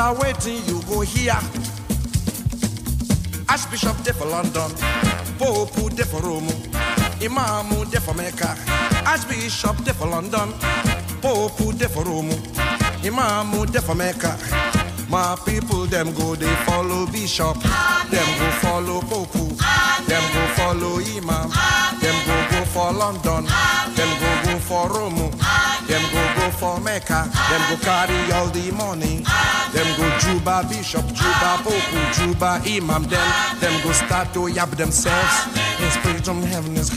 After waiting, you go here. Archbishop de for London, Pope de for Rome, Imam de for Mecca. Archbishop de for London, Pope de for Rome, Imam de for Mecca. My people them go they follow Bishop, Amen. them go follow Pope, them go follow Imam, Amen. them go go for London, Amen. them go go for Rome, Amen. them go go for Mecca. Them go carry all the money. Them go Juba Bishop, Juba Pope, Juba Imam. Them, them go start to yap themselves. In spirit from heaven is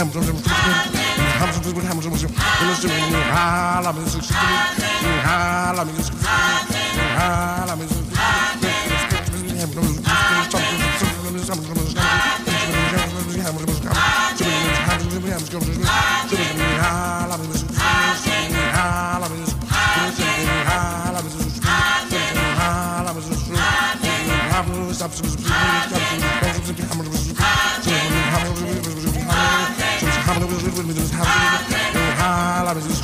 Amen. Absolutely. Palavras do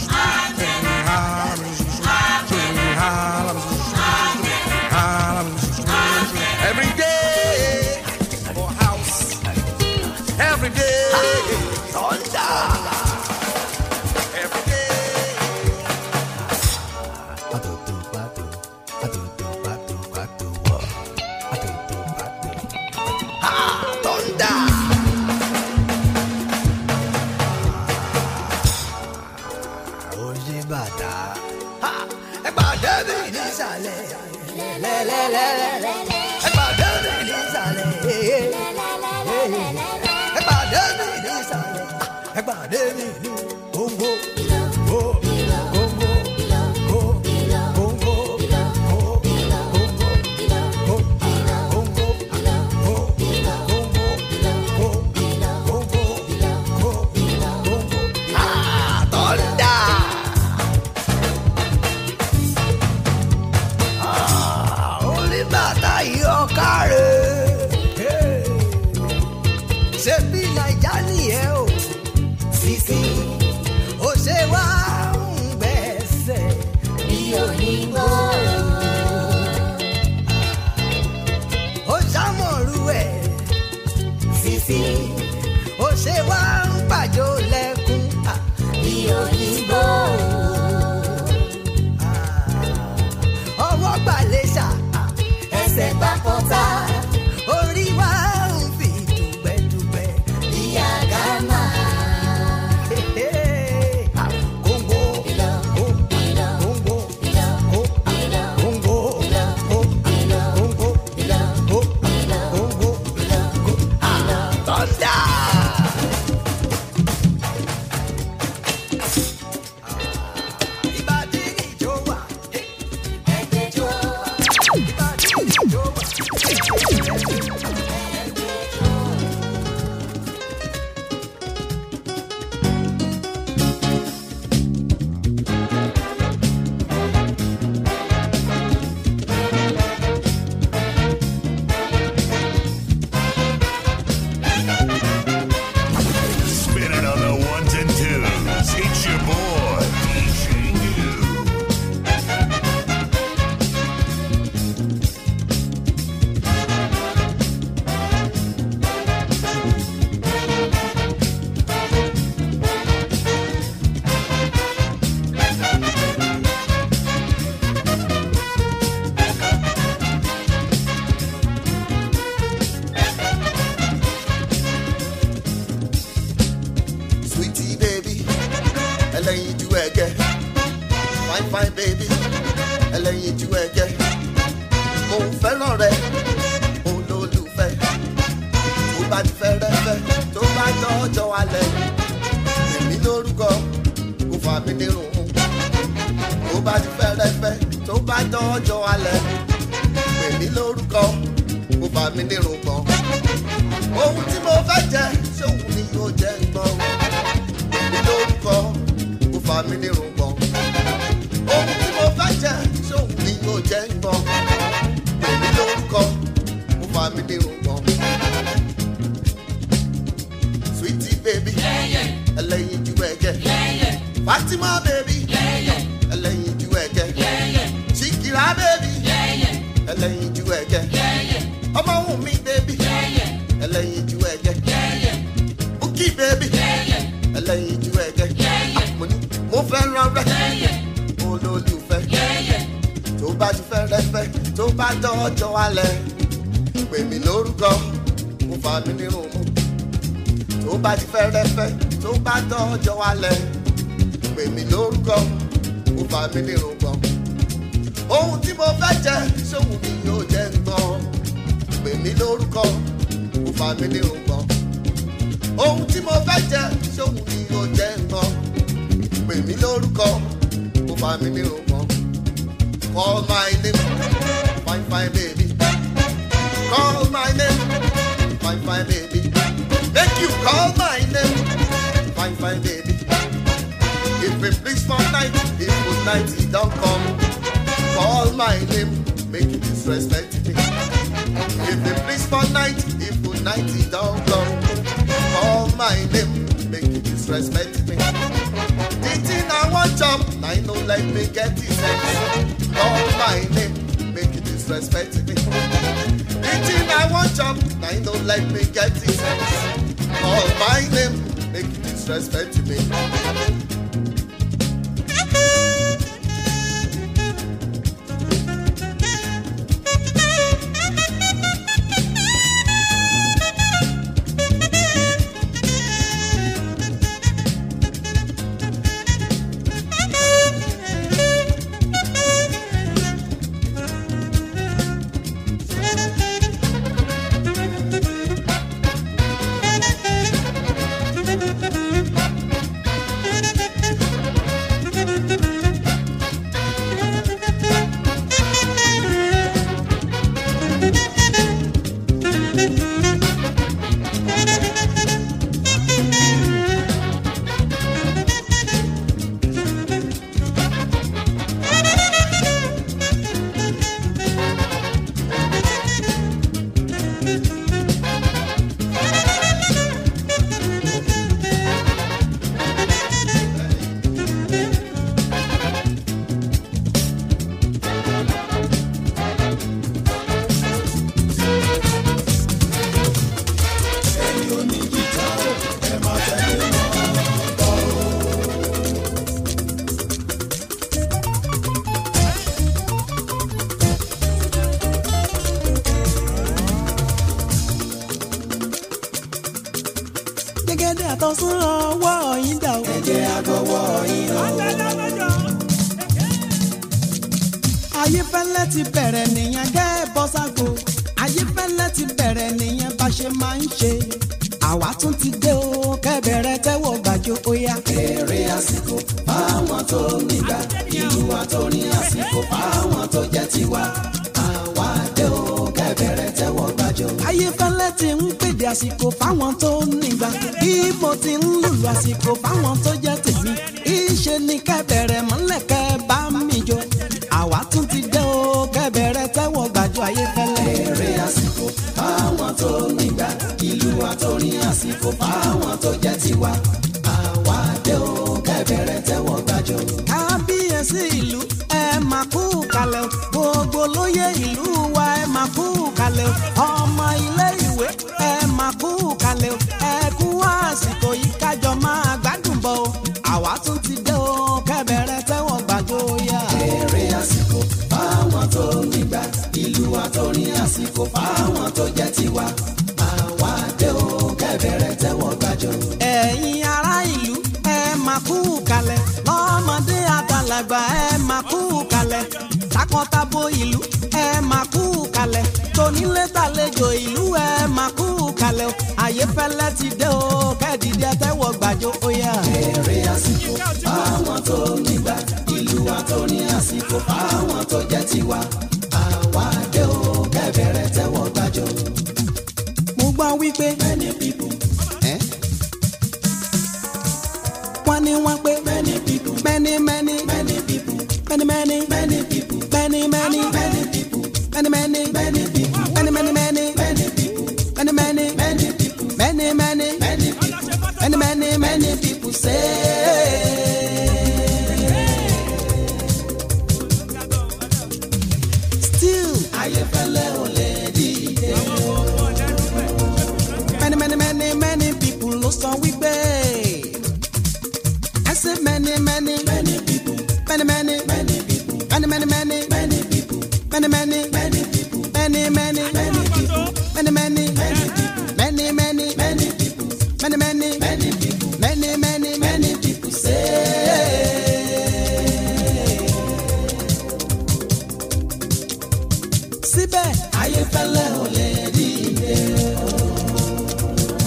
ẹgbàdé mi ní ìsàlẹ̀ ẹgbàdé mi ní ìsàlẹ̀.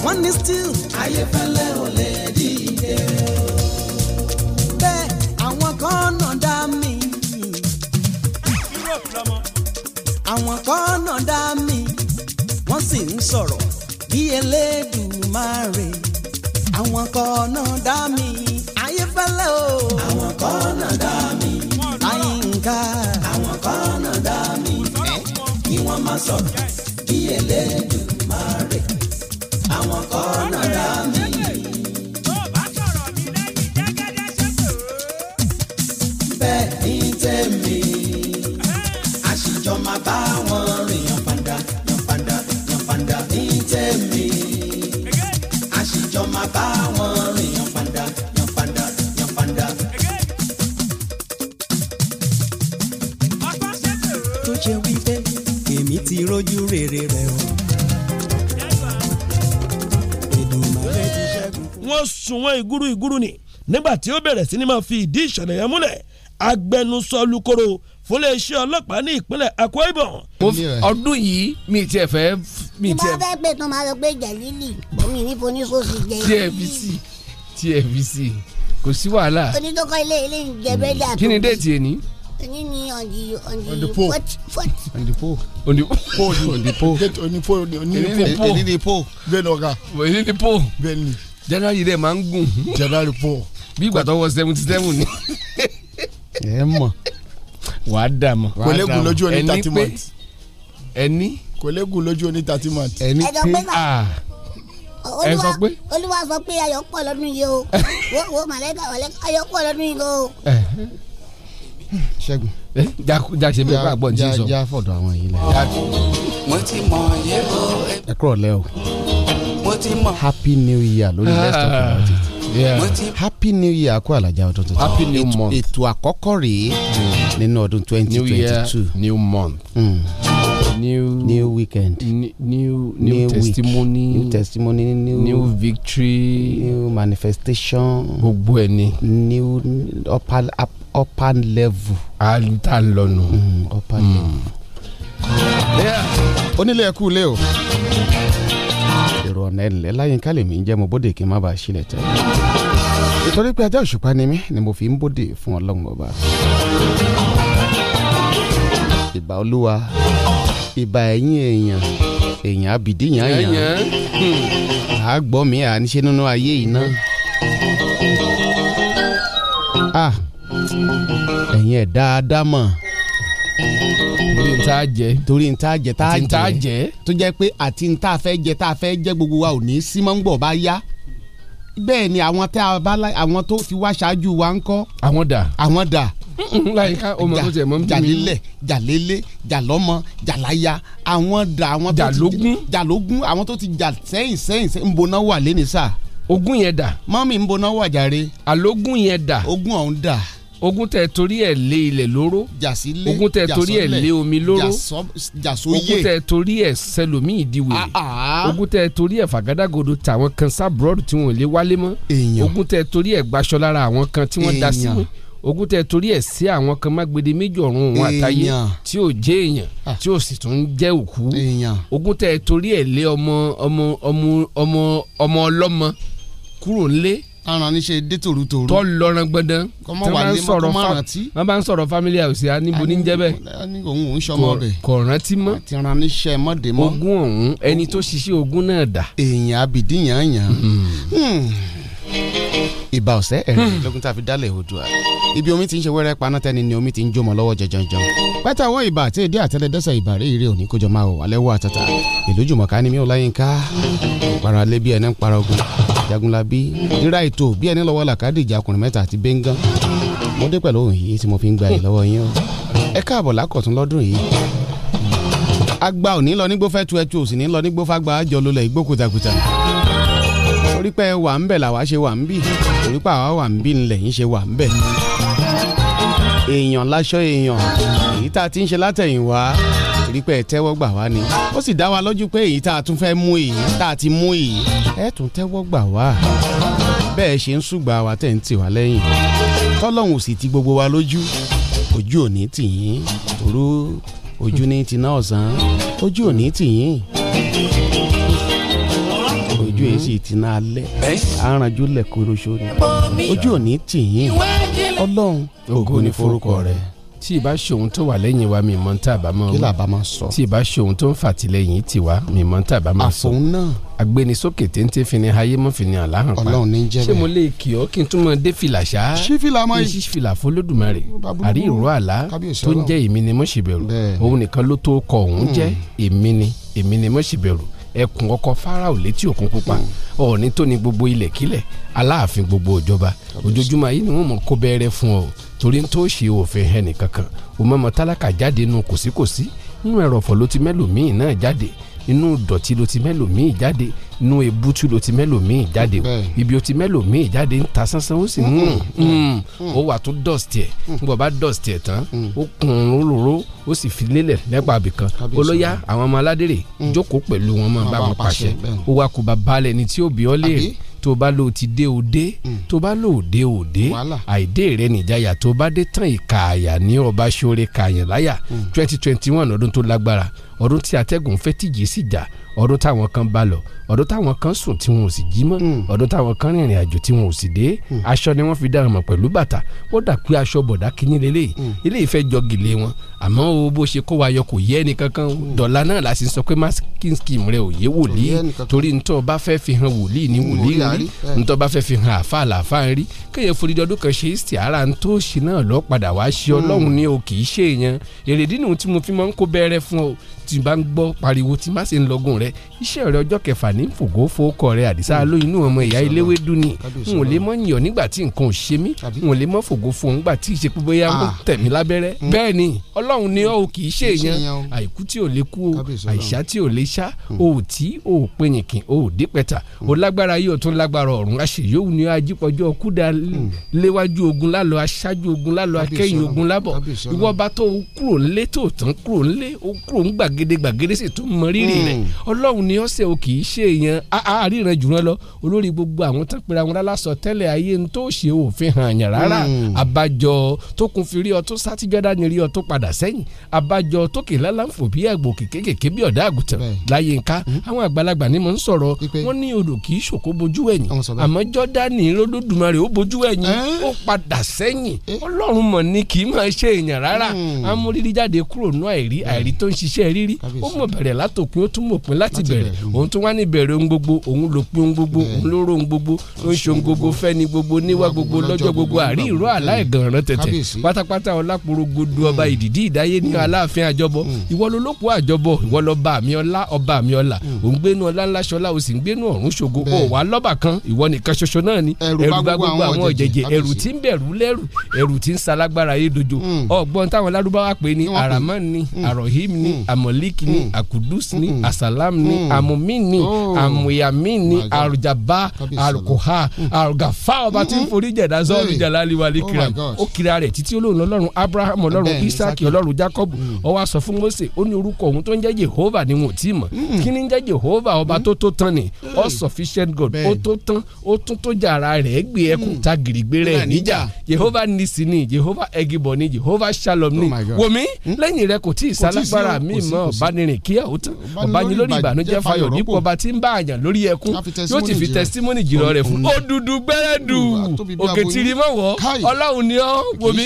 wọ́n ní steel. ayéfẹ́lẹ́ ò lè dìde o. bẹ́ẹ̀ àwọn kan náà dá mi. Europe lọmọ. àwọn kan náà dá mi wọ́n sì ń sọ̀rọ̀ bí Elédùmarè àwọn kan náà dá mi ayéfẹ́lẹ́ o. àwọn kan náà dá mi. àyínká. àwọn kan náà dá mi. ẹ kí wọ́n má sọ̀rọ̀ bí Elédùmarè. ìgúrú ìgúrú ni nígbà tí ó bẹ̀rẹ̀ sí ni máa fi ìdí ìṣẹ̀lẹ̀ yẹn múlẹ̀ agbẹnusọ lukoro fún iléeṣẹ́ ọlọ́pàá ní ìpínlẹ̀ Akwa Ibom. ọdún yìí mi tiẹ̀ fẹ́ mi tiẹ̀. tí wọ́n fẹ́ máa lọ pé jẹ̀lílì omi ní foníṣòsì jẹ. TFVC TFVC kò sí wàhálà. onítọ́kọ ilé ilé ń jẹ hmm. bẹ́ẹ̀ dà tó. kí ni déètì ẹ̀ ní ní ní ọ̀dì ọ̀dì fọ́t. ọ̀dì po ọ̀dì po ọ̀dì po ọ̀dì po ọ̀dì po ọ̀dì po bẹ́ẹ̀ ni ọ̀gá. bẹ́ẹ̀ ni po bẹ́ẹ̀ ni january rẹ̀ máa ń gùn. january four. bí ìgbà tó wọ seventy seven ni. ẹ mọ̀ wàá dà mọ́. kò lè lójú oní thirty months. ẹni. kò lè gùn lójú oní thirty months. ẹni pé a ah. ẹ sọ pé. olúwa sọ pé ayọ̀ pọ̀ lọ́dún yìí o wo màlẹ́kà ayọ̀ pọ̀ lọ́dún yìí o. Eh. ṣẹ́gun eh, já ṣe mẹ́fà gbọ́n tí ń sọ. já fọ̀dọ̀ àwọn yìí lẹ. ẹ kúrò lẹ́ o happy new year lórí let's talk about ah, it. Yeah. happy new year kó àlàjá ọdún tuntun. happy new month. ètò àkọ́kọ́ rèé nínú ọdún twenty twenty two. new month. Hmm. New, new weekend new new, testimony new testimony new, new victory new manifestation gbogbo ẹ ni new upper up, upper level. a hmm, upper level. Hmm. onílé ẹ̀kú lé o èrò ọ̀nà ẹ̀lẹ́ láyínká lèmi ń jẹ́ mo bóde kí n má bàa sílẹ̀ tẹ́ nítorí pé ajá òṣùpá ni mí ni mo fi ń bóde fún ọlọ́run ọba ìbà olúwa ìbà ẹ̀yìn èèyàn èèyàn àbìdí yàn á hmm. gbọ́ mi à ń ṣe nínú ayé yìí náà ah ẹ̀yin ẹ̀ dáadáa mọ̀ tá a jẹ torí n tá a jẹ tá a jẹ tá a jẹ tó jẹ pé àti n tá a fẹ́ jẹ tá a fẹ́ jẹ gbogbo wa ò ní sí mọ́ ń gbọ̀ bá yá bẹ́ẹ̀ ni àwọn tá a àwọn tó ti wá ṣáájú wa ń kọ́. àwọn dà àwọn dà. láyìíká ọmọ tó tẹ mọ n bí mi. jàlélẹ̀ jàlélẹ̀ jàlọ́mọ jàláya àwọn dà àwọn tó ti jàlógún jàlógún àwọn tó ti jà sẹ́yìn sẹ́yìn sẹ́yìn ń boná wà lẹ́nìí sà. ogún yẹn dà. mọ́mí ń boná wà jàre. àlógún yẹn dà. ogún ọ̀hún dà ogun tẹ torí ẹ lé ilẹ̀ lóró ogun tẹ torí ẹ lé omi lóró ogun tẹ torí ẹ sẹlòmíì diwèrè ah, ah. ogun tẹ torí ẹ fàgádágodo tàwọn kan sábúrọ́dù tí wọ́n lé wálé mọ́ ogun tẹ torí ẹ gbaṣọ lára àwọn kan tí wọ́n da sí mọ́ ogun tẹ torí ẹ sí àwọn kan mágbede méjì ọ̀run òun àtayé tí ò jẹ́ èèyàn ah. tí ò sì tún jẹ́ òkú ogun tẹ torí ẹ lé ọmọ ọmọ ọmọ ọmọ ọlọ́mọ kúrò ńlé aràn níṣe dé tòrútòrú. tọ́ lọ́ràn gbọ́dán tí wọ́n bá ń sọ̀rọ̀ wọ́n bá ń sọ̀rọ̀ family house ya níbo ní jẹ́bẹ̀. òun òun sọmọ rẹ̀ kò rántí mọ́ àti ràn níṣẹ́ mọ́dé mọ́. ogún ọ̀hún ẹni tó ṣiṣẹ́ ogún náà dà. èèyàn abìdí yàn yàn. Hmm. Hmm. ìbà ọ̀sẹ́ ẹ̀rìn hmm. tá a fi dálẹ̀ Oòduà ibi omi ti ń ṣe wẹ́rẹ́ paná tẹ́ni ni omi ti ń jómọ lọ́wọ́ jọjọjọ pẹ́tà ọwọ́ ìbà àti èdè àtẹlẹdẹ́sẹ̀ ìbà rí ìrè òní kójọ máa wọ̀ wálẹ́wọ́ àtàtà ìlú jùmọ̀ká ni mi ò láyé ń ká ìpara bí ẹni ń para ogun. Jagunlabi ríra ètò bí ẹni lọ́wọ́ làkàdé ìjà ọkùnrin mẹ́ta àti bẹ́ńgán mo dé pẹ̀lú òun yìí tí mo fi ń gbalẹ̀ lọ́wọ́ yín o ẹ káàbọ̀ lákọ̀tún lọ́dún yìí agba ò ní lọ nígbó fẹ́ tu ẹtu ò sì ní lọ nígbó fágbá jọ lólẹ̀ igbó kùtàkùtà torí pé wà ń bẹ̀ làwa ṣe wà ń bì torí pé àwa wà ń bì ńlẹ̀ yín ṣe wà ń bẹ̀ èèyàn láṣọ èèyàn èyí tá a ti ń ṣe látẹ̀yìnwá torí pé ẹ tẹ́wọ́ gbà wá ni ó sì dá wa lójú pé èyí tá a tún fẹ́ mú èyí tá a ti mú èyí ẹ tún tẹ́wọ́ gbà wá bẹ́ẹ̀ ṣe ń ṣùgbà wa tẹ̀ ń tì wá lẹ́yìn tọ́lọ́hún sì ti gbogbo wa lójú ojú ò ní òru ojú ní tiná ọ̀sán ojú ò ní ojú yìí sì ti náà lẹ arànjú lẹ koroṣo ni ojú ò ní tì yín ọlọ́run forúkọ rẹ̀ tí ì bá ṣòun tó wà lẹ́yìn wa mi mọ́ tá a bá máa wí kí là bá máa sọ tí ì bá ṣòun tó ń fàtìlẹ́yìn tiwa mi mọ́ tá a bá máa sọ àfọ̀n náà agbẹnisókè téńté fini ayé mọ́ fini àláhàn pa ọlọ́run ní jẹ́ bẹ́ẹ̀ ṣé mo lè kí ọ kí n tún mọ dé fìlà ṣá ṣí fìlà máa yìí ṣí fìlà fọlọ́dúnmarè àrí ìró àlá tó ń jẹ́ èmi ni mo ṣì bẹ̀rù òun nìkan ló tó kọ òun hmm. jẹ́ èmi ni èmi ni mo ṣì bẹ̀rù ẹkùn ọkọ fáráò létí òkun pupa hmm. ọ̀ọ́ni tó ni gbogbo ilẹ̀kílẹ̀ aláàfin gbogbo ìjọba ojoojúmọ́ ayé ni wọ́n mọ̀ kó bẹ́ẹ̀rẹ́ fún ọ torí tó ṣe òfin ẹnì kankan òmọ̀mọ̀ tálákà jáde nínú kòsíkòsí nínú ẹ̀rọ̀fọ̀ ló ti mẹ́lòmíì náà jáde inú dọ̀tí ló ti mẹ́lòmíì jáde inú ebútú ló ti mẹ́lòmíì jáde ibi ó ti mẹ́lòmíì jáde ń ta sánsán ó sì ń mm. Mm. ó wà tó dọ̀stì ẹ̀ nígbà mm. bá dọ̀stì ẹ̀ tán ó kun rúrúrú ó sì fi lélẹ̀ lẹ́pà àbìkan olóyá àwọn ọmọ aládèrè jókòó pẹ̀lú wọn máa bá wọn pàṣẹ ó wá kó bá balẹ̀ ní tí ó bí ọ léèrè tó bá lò ti dé o dé hmm. tó bá lò dé o dé àìdé rẹ nìjáyà tó bá dé tán ìka àyà ní ọba ṣoore kàyàn láyà hmm. twenty twenty one ọdún tó lágbára ọdún tí atẹ́gùn fẹ́ tìjì sí jà ọdún táwọn kan bá lọ ọdún táwọn kan sùn tí wọn ò sì jí mọ́ mm. ọdún táwọn kan rìnrìn àjò tí wọn ò sì dé mm. aṣọ ni wọ́n fi dára mọ̀ pẹ̀lú bàtà wọ́n dà pé aṣọ bọ̀dá kínní lélẹ̀ mm. ilé ìfẹ́ jọ gèlè wọn àmọ́ o bó ṣe kó wa yọ kò yẹ ẹnì kankan dọ̀là náà la sì sọ pé masking scheme rẹ ò yé wòlíì torí ntọ́ bá fẹ́ fi hàn wòlíì ní wòlíì rí ntọ́ bá fẹ́ fi hàn àfa làfa rí kéèyàn forídìí ọdún kan ṣe é ara ń tó náà lọ padà wá ṣe ọlọ́run ni o kì í ṣe èèyàn èrèdínú tí mo fi máa ń kó bẹ́ẹ̀rẹ̀ fún ọ tí bá ń gbọ́ pariwo tí n sì ń lọ́gùn rẹ rẹ iṣẹ́ rẹ ọjọ́ kẹfà ní fògó fowókọ rẹ àdìsá lóyún ọmọ ìyá eléwé dúni n ò lè mọ yàn nígbà tí nǹkan ò ṣe mí n ò lè mọ fògó fún un gbà tí ìṣe pé bóyá ó ah. tẹ̀ mí lábẹ́rẹ́ mm. bẹ́ẹ̀ ni ọlọ́run ni ó kì í ṣe èèyàn àìkú tí ò lè kú o àìsá tí ò lè sá o mm. ò tí o ò pinyìnkìn o ò dípẹ́ta o mm. lágbára yìí o tún lágbára ọ̀run àṣeyọ́wù ni ajípọ̀jọ́ kúdà léwájú ogun lálọ́ aṣáájú ogun lálọ́ akẹ́yìn ogun lábọ̀ ìwọ́ba tó kúrò ńlé tó tán kúrò ńlé ó kúrò ń gbàgede sì tún mọ ọlọ́run ni ó ṣe o kì í ṣe èèyàn àáríran jùlọ lọ olórí gbogbo àwọn tó pera wọn lálásọ tẹ́lẹ̀ ayé ń tó ṣe òfin hàn yàn rárá àbájọ hmm. tó kun fi rí ọ tó sátijọ́dá ni rí ọ tó padà sẹ́yìn àbájọ tó kè lálàǹfò bí àgbò kékèké bí ọ̀dà àgùntàn láyé nká hmm. àwọn àgbàlagbà ni mò ń sọ̀rọ̀ wọ́n ní odò kì í ṣòkó bojú ẹ̀yìn àmọ́ jọ́dánì lódódùmarè ó bojú ẹ̀yìn eh? ó padà sẹ́yìn eh? ọlọ́run mọ̀ ni kì í máa ṣe èèyàn hmm. ó mọ̀ bẹ̀rẹ̀ láti bẹ̀rẹ̀ òun tó wá ní bẹ̀rẹ̀ ohun gbogbo òun ló pín ohun gbogbo òun ló ró ohun gbogbo ló ń ṣe ohun gbogbo fẹ́ni gbogbo níwá gbogbo lọ́jọ́ gbogbo àrí ìró àláìgànràn tẹ̀tẹ̀ pátápátá ọlápòrò godo ọba hmm. ìdìdí ìdáyé ní hmm. aláàfin àjọbọ hmm. ìwọ ló lóko àjọbọ ìwọ lọ bá àmì ọlá ọba àmì ọlá òun gbénu ọlá ńlá ṣọlá o sì ń gbénu ọ̀run ṣògo o wà lọ́bà kan ìwọ nìkan ṣoṣo náà ni ẹrù bá gbogbo àwọn ọ̀jẹ̀jẹ̀ ẹrù tí ń bẹ̀rù lẹ́rù ẹrù tí ń salágbára yé dojo ọgbọ́n táwọn lárúbáwá pè ní aramani arohim ni amọ̀lík ni akudus ni asala alhamni hmm. amumini oh. amuyamini arujaba arukoha hmm. arugafa ọba tí ń hmm. forí jẹ̀dá zọ́ọ̀lù jalali wali oh kiram ó kira rẹ̀ títí olóhùn ọlọ́run abraham ọlọ́run isaki ọlọ́run jacob ó wá sọ fún mose ó ní orúkọ òun tó ń jẹ́ jehova ni wọn ò tí ì mọ̀ kí ni ń jẹ́ jehova ọba tó tó tán ni all sufficient god ó tó tán ó tún tó jà ara rẹ̀ gbé ẹkùn ta gìrìgbé rẹ̀ níjà jehova nisi ni jehova egibọ ni jehova shalom ni oh wòmí lẹ́yìn rẹ̀ kò tí ì sálágbára mi mọ́ ọ̀bánirin kíá ó tán ọ̀bánilórí ìbànújẹ́ fayọ̀ dípò ọba tí ń bá àyàn lórí ẹkún yóò ti fi tẹsítímọ́nì jìrọ̀ rẹ̀ fún. ó dúdú gbẹ́rẹ́dù òkè tìrì mọ̀wọ́ ọlọ́run ni ọ́ wòmí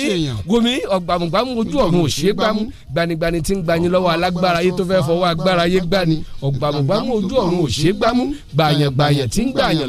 wòmí ọ̀gbàmùgbàmù ojú ọ̀run òṣè gbàmù gbanigbani tí ń gbani lọ́wọ́ alágbára yé tó fẹ́ fọwọ́ agbára yé gbani ọ̀gbàmùgbàmù ojú ọ̀run òṣè gbàmù gbàyàn gbàyàn tí ń gbàyàn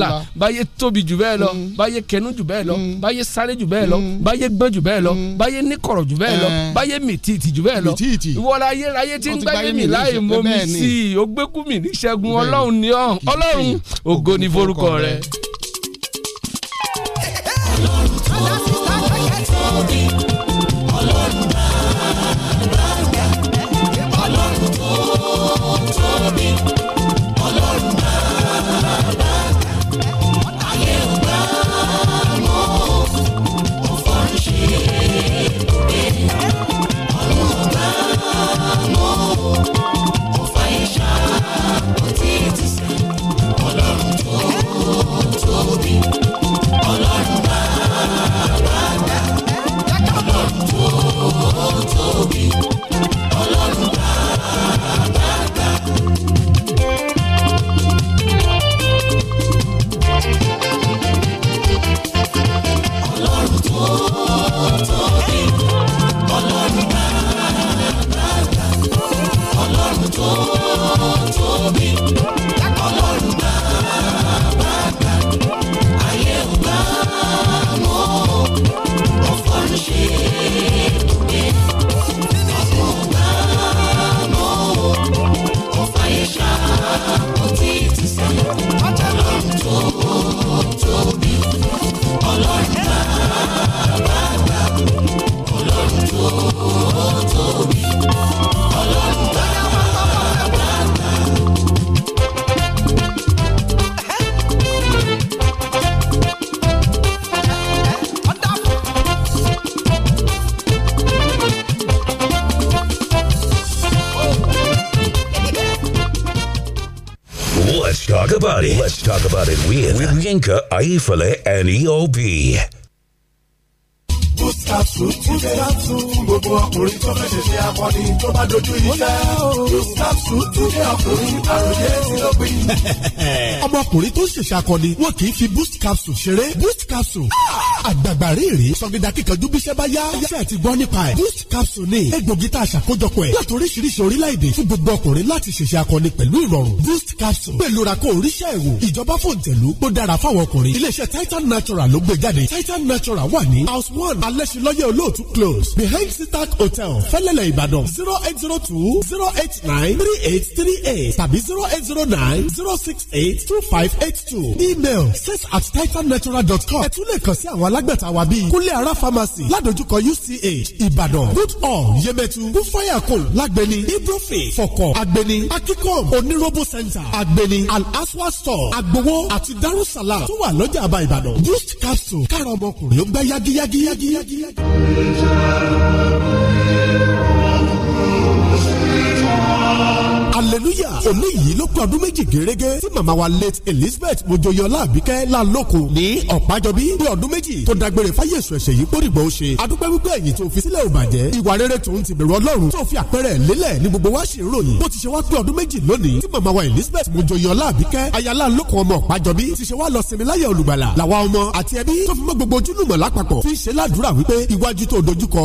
lọ́wọ́ ah. tóbi jù bẹ́ẹ̀ lọ mm. báyé kẹnu jù bẹ́ẹ̀ lọ mm. Mm. báyé sáré jù bẹ́ẹ̀ lọ mm. báyé gbọ́n jù bẹ́ẹ̀ lọ mm. báyé níkọ̀rọ̀ jù bẹ́ẹ̀ lọ eh. báyé mìtìtì jù bẹ́ẹ̀ lọ ìwọlá ayé ayé tí ń gbáyé mi láì mọ mi sí i ó gbẹ́kú mi ní ṣẹ́gun ọlọ́run ni ọ̀hún ọlọ́run ògo ni forúkọ rẹ̀. Cheers. about it. Let's talk about it with, with Yinka, Aifale, and EOB. Ọmọkùnrin tó ṣẹ̀ṣẹ̀ akọni wọn kì í fi boost capsule ṣeré. Boost capsule àgbààgbà rírì sọ̀gídà kíkanjú bíṣẹ́ bá yá ṣe àti gbọ́ nípa ẹ̀ boost capsule ní egbògi tá a ṣàkójọpọ̀ ẹ̀ láti oríṣiríṣi orílẹ̀-èdè fún gbogbo ọkùnrin láti ṣẹ̀ṣẹ̀ akọni pẹ̀lú ìrọ̀rùn boost capsule pẹ̀lú ra kó oríṣẹ́ ẹ̀wò ìjọba fòǹtẹ̀lú tó dára fáwọn ọkùnrin iléeṣẹ́ titan natural ló gbé jáde titan natural wà ní house one alẹ́sìlọ́yẹ̀ olóòtú close behind sitak hotel fẹ́lẹ́lẹ̀ ìbàdàn zero eight zero two zero eight nine three eight three eight tàbí zero eight zero nine zero six eight two five eight two email sales at titannatural dot com ẹ kàn sí àwọn alá alágbàtà wa bíi kúnlẹ̀ ara pharmacy ládojúkọ UCA Ìbàdàn good all yemẹtu kúfọ́yàkùn lágbẹni ibuprofen fọkọ agbẹni akikom onirobo center agbẹni al-aswa store agbowó àti darussalam tó wà lọ́jà àbá Ìbàdàn boost capsule káàrọ̀ ọmọkùnrin ó gbá yagiyagiyagiyagi hallelujah òní yìí ló pé ọdún méjì gẹ́gẹ́ tí màmá wa late elizabeth mojoyọlá àbíkẹ́ lálókun ní ọ̀pájọbí ní ọdún méjì tó dágbére fáyẹ̀sù ẹ̀ṣẹ̀ yìí pòdìgbò ó ṣe adúpẹ́ wípé ẹ̀yìn tó fi sílẹ̀ ò bàjẹ́ ìwà rere tó ń ti bẹ̀rù ọlọ́run tó fi àpẹẹrẹ lélẹ̀ ní gbogbo wa ṣe ròyìn bó ti ṣe wá pé ọdún méjì lónìí tí màmá wa elizabeth mojoyọlá àbíkẹ́ ayálà lókun ọmọ ọ̀pájọbí ti ṣe wá lọ sinmi láyẹ̀ olùgbàlà làwa ọmọ àti ẹbí tó fi mọ́ gbogbo ojúlùmọ̀ lápapọ̀ fi ṣe ládùúrà wípé iwájú tó dojúkọ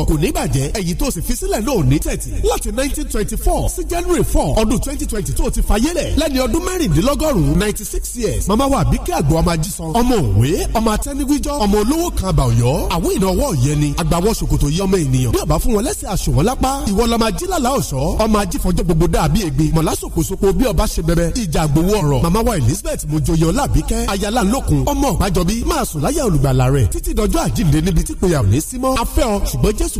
january four ọdún twenty twenty tó ti fayélẹ̀ lẹ́ni ọdún mẹ́rìndínlọ́gọ́rùn-ún ninety six years mama wa àbíkẹ́ àgbọ̀ ọmọ ajísan ọmọ òwe ọmọ atẹ́niwíjọ́ ọmọ olówó kan àbà ọ̀yọ́ àwọn ìnáwó ọ̀yẹ́ ni àgbàwọ̀ ṣòkòtò yẹ ọmọ ènìyàn bí ọba fún wọn lẹ́sẹ̀ àṣùwọ̀n lápá ìwọ lọ́mọ ajílàlá ọ̀ṣọ́ ọmọ ajífọ̀jọ́ gbogbo dàbí ègbè mọ̀lásòkòsòkò bí ọba ṣe bẹ̀rẹ̀ wa Elizabeth mojoyọ làbíkẹ́ ayala lókun ọmọ ọ̀pájọbí máa sùn láyà olùgbàlà rẹ̀ títí dọjọ́ àjíǹde níbi tí pèyà ò ní símọ́ afẹ́ ọ ṣùgbọ́n Jésù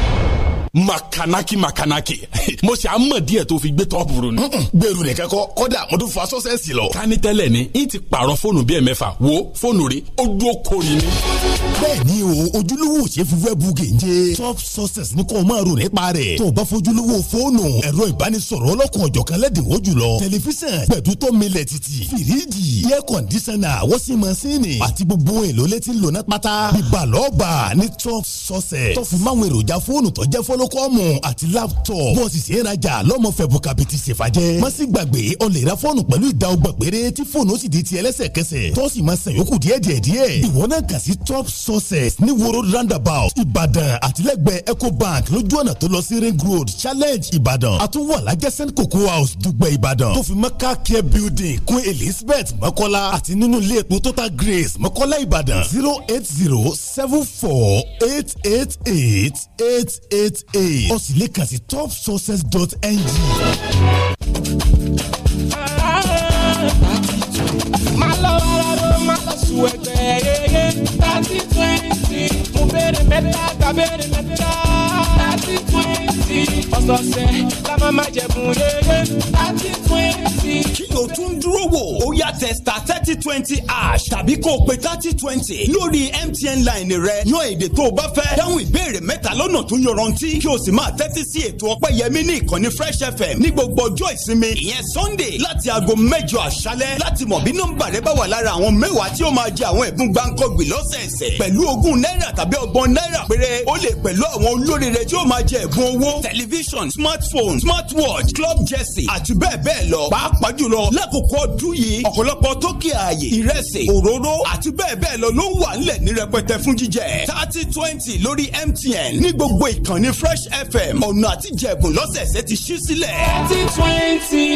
makanaki makanaki mo ṣe àmọ̀ díẹ̀ tó fi gbé tọ́pù ronú. gbèrú nìkan kọ kọ́dà mo tún fa sọ́sẹ̀sì lọ. ká ní tẹ́lẹ̀ ni n ti pààrọ̀ fóònù bíi ẹ̀mẹ́fà wo fóònù rí ojú okò ni. bẹ́ẹ̀ni o ojúlówó ṣe fi wẹ́ẹ̀bù gèje top success ní kò máa rò nípa rẹ̀ tó o bá fojúlówó fóònù ẹ̀rọ ìbánisọ̀rọ̀ ọlọ́kùn ọ̀jọ̀kan lẹ́dínwó jùlọ tẹlifíṣàn gbẹ̀dútọ́ milẹ̀ títì fìríjì iye kọ̀ndísánà wọ́sí masínì àti gbogbo èlò létí lónà pátá bíbalọ́ọ̀bà ní top success tó fi máwọn èròjà fóònù tó jẹ́ fọ́l panokọ́ọ̀mù àti laptop bọ́ọ̀sì sì ń rajà lọ́mọ fẹ̀bù kàbìtì ṣèfàjẹ́ má sì gbàgbé ọ lè ra fọ́ọ̀nù pẹ̀lú ìdá ọgbà péré tí fóònù ó sì di ti ẹlẹ́sẹ̀kẹsẹ̀ tó sì máa san yòókù díẹ̀ díẹ̀ díẹ̀ ìwọ náà kà sí top sources ní woro roundabout ìbàdàn àtìlẹ́gbẹ̀ẹ́ ecobank lójú ọ̀nà tó lọ sí ring road challenge ìbàdàn àtúwọ̀ alájẹsẹ́n cocoa house dùgbẹ̀ ìbàdàn tó fi mọ́ car care building kún elizabeth mọ́kọ́lá àti nínú ilé epo total grace mọ́kọ́lá ìbàdàn zero eight zero seven four eight eight eight eight eight ó sì lè kàn sí topsources.ng. thirty twenty mo béèrè mẹ́ta gbà béèrè mẹ́ta thirty twenty ọ̀sọ̀ọ̀sẹ̀ la máa máa jẹ̀bùn rere láti twenty. kí ló tún dúró wò ó yá testa thirty twenty ash tàbí kó o pe thirty twenty lórí MTN line rẹ yan èdè tó o bá fẹ́ dáhùn ìbéèrè mẹ́ta lọ́nà tó yọrantí kí o sì máa tẹ́tí sí ètò ọpẹ́yẹmí ní ìkànnì Fresh FM ní gbogbo ọjọ́ ìsinmi ìyẹn Sunday láti aago mẹ́jọ àṣálẹ́ láti mọ̀ bí nọ́mbà rẹ bá wà lára àwọn mẹ́wàá tí ó máa jẹ àwọn ẹ̀bùn gbáǹkọ́gbìn lọ́sẹ̀ẹsẹ̀ pẹ̀lú ogún náírà tàbí ọgbọ̀n náírà péré ó lè pẹ̀lú àwọn olóríire tí tẹlifíṣàn smartphone smartwatch club jersey àti bẹ́ẹ̀ bẹ́ẹ̀ lọ pàápàá jùlọ lákòókò ọdún yìí ọ̀pọ̀lọpọ̀ tókè ààyè ìrẹsì òróró àti bẹ́ẹ̀ bẹ́ẹ̀ lọ ló wà nílẹ̀ ní rẹpẹtẹ fún jíjẹ thirty twenty lórí MTN ní gbogbo ìkànnì Fresh FM ọ̀nà àtijẹ̀bùn lọ́sẹ̀ẹ̀sẹ̀ ti ṣí sílẹ̀. thirty twenty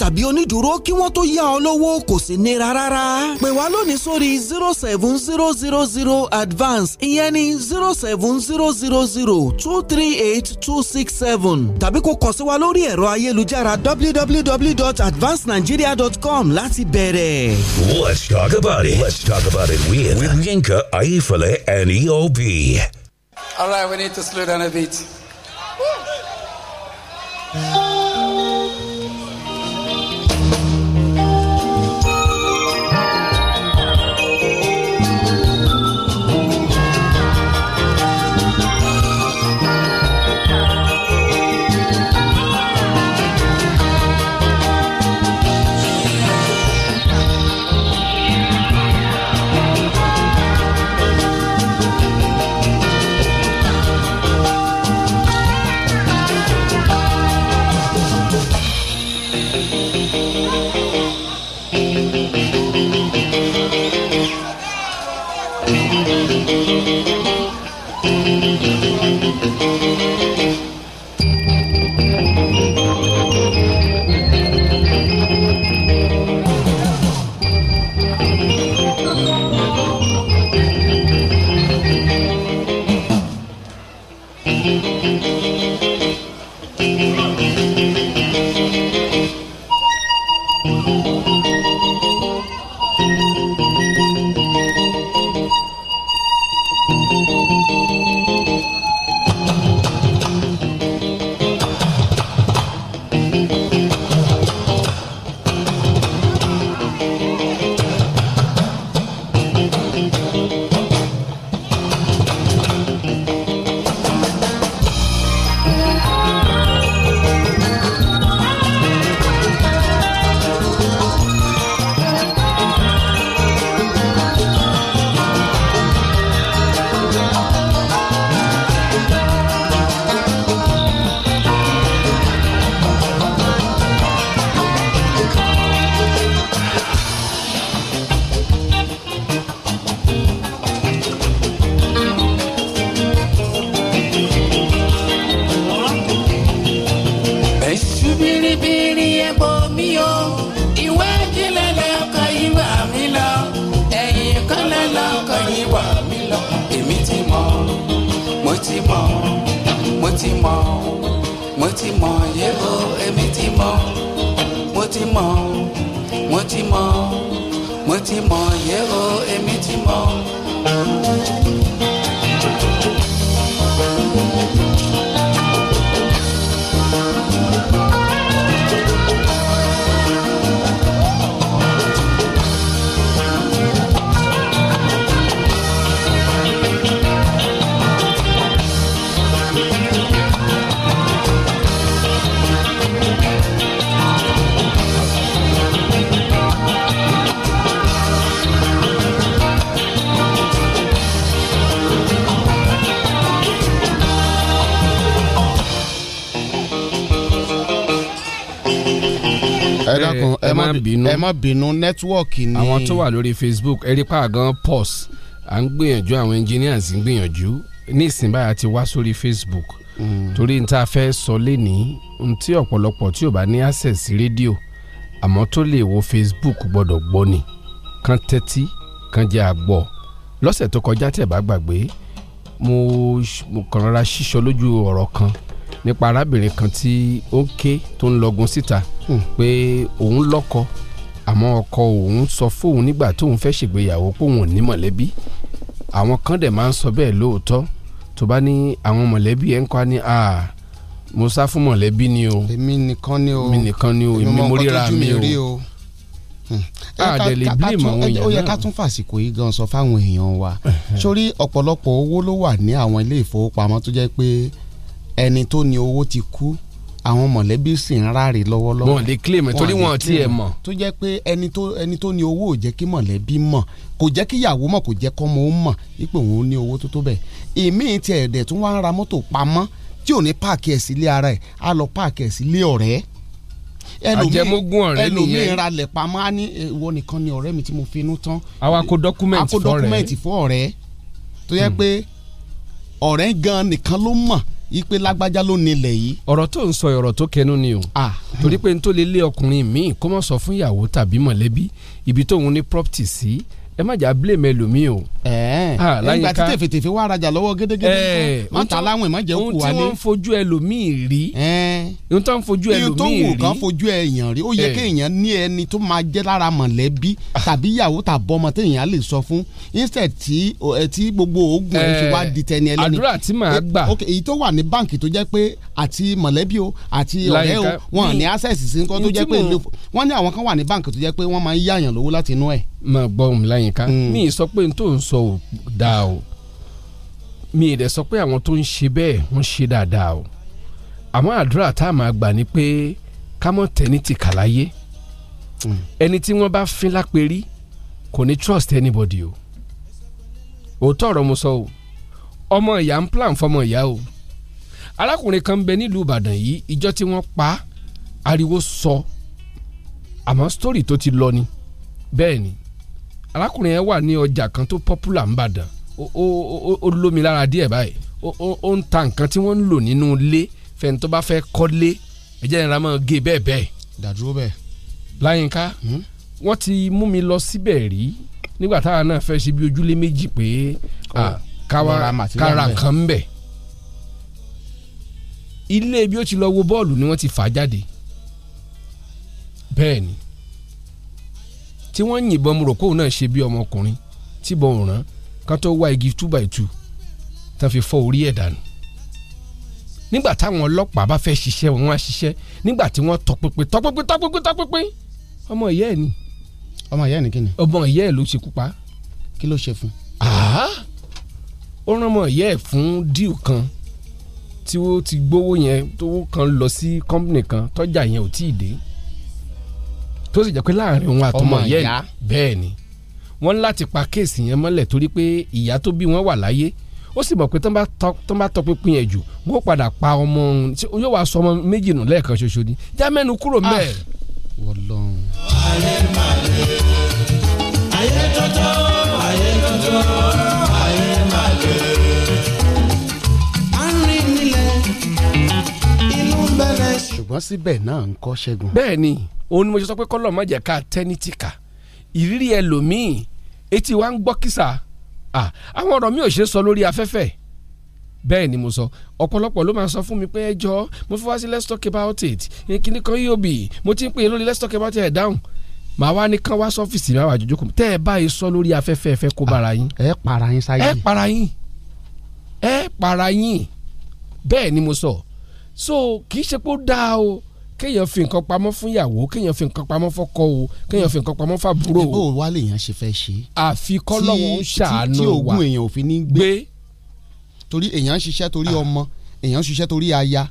tàbí onídùúró kí wọ́n tó yá ọ lówó kò sí nira rárá. pè wá lónìí sórí zero seven zero zero zero advance ìyẹn ní zero seven zero zero zero two three eight two six seven tàbí kò kàn sí wa lórí ẹ̀rọ ayélujára www.advancenigeria.com láti bẹ̀rẹ̀. let's talk about it let's talk about it with, with Yinka Ayefele and EOB. all right we need to slow down a bit. Woo. má bínú nẹ́tíwọ́ọ̀kì ni. àwọn tó wà lórí Facebook ẹ̀rípa gan pause à ń gbìyànjú àwọn engineers ń gbìyànjú ní ìsìn báyà ti wá sórí Facebook hmm. torí n ta fẹ́ sọ lénìí n tí ọ̀pọ̀lọpọ̀ tí ò bá ní access rédíò àmọ́ tó lè wo Facebook gbọ́dọ̀ gbọ́ ni kan tẹ́tí kan jẹ́ àgbọ̀ lọ́sẹ̀ tó kọjá tẹ̀ bá gbàgbé mo kàn rárá ṣíṣọ lójú ọ̀rọ̀ kan nípa arábìnrin kan tí ó ń ké tó ń lọgun síta hmm. pé òun lọ́kọ àmọ́ ọkọ òun sọ fóun nígbà tóun fẹ́ ṣègbéyàwó póun ò ní mọ̀lẹ́bí àwọn kan dẹ̀ máa ń sọ bẹ́ẹ̀ lóòótọ́ tó bá ní àwọn mọ̀lẹ́bí ẹ̀ ń kọ́ ni a mo sá fún mọ̀lẹ́bí ni o èmi nìkan ni o èmi nìkan ni o èmi mo ríra mi o àdè hmm. lè bí ìmọ̀ àwọn èèyàn náà. ó yẹ ká tún fàsìkò yìí gan sọ fáwọn èèyàn wa sórí ọ̀pọ̀lọpọ̀ owó ló wà ní àwọn ilé ìfowópamọ́ tó jẹ́ pé ẹni tó ní owó ti kú àwọn mọ̀lẹ́bí sì ń ráre lọ́wọ́lọ́wọ́. wọn lè claim ẹ torí wọn ti ẹ mọ̀. tó jẹ́ pé ẹni tó ẹni tó ní owó ò jẹ́ kí mọ̀lẹ́bí mọ̀ kò jẹ́ kí ìyàwó mọ̀ kò jẹ́ kọ́mọ ó mọ̀ wípé òun ní owó tó tó bẹ́ẹ̀. èmi ti ẹ̀dẹ̀ tún wá ń ra mọ́tò pamọ́ tí ò ní páàkì ẹ̀ sílé ara ẹ̀ á lọ páàkì ẹ̀ sílé ọ̀rẹ́ àjẹmógún ọ̀rẹ́ nìyẹn ẹlòmíín ralẹ̀ pamọ́ á ní ìwọ nìkan ni ọ̀rẹ́ mi tí mo fi inú tán. àwa kó dọ́kúmẹ̀ntì fún ọ̀rẹ́ tó yẹ hmm. pé ọ̀rẹ́ gan nìkan ló mọ̀ ipe lágbájá ló nílẹ̀ yìí. ọ̀rọ̀ tó ń sọ ọ̀rọ̀ tó kẹnu ni o torí pé n tó lè lé ọkùnrin míì kó mọ̀ sọ fún ìyàwó tàbí mọ̀lẹ́bí ibi tóun ní property sí ẹ má jà blame ẹlòmíì o. ìgbà tí tèfètèfè wà rajà lọ́wọ́ gédégédé má ta láwọn ìmọ̀ jẹ́ òkú wálé. ohun tí wọ́n ń fojú ẹlòmíì rí. ohun tí wọ́n ń fojú ẹlòmíì rí. tó wù kán fojú èèyàn rí ó yẹ kéèyàn ní ẹni tó máa jẹ́ lára mọ̀lẹ́bí tàbí ìyàwó tàbọ̀ ọmọ téèyàn lè sọ fún instead tí tí gbogbo oògùn ẹ̀ fi wá di tẹni ẹlẹ́ni. àdúrà tí màá gbà. èyí tó wà ní báǹkì tó jẹ́ pé àti mọ̀lẹ́bí o àti ọ̀rẹ́ o wọn ní access sí nǹkan tó jẹ́ pé wọ́n ní àwọn kan wà ní báǹkì tó jẹ́ pé wọ́n máa ń yáyàn lówó láti inú ẹ̀ máa gbọ́ òun láyìnká hmm. mi ì sọ pé n tó ń sọ ò dáa o mi ì dẹ̀ sọ pé àwọn tó ń ṣe bẹ́ẹ̀ wọ́n ṣe dáadáa o àmọ́ àdúrà tá a máa gbà ni pé ká mọ̀ tẹ́ni ti kà láyé hmm. ẹni tí wọ́n bá fín lápẹ́rí kò ní trust anybody o òótọ́ ọ̀rọ̀ mo sọ o ọmọ ìyá ń plan fọmọ ìyá o arákùnrin kan bẹ nílùú Ìbàdàn yìí ìjọ tí wọ́n pa ariwo sọ àmọ́ story tó ti lọ ni bẹ́ẹ̀ ni arákùnrin yẹn wà ní ọjà kan tó popular ń bàdàn ó lómi lára díẹ̀ báyìí ó ń ta nǹkan tí wọ́n ń lò nínú ilé fẹ́ni tó bá fẹ́ kọ́lé ẹ̀jẹ̀ nira máa gé bẹ́ẹ̀ bẹ́ẹ̀. dàdúró bẹ́ẹ̀. láyínká hmm? wọ́n ti mú mi lọ síbẹ̀ rí nígbà táwa náà fẹ́ ṣe bí ojúlé méjì pé kára kan ń bẹ̀. ilé bí ó ti lọ wo bọ́ọ̀lù ni wọ́n ti fà jáde bẹ́ẹ̀ ni tí wọ́n ń yìnbọn mo rò kóun náà ṣe bí ọmọkùnrin tí bọ̀ ò rán kan tó wá igi two by two tán fi fọ́ orí ẹ̀ dànù nígbà táwọn ọlọ́pàá bá fẹ́ ṣiṣẹ́ wọn wá ṣiṣẹ́ nígbà tí wọ́n tọpinpin tọpinpin tọpinpin tọpinpin ọmọ ìyá ẹ̀ ni. ọmọ ìyá ẹ̀ ni kí ni. ọmọ ìyá ẹ̀ ló ṣekú pa. kí ló ṣe fún. ó rán ọmọ ìyá ẹ̀ fún díù kan tí ó ti gbówó yẹn tó kàn lọ sí kọ́mpìnì kan tọ́jà yẹn ò tíì dé tó sì jẹ́ pé láàrin òun àtọmọ yẹn bẹ́ẹ̀ ni wọ́n láti pa kéèsì yẹn mọ́lẹ̀ torí pé ìyá tó bí wọ́n wà láyé ó sì mọ̀ pé tán bá tọ́ pínpín yẹn jù wọ́n padà pa ọmọ òun yóò wá sọ ọmọ méjì nù lẹ́ẹ̀kan ṣoṣo ni já mẹ́nu kúrò mẹ́ẹ̀. Ah. wọ́lọ́run. máa le ayé tọ́tọ́ ayé tọ́tọ́ ayé máa le. a ń rìn nílẹ̀ inú bẹ̀rẹ̀ ṣùgbọ́n síbẹ̀ náà ń kọ́ ṣẹ́gun. bẹ́ẹ̀ ni òun ni mo ṣe sọ pé kọ́lọ̀ má jẹ́ ká tẹ́nítì kà ìrírí ẹlòmíì etí wa ń gbọ́ kísà àwọn ọ̀rọ̀ mi ò ṣe sọ lórí afẹ́fẹ́ bẹ́ẹ̀ ni mo sọ ọ̀pọ̀lọpọ̀ ló máa sọ fún mi pé ẹ jọ mo fi wá sí let's talk about it kíní kan yóò bì mo ti ń pè é lórí let's talk about it down, dáhùn màá wá ní kán wá sọ́fíìsì máa wà jójó kù tẹ́ ẹ báyìí sọ lórí afẹ́fẹ́ ẹ fẹ́ kó bára yín. ẹ para yín sáyé ẹ para yín ẹ para yín bẹ́ẹ̀ ni mo sọ so kì í ṣe pé ó dáa o kéèyàn fi nǹkan pamọ́ fún ìyàwó kéèyàn fi nǹkan pamọ́ fọ́kọ o kéèyàn fi nǹkan pamọ́ fàbúrò o. ìbò wa lèèyàn ṣe fẹ́ ṣe. àfi kọ́lọ́wọ́ ń ṣàánú wa tí oògùn èèyàn ò fi ní gbé torí èèyàn ń ṣiṣẹ́ torí ah. ọmọ èèyàn ń ṣiṣẹ́ torí aya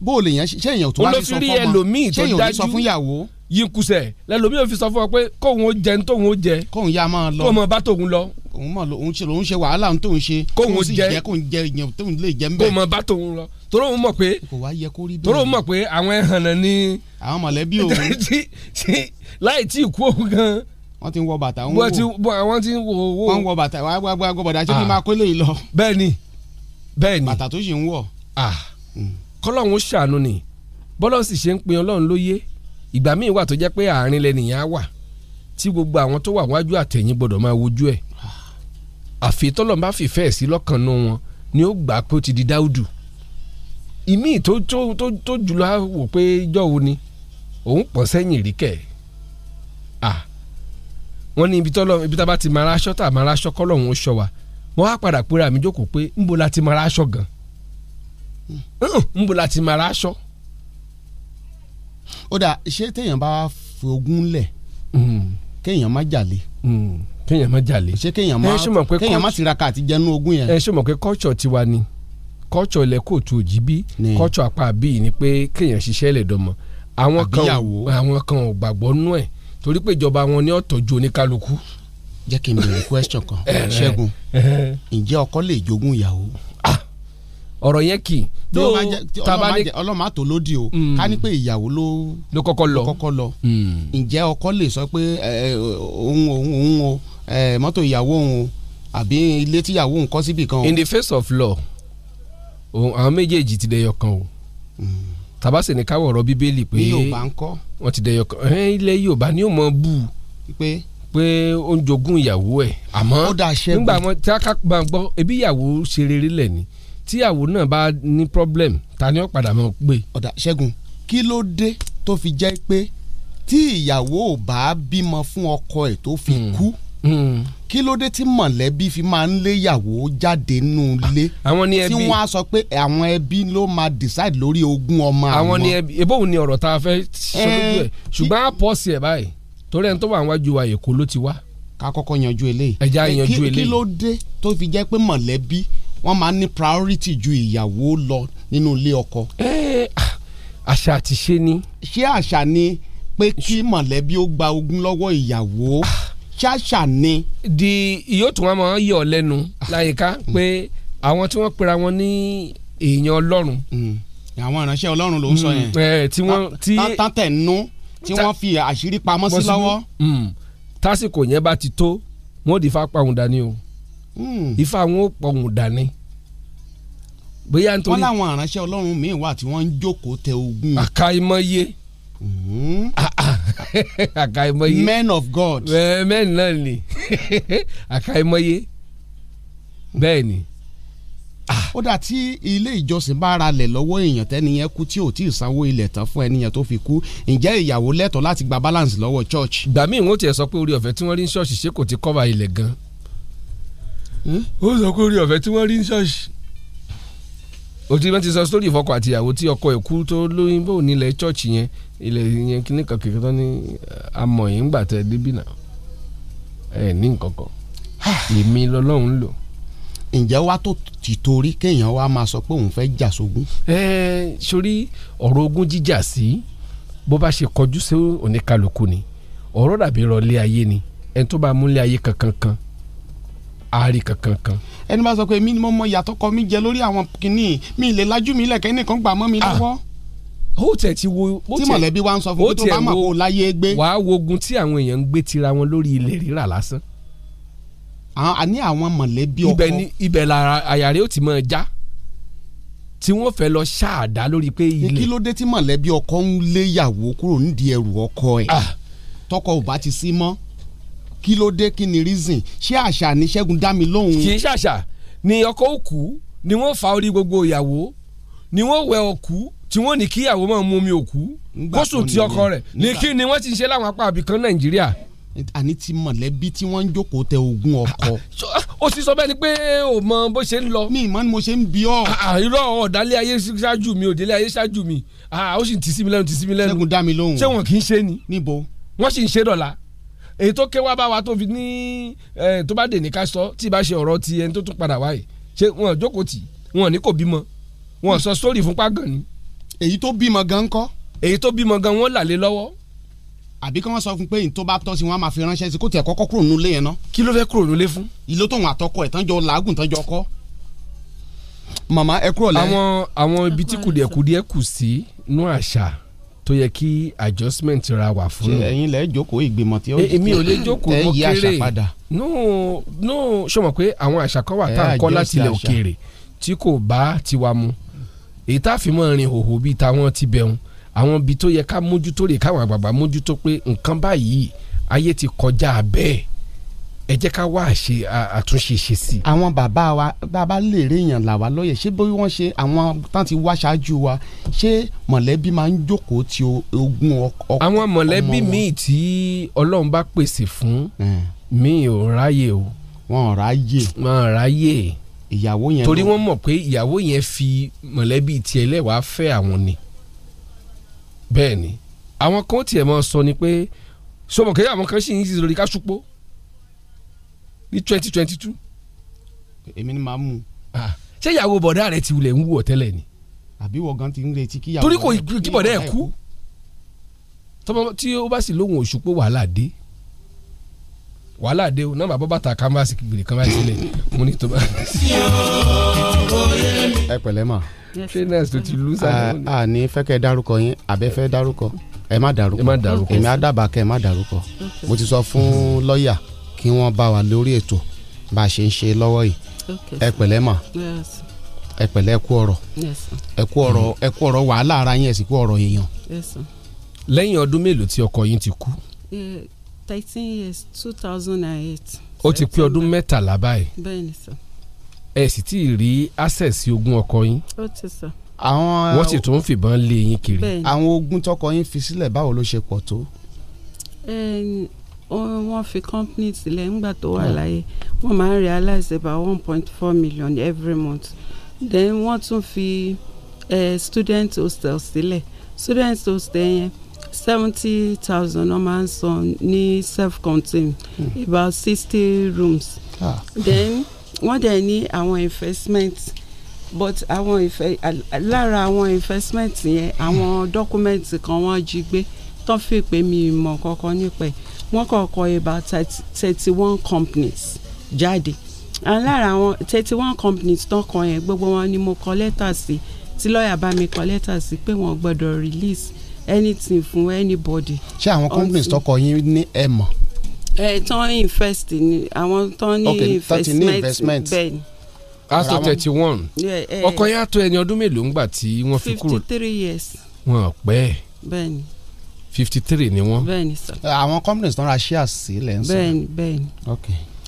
bó lèèyàn ṣiṣẹ́ èèyàn tó wá fi sọ fọ́mọ ṣé èèyàn ò ní sọ fún ìyàwó. yín kusẹ̀ lẹ́lòmíì ò fi sọ fún ọ pé kóun ó jẹ ní tóun ó jẹ kóun yá máa lọ kóun òun mọ̀ òun ṣe lòun ṣe wàhálà tó ń ṣe kóun jẹ kóun jẹ ìyẹn tó ń lè jẹ ń bẹ. kó mọ bá tòun lọ tóró òun mọ̀ pé kò wá yẹ kó rí bẹ́ẹ̀. tóró òun mọ̀ pé àwọn ẹ̀hànnà ni. àwọn mọ̀lẹ́bí òun. láì tí ì kú òun gan-an wọ́n ti ń wọ bàtà wọ́n wò wọ́n ti ń wò wò wọ́n ń wọ bàtà wọ́n á gbọ́ bàtà ṣé kí n ah. máa kó léyìí lọ. bẹ́ẹ̀ni bẹ́ẹ̀ni bàtà tó ṣe ń wọ. Ah. Hmm. kọ́lọ́hún ṣàánú ni bọ́lọ́hún ṣe ń pin ọlọ́run lóye ìgbà míì wà tó jẹ́ pé àárín lẹ́nìyàn á wà tí gbogbo àwọn tó wà wájú àtẹ̀yìn gbọ́dọ̀ máa wojú ẹ̀ àfi tọ́lọ̀ bá fìfẹ́ sí lọ́kàn wọn ni ó gbà pé ó ti di dáúdù ìmí tó tó tó tó jùlọ á wò pé jọ́wọ́ ni òun pọ̀ sẹ́yìn rí kẹ̀ à wọ́n ní ibi tọ́lọ́ ibi tá a bá ti máa ra aṣọ tá a máa ra aṣọ kọ́lọ̀ òun ó ṣọ wa wọ́n á padà pera mi jókòó pé ńbo la ti máa aṣọ gan ńbo la ti máa aṣọ. ó dà ṣé téèyàn bá fi lẹ̀ hmm. kéèyàn má jalè. Mm kéèyàn má jalè ṣé kéèyàn má kéèyàn má tiraka àti jẹnu ogún yẹn. ẹ ṣe mọ̀ pé kọ́ọ̀tsọ̀ tiwa ni kọ́ọ̀tsọ̀ ilẹ̀ kóòtù òjì bí kọ́ọ̀tsọ̀ apá bíi ni pé kéèyàn ṣiṣẹ́ lẹ̀ dọ̀mọ́ àwọn kan àwọn kan ò gbàgbọ́ nú ẹ̀ torí pé ìjọba wọn ni ó tọ́jú oníkálukú. jẹ́ kí n bèrè question kan ṣẹ́gun ǹjẹ́ ọkọ lè jogún ìyàwó ah, ọ̀rọ̀ yẹn kì í. tó tabale ọlọ́mà tó lódì o mm. ká ní pé ìyàwó ló ló mọ́tò ìyàwó òun àbí ilé tíyàwó òun kọ́ síbì kan. in the face of law àwọn méjèèjì ti dẹyọ kan o hmm. tàbá sì ní káwọ̀ ọ̀rọ̀ bíbélì pé Yorùbá ń kọ́ wọ́n ti dẹyọ kan ilẹ̀ Yorùbá ni ó mọ bú pé pé ó ń jogún ìyàwó ẹ̀ àmọ́ nígbà wọn tí a bá gbọ́ ebi ìyàwó ṣe rere lẹ̀ ni tíyàwó náà bá ní problem ta ni ó padà mọ̀ pé. ọ̀dà Ṣẹ́gun kí ló dé tó fi jẹ́ pé tí ìyàwó ò bá bímọ fún ọkọ ẹ̀ tó fi hmm. kú. Mm Hmm. kí ló dé tí mọ̀lẹ́bí fi máa ń léyàwó jáde nínú ilé ah, tí wọ́n á sọ pé àwọn ẹbí ló máa decide lórí ogún ọmọ àwọn. àwọn ni ẹbí ebóhùn ni ọ̀rọ̀ tá a fẹ́ sọ eh, lójú ẹ̀ ṣùgbọ́n a pọ̀ sí ẹ̀ báyìí torí ẹni tó wà níwájú wa Èkó ló ti wá. ká kọ́kọ́ yanjú eléyìí ẹja eh, yanjú eléyìí kí ló dé tó fi jẹ́ pé mọ̀lẹ́bí wọ́n máa ń ní priority ju ìyàwó lọ nínú ilé ọkọ. Eh, ah, àṣà àti ṣe ni. ṣé àṣà ni pé kí ṣàṣà ni. di yóò tún wọn máa yọ lẹ́nu ah. láyìíká mm. pé àwọn tí wọ́n pera wọn ní èèyàn Ọlọ́run. Mm. àwọn ìránṣẹ́ Ọlọ́run ló ń sọ mm. yẹn. Eh, tí nú tí wọ́n fi àṣírí pamọ́ sí lọ́wọ́. tásìkò yẹn bá ti tó wọn ò di ifá pahùn dání o ifá wọn ò pahùn dání bóyá nítorí. wọ́n láwọn ìránṣẹ́ Ọlọ́run míì wà tí wọ́n ń jókòó tẹ ogun. àkàìmọye Mm-hmm. àkàìmọye men of God men náà ni àkàìmọye bẹ́ẹ̀ ni. Ah. ó dà tí ilé ìjọsìn bá ra lẹ̀ lọ́wọ́ èèyàn tẹ́niyẹn kú tí ò tí ì sanwó ilẹ̀ tán fún ẹniyẹn tó fi kú ǹjẹ́ ìyàwó lẹ́tọ̀ọ́ láti gba balance lọ́wọ́ church. ìgbà míì wọ́n tiẹ̀ sọ pé orí ọ̀fẹ́ tí wọ́n rí ní ṣọ́ọ̀ṣì ṣé kò ti cover ilẹ̀ gan-an. Hmm? ó sọ pé orí ọ̀fẹ́ tí wọ́n rí ní ṣọ́ọ̀ṣì òtí wọn ti sọ sórí ìfọkọ àti ìyàwó tí ọkọ ẹ̀ kú tó lóyìnbó nílẹ̀ chọ́ọ̀chì yẹn ilẹ̀ yẹn kíní kan kìkì tán ní amọ̀ yìí ń gbà tẹ débi náà ẹ ní nǹkan kan èmi lọ́lọ́run ń lò. ǹjẹ́ wá tó ti torí kéèyàn wá máa sọ pé òun fẹ́ jà sógun. ẹ sórí ọ̀rọ̀ ogun jíjà sí bó bá ṣe kọjú sí oníkálukú ni ọ̀rọ̀ dàbí rọlé ayé ni ẹni tó bá múlé ayé kankan kan, kan Ari kankan kan. ẹni bá sọ pé mi ni mo mọ ìyàtọ̀ kọ mi jẹ lórí àwọn kìnnì mi lè lajú mi lẹ̀kẹ́ nìkan gbà mọ́ mi ah. lọ́wọ́. ó tẹ̀ ti wo tí mọ̀lẹ́bí wa ń sọ fún mi tó bá mà kó láyé gbé. wàá wogun tí àwọn èèyàn ń gbé tira wọn lórí ilẹ̀ rírà lásán. a ní àwọn mọ̀lẹ́bí ọkọ. ibẹ̀ ni ibẹ̀ lára àyà rẹ̀ ó ti máa já tí wọ́n fẹ́ lọ ṣáàdá lórí pé ilẹ̀. kí ló dé tí mọ̀lẹ́bí ọkọ kí ló dé kí ni reason ṣé àṣà ni Ṣẹ́gun dá mi lóhùn. kì í ṣàṣà ni ọkọ òkú ni wọ́n fa orí gbogbo ìyàwó ni wọ́n wẹ òkú tí wọ́n ní kíyàwó máa mú mi òkú kóṣù tí ọkọ rẹ̀ ní kí ni wọ́n ti ṣe láwọn apá àbíkan Nàìjíríà. àní ti mọ̀lẹ́bí tí wọ́n ń jókòó tẹ ogún ọkọ. Ah, ah, ó sì sọ bẹ́ẹ̀ ni pé o mọ bó ṣe ń lọ. mi ìmọ̀ ni mo ṣe ń bi ọ́. Ah, irọ́ ọ̀dálẹ̀ ayé ṣáájú mi òdélé ayé ṣáájú mi ó sì ti sí mi lẹ́nu ti sí mi lẹ́nu. Ṣẹ́gun dá mi lóhùn. ṣé wọn kì í ṣe ni. níbo. wọ́n sì ń ṣe dọ̀la èyí tó ké wá bá wa tó fi ní tó bá dè ní ká sọ tí ì bá ṣe ọ̀rọ̀ ti ẹni tó tún padà wáyé ṣé wọn jókòó tì wọn ní kò bímọ wọn sọ sórí ìfúnpá gan ni. èyí tó bímọ gan ńkọ́. èyí tó bímọ gan wọn là lé lọ́wọ́. àbí kí wọ́n sọ fún pé ní tó bá tọ́ sí wọn máa fi ránṣẹ́ sí kó tiẹ̀ kọ́kọ́ kúrò nílé yẹn ná. kí ló fẹ́ kúrò nílé fún. ìlú tóun àtọkọ ẹ̀ tán jọ làágùn tán jọ kọ́. màmá ẹ kúrò lẹ́yìn. àwọn àwọn ibi tí kùdìẹ̀kùdìẹ̀ kù sí nú àṣà tó yẹ kí adjustment ra wà fún un. ẹ̀yin lẹ jókòó ìgbìmọ̀ tí ó yẹ e-, èmi ò lè jókòó mọ kéré no no ṣe mọ̀ pé àwọn àṣà kan wà tá à ń kọ́ láti ilẹ̀ òkèèrè tí kò bá tiwa mu èyí tá a fi mọ́ rin hòhò bíi táwọn ti bẹ̀rùn àwọn ibi tó yẹ ká mójútó rè káwọn àgbààgbà mójútó pé nǹkan báyìí ayé ti kọjá bẹ́ẹ̀ ẹ jẹ́ ká wá àṣe àtúnṣe ṣe sí. àwọn bàbá wa bàbá lè réèyàn là wá lóye ṣé bí wọ́n ṣe àwọn tán ti wá ṣáájú wa ṣé mọ̀lẹ́bí máa ń jókòó ti ogún ọkọ. àwọn mọ̀lẹ́bí míì tí ọlọ́run bá pèsè fún mi ò ráyè o. wọn ò ráyè. wọn ò ráyè. ìyàwó yẹn torí wọ́n mọ̀ pé ìyàwó yẹn fi mọ̀lẹ́bí tiẹ̀ lẹ́wàá fẹ́ àwọn ni bẹ́ẹ̀ ni àwọn kan tiẹ̀ máa sọ ni pé sọmọkẹ́yà àwọn kan sì ń ṣe ní twenty twenty two. èmi ni màá mú ah, ṣé ìyàwó bọ̀dá rẹ ti wulẹ̀ ń wù ọ́ ni. àbí wọ̀ ti ń retí kí ìyàwó torí kò kí bọ̀dá ẹ̀ kú tọ́mọ tí ó bá sì lóhùn oṣù pé wàhálà dé wàhálà dé o náà bàbá bàtà canvas gbèrè kan báyìí mo ní tó ẹ pẹ̀lẹ́ mà. trainers tó ti lù sáré. a ní fẹ́kẹ́ dárúkọ yín àbẹ́ fẹ́ dárúkọ ẹ má dárúkọ èmi á dábàá kẹ́ ẹ má dárúkọ mo ti sọ fún lọ́ọ̀yà kí wọ́n bá wa lórí ètò bá a ṣe ń ṣe lọ́wọ́ yìí ẹ pẹ̀lẹ́ mà ẹ pẹ̀lẹ́ ẹ ọ̀rọ̀ ẹ ọ̀rọ̀ ẹ ọ̀rọ̀ wàhálà ara yín sì kú ọ̀rọ̀ èèyàn. lẹ́yìn ọdún mélòó tí ọkọ yín ti kú. Eh, thirteen years two thousand and eight. ó ti pé ọdún mẹ́tàlá báyìí. bẹ́ẹ̀ni sọ. ẹ sì tí ì rí access sí ogún ọkọ yín. ó ti sọ. àwọn wọ́n sì tún fìbọn lé yín kiri. àwọn ogún tọkọ yín fi sílẹ̀ báwo ló ṣe pọ̀ tó eh, wọ́n fi company sílẹ̀ ńgbà tó wà hmm. láyé wọ́n máa ń realize about one point four million every month then wọ́n tún fi uh, student hostel sílẹ̀ student hostel yẹn seventy thousand wọ́n máa ń san ní self-contained mm. about sixty rooms ah. then wọ́n dẹ̀ ní àwọn investment but àwọn ìfẹ́ lára àwọn investment yẹn àwọn document kan wọ́n jí gbé tán fi pé mi mọ̀ kankan nípa ẹ̀ wọ́n kọ̀ọ̀kọ̀ about thirty one companies jáde lára àwọn thirty one companies tán kan yẹn gbogbo wọn ni mo kọ lẹ́tà sí tí lọ́ọ̀yà bá mi kọ lẹ́tà sí pé wọ́n gbọ́dọ̀ release anything fún anybody. ṣé àwọn companies tọkọ yín ní ẹ mọ̀. ẹ tán invest ni àwọn tán ní investment bẹ́ẹ̀ ni aṣọ thirty one ọkọ yàtọ̀ ẹni ọdún mélòó ń gbà tí wọ́n fi kúrò fifty three years. wọn ò pẹ́. bẹ́ẹ̀ni fifty three ni wọ́n. bẹ́ẹ̀ni sir. àwọn companies tán ra shares sílẹ̀ ń sọ. bẹ́ẹ̀ni bẹ́ẹ̀ni. ok.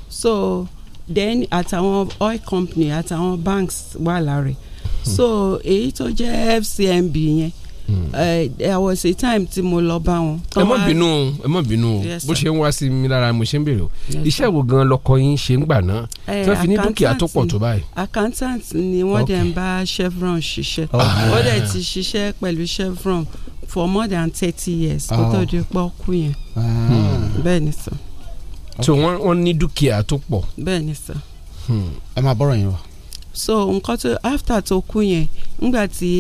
so then àtàwọn oil company àtàwọn banks wà lára ẹ̀. so èyí tó jẹ́ FCMB yẹn eh, there was a time tí mo lọ bá wọn. ẹ má bínú ẹ má bínú bó ṣe ń wá sí mi lára mo ṣe ń bèrè o iṣẹ́ wo gan lọkọ yín ṣe ń gbà náà eh, tí wọ́n fi ní dúkìá accountant ni wọ́n dẹ̀ ń bá Chevron ṣiṣẹ́ wọ́n dẹ̀ ti ṣiṣẹ́ pẹ̀lú Chevron for more than thirty years kó tó ah. di pọ́ kú yẹn ah. bẹ́ẹ̀ ni sọ. so wọ́n wọ́n ní dúkìá tó pọ̀. bẹ́ẹ̀ ni sọ. Hmm. ẹ máa bọ́rọ̀ yín wá. so nǹkan tó after tó kú yẹn ngbà tí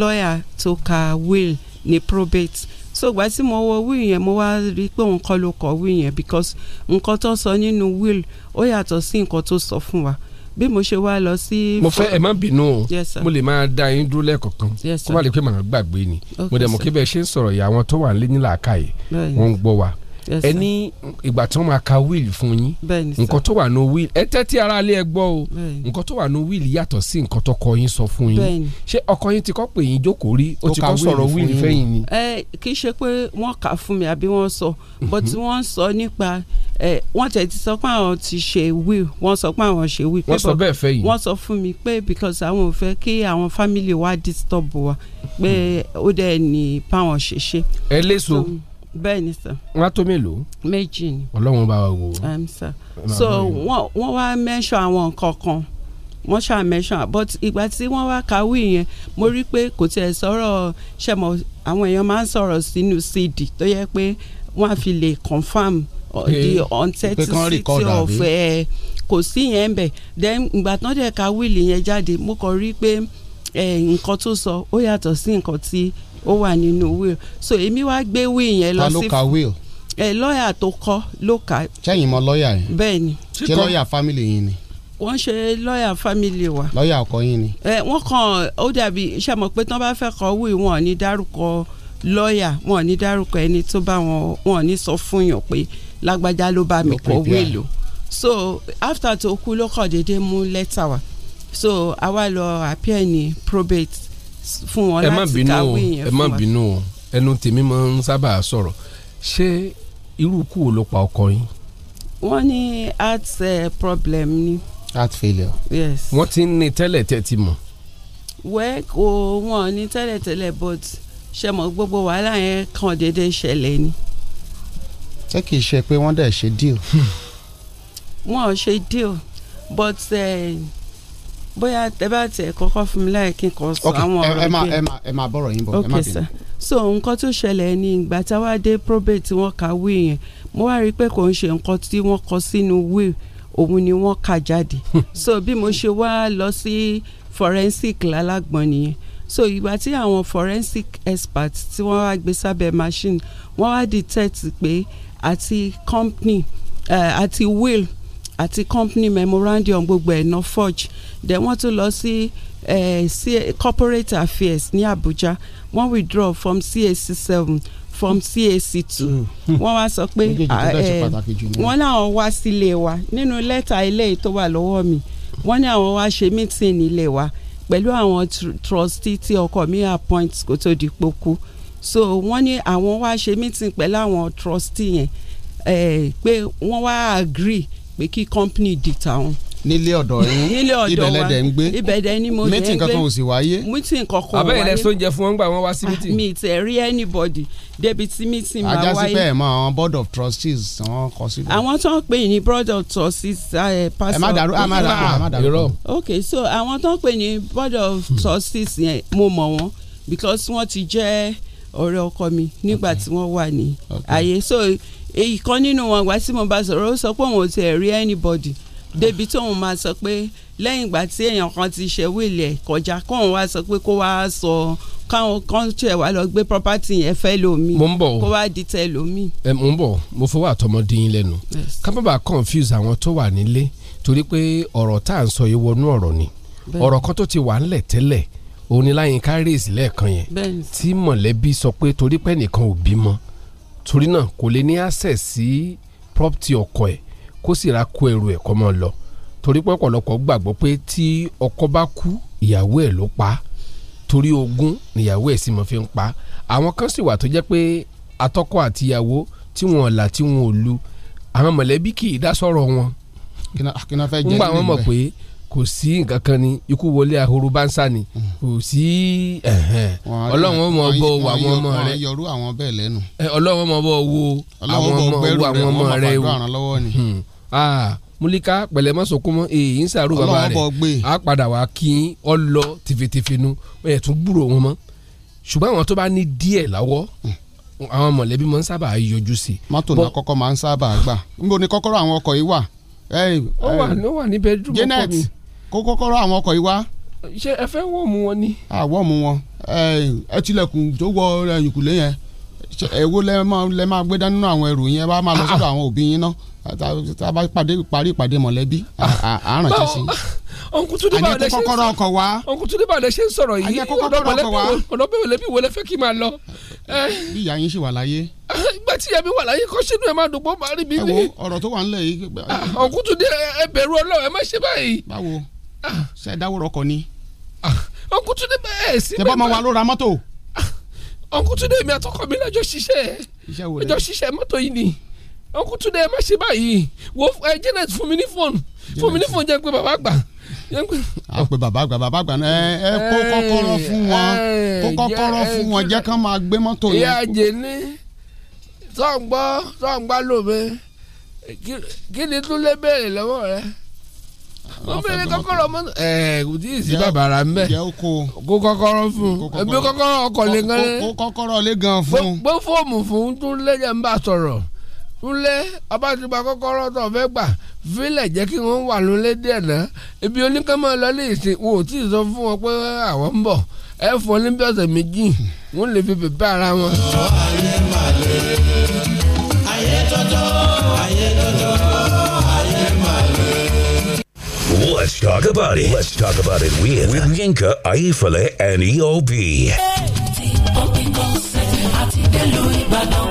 lọ́ọ̀yà tó ka will ní probate so ìgbà tí mo wọ will yẹn mo wá rí i pé òun kọ́ ló kọ will yẹn because nǹkan tó sọ nínú will ó yàtọ̀ sí nǹkan tó sọ fún wa bí mo ṣe wá lọ sí. mo fẹ́ ẹ má bínú o mo lè máa da yín dúró lẹ́ẹ̀kọ̀kan kó má lè pé màá gbàgbé ni mo dẹ̀ mọ̀ kí bẹ́ẹ̀ ṣe ń sọ̀rọ̀ yìí àwọn tó wà nílé nílà káyè wọ́n ń gbọ́ wa ẹ ní ìgbà tí wọ́n máa ka wíìlì fún yín nǹkan tó wà ní wíìlì ẹ tẹ́tí ara lé ẹ gbọ́ o nǹkan tó wà ní wíìlì yàtọ̀ sí nǹkan tọkọ yín sọ fún yín ṣé ọkọ yín ti kọ́ pé yín jókòó rí ó ti kọ́ sọ̀rọ̀ wíìlì fẹ́yìn ni. ẹ kì í ṣe pé wọ́n kà á fún mi àbí wọ́n sọ bó ti mm-hmm. wọ́n sọ nípa ẹ wọ́n tẹ̀ ti sọ pé àwọn ti ṣe wíìlì wọ́n sọ pé àwọn ṣe wíìlì. wọ́n sọ bẹ́ẹ̀ fẹ́yìn. wọ́n sọ fún mi pé because àwọn ò fẹ́ kí àwọn family wa disturb wa pé mm-hmm. ó dẹ̀ ní báwọn ṣe ṣe. ẹ léso. So, bẹ́ẹ̀ ni sir. wọ́n á tó mélòó. méjì ni. ọlọ́run bá wa wò. Um, sir so wọ́n wá mẹ́ṣọ̀ àwọn nǹkan kan wọ́n ṣáà mẹ́ṣàn but ìgbà tí wọ́n wá kàwé yẹn mo rí i pé kò tiẹ̀ sọ̀rọ̀ ṣẹ̀mọ̀ àwọn èèyàn máa ń sọ̀rọ̀ sínú cd tó yẹ pé wọ́n á fi lè confam the uncertainty of eh, kò sí yẹn bẹ̀ then ìgbà tán dẹ̀ ka wíìlì yẹn jáde mo kàn rí i pé eh, nǹkan tó sọ ó yàtọ̀ sí nǹkan tí ó wà nínú will so èmi wá gbé will yẹn lọ sí. ta ló ka will. ẹ lọ́ọ̀yà tó kọ́ ló kà. sẹ́yìn mọ lọ́ọ̀yà yẹn. bẹ́ẹ̀ ṣé lọ́ọ̀yà family yín ni wọ́n ṣe lọ́ọ̀yà family wa. lọ́ọ̀yà ọkọ yín ni. ẹ wọ́n kàn ó dàbí ṣe mọ̀ pé tí wọ́n bá fẹ́ kọ wí wọn ò ní dárúkọ lọ́ọ̀yà wọn ò dárúkọ ẹni tó bá wọn wọn ò sọ fún yàn pé lágbájá ló bá mi kọ wí lò. so after tó kú ló kàn déédéé mú lẹ́tà wa so àwa lọ appear ní probate fún wọn láti kàwé yẹn fún wa. ẹ má bínú o ẹnu tèmi máa ń sábà sọ̀rọ̀ ṣé irú kù ló pa ọkọ yín. wọ́n ní heart eh, problem ni. heart failure. yes. wọ́n ti ń ní tẹ́lẹ̀ tẹ́ mọ̀. wẹ́ẹ́ kò wọ́n ní tẹ́lẹ̀ tẹ́lẹ̀ but ṣe mọ̀ gbogbo wàhálà yẹn kàn déédéé ṣẹlẹ̀ ni. ṣé kìí ṣe pé wọ́n dẹ̀ ṣe deal. Hmm. wọn ò ṣe deal but. Uh, bóyá ẹ bá tiẹ̀ kọ́kọ́ fún mi láì kí n kọ́ sọ àwọn ọ̀rọ̀ bíi. ẹ máa ẹ máa bọ̀rọ̀ yín bọ̀ ẹ máa bínú. so nǹkan tó ṣẹlẹ̀ ni ìgbà táwa dé probate tí wọ́n ka will yẹn mo wá rí i pé kò ń ṣe nǹkan tí wọ́n kọ sínú will òun ni wọ́n kà jáde so bí mo ṣe wá lọ sí forensic lálágbọ̀n nìyẹn so ìgbà tí àwọn forensic experts tí wọ́n wá gbé sábẹ́ machine wọ́n wá detect pé àti company uh, will àti company memorandum gbogbo ẹ̀ náà forge then wọ́n tún lọ sí eh, corporate affairs ní Abuja wọ́n withdraw from CAC seven from CAC two hmm. wọ́n wá sọ pé eh, wọ́n láwọn wá sílé wa nínú lẹ́tà eléyìí tó wà lọ́wọ́ mi wọ́n ní àwọn wá ṣe meeting nílé wa pẹ̀lú àwọn trustee tí ọkọ mi appoint kó tó di pokú so wọ́n ní àwọn wá ṣe meeting pẹ̀lú àwọn trustee yẹn eh, pé wọ́n wá agree pé kí company di tàwọn nílé ọ̀dọ̀ yín nílé ọ̀dọ̀ wa ibẹ̀ lẹ́dẹ̀ ń gbé ibẹ̀dẹ̀ ni mo dẹ̀ ń gbé mítìn kankan ò sì wáyé mítìn kankan ò wáyé abẹ́yẹlẹ sóúnjẹ fún wọn gbà wọn wá sí ah, mítìn. mi tẹ rí anybody débi tí mítìn máa wáyé. ajásí bẹ́ẹ̀ mọ àwọn board of trustees àwọn kọ síbẹ̀. àwọn tó ń pè ní board of trustees eh, pastor. ẹ má dàrú ẹ má dàrú ẹ má dàrú. ok so àwọn tó ń pè ní board of hmm. trustees yẹn because wọ́n ti jẹ́ ọ̀rẹ́ ọkọ mi nígbà tí wọ́n wà ní ayé so èyí kan nínú wọn ìgbà tí mo bá sọ̀rọ̀ ó sọ pé òun ò tiẹ̀ rí anybody débi tóun máa sọ pé lẹ́yìn ìgbà tí èèyàn kan ti ṣe wíìlì ẹ̀ kọjá kóun wá sọ pé kó wá sọ káwọn kan tiẹ̀ wá lọ gbé property yẹn fẹ́ lomi mo ń bọ̀ kó wá di tẹ lomi. ẹ mo ń bọ̀ mo fọwọ́ àtọmọdé lẹ́nu ká má confuse àwọn tó wà nílé torí pé ọ̀rọ̀ tá à ń sọ yìí wọnú ọ̀rọ̀ ni ọ̀rọ̀ kan tó ti wà ńlẹ̀ tẹ́lẹ̀ òun ni láyínká rèézì lẹ́ẹ̀kan yẹn tí mọ̀lẹ́bí sọ pé torí pé nìkan ò bímọ torí náà kò lè ní access sí property ọkọ ẹ̀ kó sì ra kó ẹrù ẹ̀ kó máa lọ torí pé ọ̀pọ̀lọpọ̀ gbàgbọ́ pé tí ọkọ bá kú ìyàwó ẹ̀ ló pa torí ogún níyàwó ẹ̀ sì mọ̀ fi ń pa àwọn kan sì wà tó jẹ́ pé atọ́kọ àtìyàwó tí wọn là tí wọn ò lu àwọn mọ̀lẹ́bí kì í dá sọ̀rọ̀ wọn nígbà wọn mọ̀ pé kò sí nǹkan kan ni ikú wọlé ahoro bánsá ni hmm. kò sí ọlọ́run ọmọ ọgbọ́ wo àwọn ọmọ rẹ ọlọ́run ọmọ ọgbọ́ wo àwọn ọmọ wo àwọn ọmọ rẹ o hmm. múlíká pẹ̀lẹ́ mọ́sọ̀kún mọ́ èyí ń sàrò bàbá rẹ̀ á padà wá kí ọ lọ tìfetìfe nu ó yẹ tún gbúrò wọn mọ́ ṣùgbọ́n àwọn tó bá ní díẹ̀ láwọ́ hmm. àwọn mọ̀lẹ́bí máa ń sábà yọjú sí. mọ́tò náà kọ́kọ́ máa ń sábà gbà níbo ni kọ́kọ́rọ́ àwọn ọkọ̀ yìí wà ó wà ní ó wà ní bedroom ọkọ mi. Janet kó kọ́kọ́rọ́ àwọn ọkọ̀ yìí wá. ṣé ẹ fẹ́ wọ́ọ̀mù wọn ni. àwọ̀mù wọn ẹ tilẹ̀kùn tó wọ ẹ̀yìnkùlé yẹn èwo lẹ máa gbé dání nínú àwọn ẹrù yẹn bá máa lọ ah, ah. sọ́dọ̀ àwọn òbí yín náà tá a bá parí ìpàdé mọ̀lẹ́bí àrànṣẹ́ sí i ọ̀nkùtúndé báwo lẹ ṣe ń sọ̀rọ̀ ọ̀nkùtúndé báwo lẹ ṣe ń sọ̀rọ̀ yìí ọ̀dọ́gbẹ̀wò lẹ́bí wo lẹ fẹ́ kí n máa lọ. bí ìyá yín ṣì wà láyé. ìgbà tí ìyá mi wà láyé kọ́ sínú ẹ̀ máa dùn bó máa rí mi. ẹ wo ọ̀rọ̀ tó wà ńlẹ̀ yìí. ọ̀nkùtúndé ah, ẹ bẹ̀rù Ọlọ́run ẹ má ṣe báyìí. báwo ah. ṣe é dáwọ́ rọkọ ni. ọ̀nkùtúndé bẹ́ẹ̀ sí. tẹ́bọ́ máa wà ló ra mọ́tò. ọ̀nkùtúndé ah, mi àtọkọ mi lọ́jọ́ ṣiṣẹ́ ọjọ́ ṣiṣẹ́ mọ́tò yìí ni ọ̀nkùtúndé ẹ má ṣe báyìí wo ẹ Janet fún mi ní fóònù fún mi ní fóònù jẹ́ pé bàbá gbà a pe bàbá àgbà bàbá àgbà náà ẹ kó kọ́kọ́rọ́ fún wọn kó kọ́kọ́rọ́ fún wọn jẹ́ kán máa gbé mọ́tò yẹn. ìyá jèní sọ̀ǹgbọ́ sọ̀ǹgbá lòmí kí ni túnlé béèrè lọ́wọ́ rẹ wọ́n bèrè kọ́kọ́rọ́ mọ́tò kò tí ì sí bàbàrà ń bẹ̀ kó kọ́kọ́rọ́ fún ebi kọ́kọ́rọ́ ọkọ̀ lé gan. kó kọ́kọ́rọ́ lé gan fún. gbé fóòmù fún túnlé jẹ́ ń bá sọ̀rọ̀ ńlẹ́ abátúbà kọ́kọ́rọ́ tó fẹ́ gbà fílẹ̀ jẹ́ kí wọ́n wà lólé díẹ̀ náà ibi oníkàmọ́ lọ́lé ìsìn wò tí ì sọ fún wọn pé àwọn ń bọ̀ ẹ fọ ní bí ọ̀sẹ̀ méjì wọ́n lè fi pèpè ara wọn. Let's talk about it. Let's talk about it with, with Yinka Aifale and EOB. Hey. àti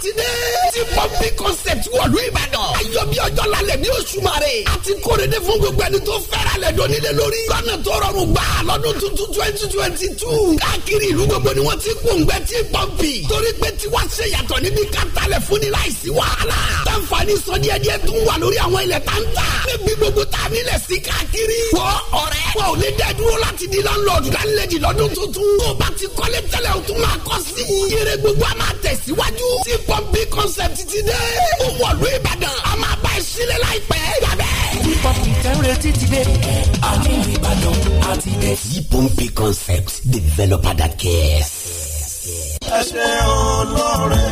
sátidé tí pọ́ńpì concept wọ̀lú Ìbàdàn jọ bí ọjọ́ lálẹ́ ní oṣù mare. a ti kóre de fún gbogbo ẹni tó fẹ́ra lẹ̀ dọ́ni lé lórí. lọ́nà tó rọrùn gbà lọ́dún tuntun twenty twenty two. káàkiri ìlú gbogbo ni wọ́n ti gbòǹgbẹ́ tí pọ́ǹpì. torí pé tiwa ṣe yàtọ̀ níbi kátàlẹ̀ fún ni láìsí wàhálà. tàǹfààní sọ díẹ̀ díẹ̀ tún wà lórí àwọn ilẹ̀ táǹtà. níbi gbogbo tá nílẹ̀ sí káàkiri. wọ ọ̀rẹ́. wọn ò máa bá ẹ sílẹ̀ láìpẹ́ yàgbẹ́. hip-hop concept developer that cares. ẹ ṣe ọlọ́rẹ̀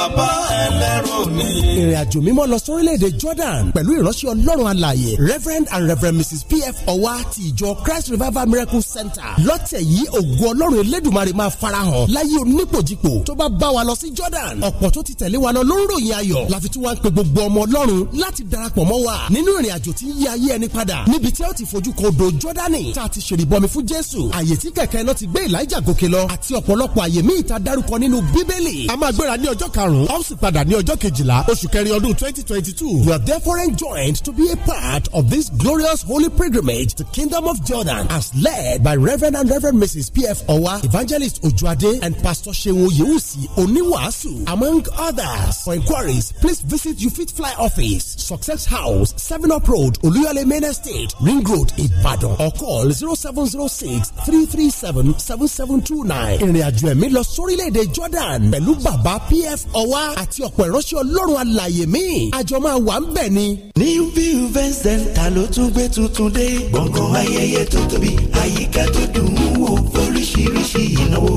bàbá ẹlẹ́rù mi. ìrìnàjò mímọ́ lọ sórílẹ̀-èdè Jordan pẹ̀lú ìránṣẹ́ ọlọ́run alààyè Reverend and Reverend Mrs P.F. Ọwa ti ìjọ Christ Revival Miracle Center lọ́tẹ̀ yìí ògo ọlọ́run elédùnmarè máa farahàn láyé onípòjìpò tó bá bá wa lọ sí Jordan ọ̀pọ̀ tó ti tẹ̀lé wa lọ ló ń ròyìn ayọ̀ láfi tí wàá ń pe gbogbo ọmọ ọlọ́run láti darapọ̀ mọ́ wa nínú ìrìnàjò tí ń yí ayé ẹni padà níbi tí ó ti fojú kan odò Jọ́dánì tá a ti ṣèrìbọmi fún Jésù àyè tí kẹ̀kẹ́ náà ti gbé Èlíjà gòkè lọ àti ọ̀pọ̀lọpọ̀ àyè míì ta dárúkọ nínú Bíbélì a máa gbéra ní ọjọ́ karùn karùn-ún a ó sì padà ní ọjọ́ kejìlá oṣù kẹrin ọdún twenty twenty two you are therefore enjoined to be a part of this glorious holy pilgrimage to kingdom of Jordan as led by Reverend and Reverend Mrs. P.F. Owa Evangelist Ojuade and Pastor Seun Yewusi Oniwasu among others for inquiries please visit Ufit Fly office Success House Seven Up Road Oluyale Main Estate Ring Road Ibadan or call zero seven zero six three three seven seven seven two nine ìrìnàjò ẹ̀mí lọ sórílẹ̀-èdè Jordan pẹ̀lú bàbá P.F. Owa ọwá àti ọ̀pọ̀ ìránṣẹ́ ọlọ́run alàyè mi àjọ máa wà ń bẹ̀ ni. new view event center ló tún gbé tuntun dé gbọ̀ngàn ayẹyẹ tó tóbi àyíká tó dùn ún wò oríṣiríṣi ìnáwó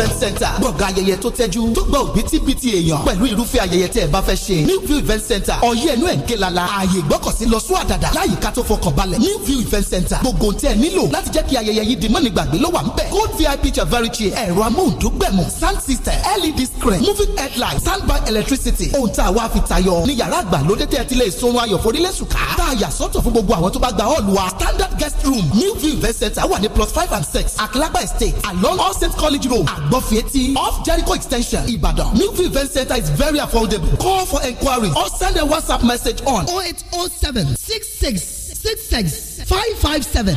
event center gbọ̀ngàn ayẹyẹ tó tẹ́jú tó gbọ́ òbítíbitì èèyàn pẹ̀lú irúfẹ́ ayẹyẹ tẹ́ ẹ bá fẹ́ ṣe new view event center ọ̀yẹ́ ẹnu ẹ̀ ń ké lala ààyè ìgbọ́kọ̀sí lọ sún àdàdà láyìíká tó fọkàn balẹ̀ new view event center gbogbo tẹ́ ẹ nílò láti jẹ́ kí ayẹyẹ yìí di mọ́ni gbàgbé ló wà ń bẹ̀ gold vip chavarichi ẹ̀rọ amóhundógbẹ̀mù sound system led screen moving headlight standby electricity ohun tá a wá fi tayọ ní yàrá àgbàlódé tẹ́ ẹ ti lè sunrun ayọ̀ forílẹ̀sùká tá a yà sọ́tọ̀ fún gbogbo àwọn tó bá gba hall wa standard guest room new view event center wà ní plus five and six àkìlágbà estate along all saints college road Agbofieti off Jericho extension Ibadan. New event center is very affordable. Call for enquiries or send a WhatsApp message on 0807 66 66 557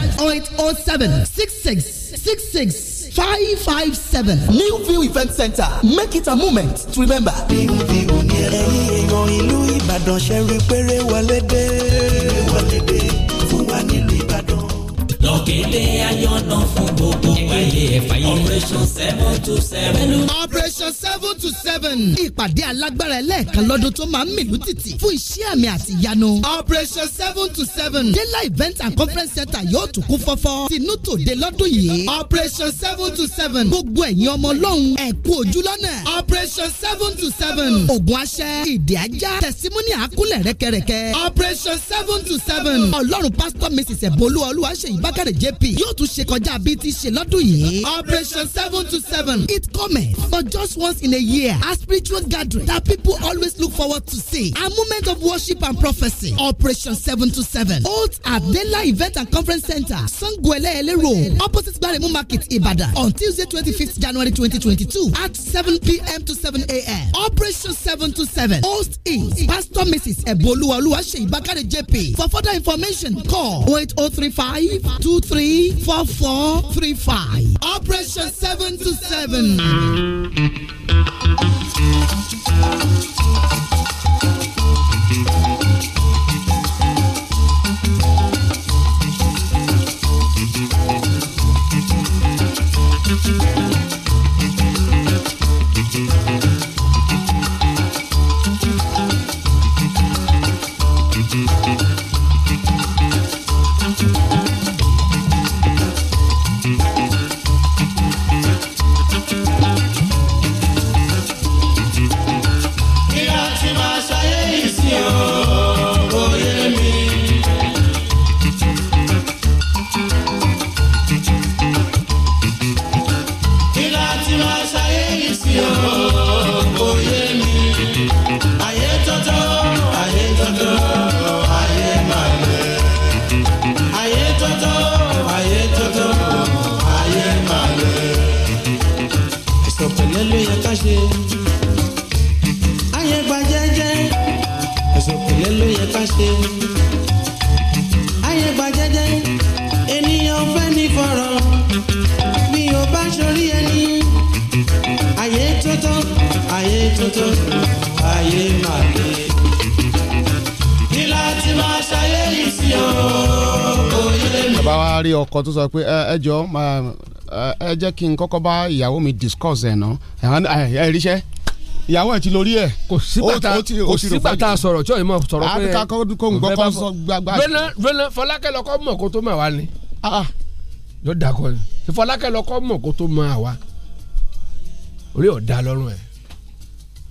0807 66 66 557 New View Event Center. Make it a moment to remember. Bígunbígun ni ẹ̀yin èèyàn ìlú Ìbàdàn ṣe rí péré wọlé dé. Wọlé dé fún wa nílùú ọ̀gẹ̀dẹ̀ ayọ̀nà fún gbogbo ayé operation seven to seven. operation seven to seven. ìpàdé alágbára ẹlẹ́ẹ̀kan lọ́dún tó máa ń mìlú tìtì fún iṣẹ́ àmì àti ìyanu. operation seven to seven. dela event and conference center yóò tún kún fọ́fọ́. tinú tòde lọ́dún yìí. operation seven to seven. gbogbo ẹ̀yin ọmọ ọlọ́run ẹ ojú lọ́nà. operation seven to seven. ògùn aṣẹ ìdí ajá tẹ̀símúnì àkúlẹ̀ rẹ́kẹrẹ́kẹ. operation seven to seven. ọlọ́run pásítọ̀ mrs ẹ̀bọ́lú olúwa ṣèyí bákẹ́ Abubakar JP yóò tún ṣe kọjá bíi ti ṣe lọ́dún yìí. Operation seven to seven it comes but just once in a year a spiritual gathering that people always look forward to see. A moment of worship and prophecy. Operation seven to seven holds at Dela Event and Conference Center, Sanguele Ele Road, opposite Baremu Market, Ibadan, on Tuesday twenty fifth January twenty twenty two, at seven p.m. to seven a.m. Operation seven to seven host is Pastor Mrs. Eboluwa Oluwaseyi Bakare JP. For further information, call oh eight oh three five two. two three four four three five. Operation seven to seven. Thank you. tún sọ pé ẹ jọ ẹ jẹ́ kí n kọ́kọ́ bá ìyàwó mi discuss ẹ̀ náà ẹ ríṣẹ́ ìyàwó ẹ ti lórí ẹ. kò sígbàtà kò sígbàtà sọ̀rọ̀ tí òye mọ̀ sọ̀rọ̀ pé. àbíká kò ń gbọ́ kó sọ gbàgbà. rẹ́nà rẹ́nà fọlákẹ́ lọ́kọ́ mọ̀ kó tó mọ̀ wá ni. Ah, ah. yóò dà kọ́ ni fọlákẹ́ lọ́kọ́ mọ̀ kó tó mọ̀ wá. orí ọ̀dà lọ́rùn ẹ̀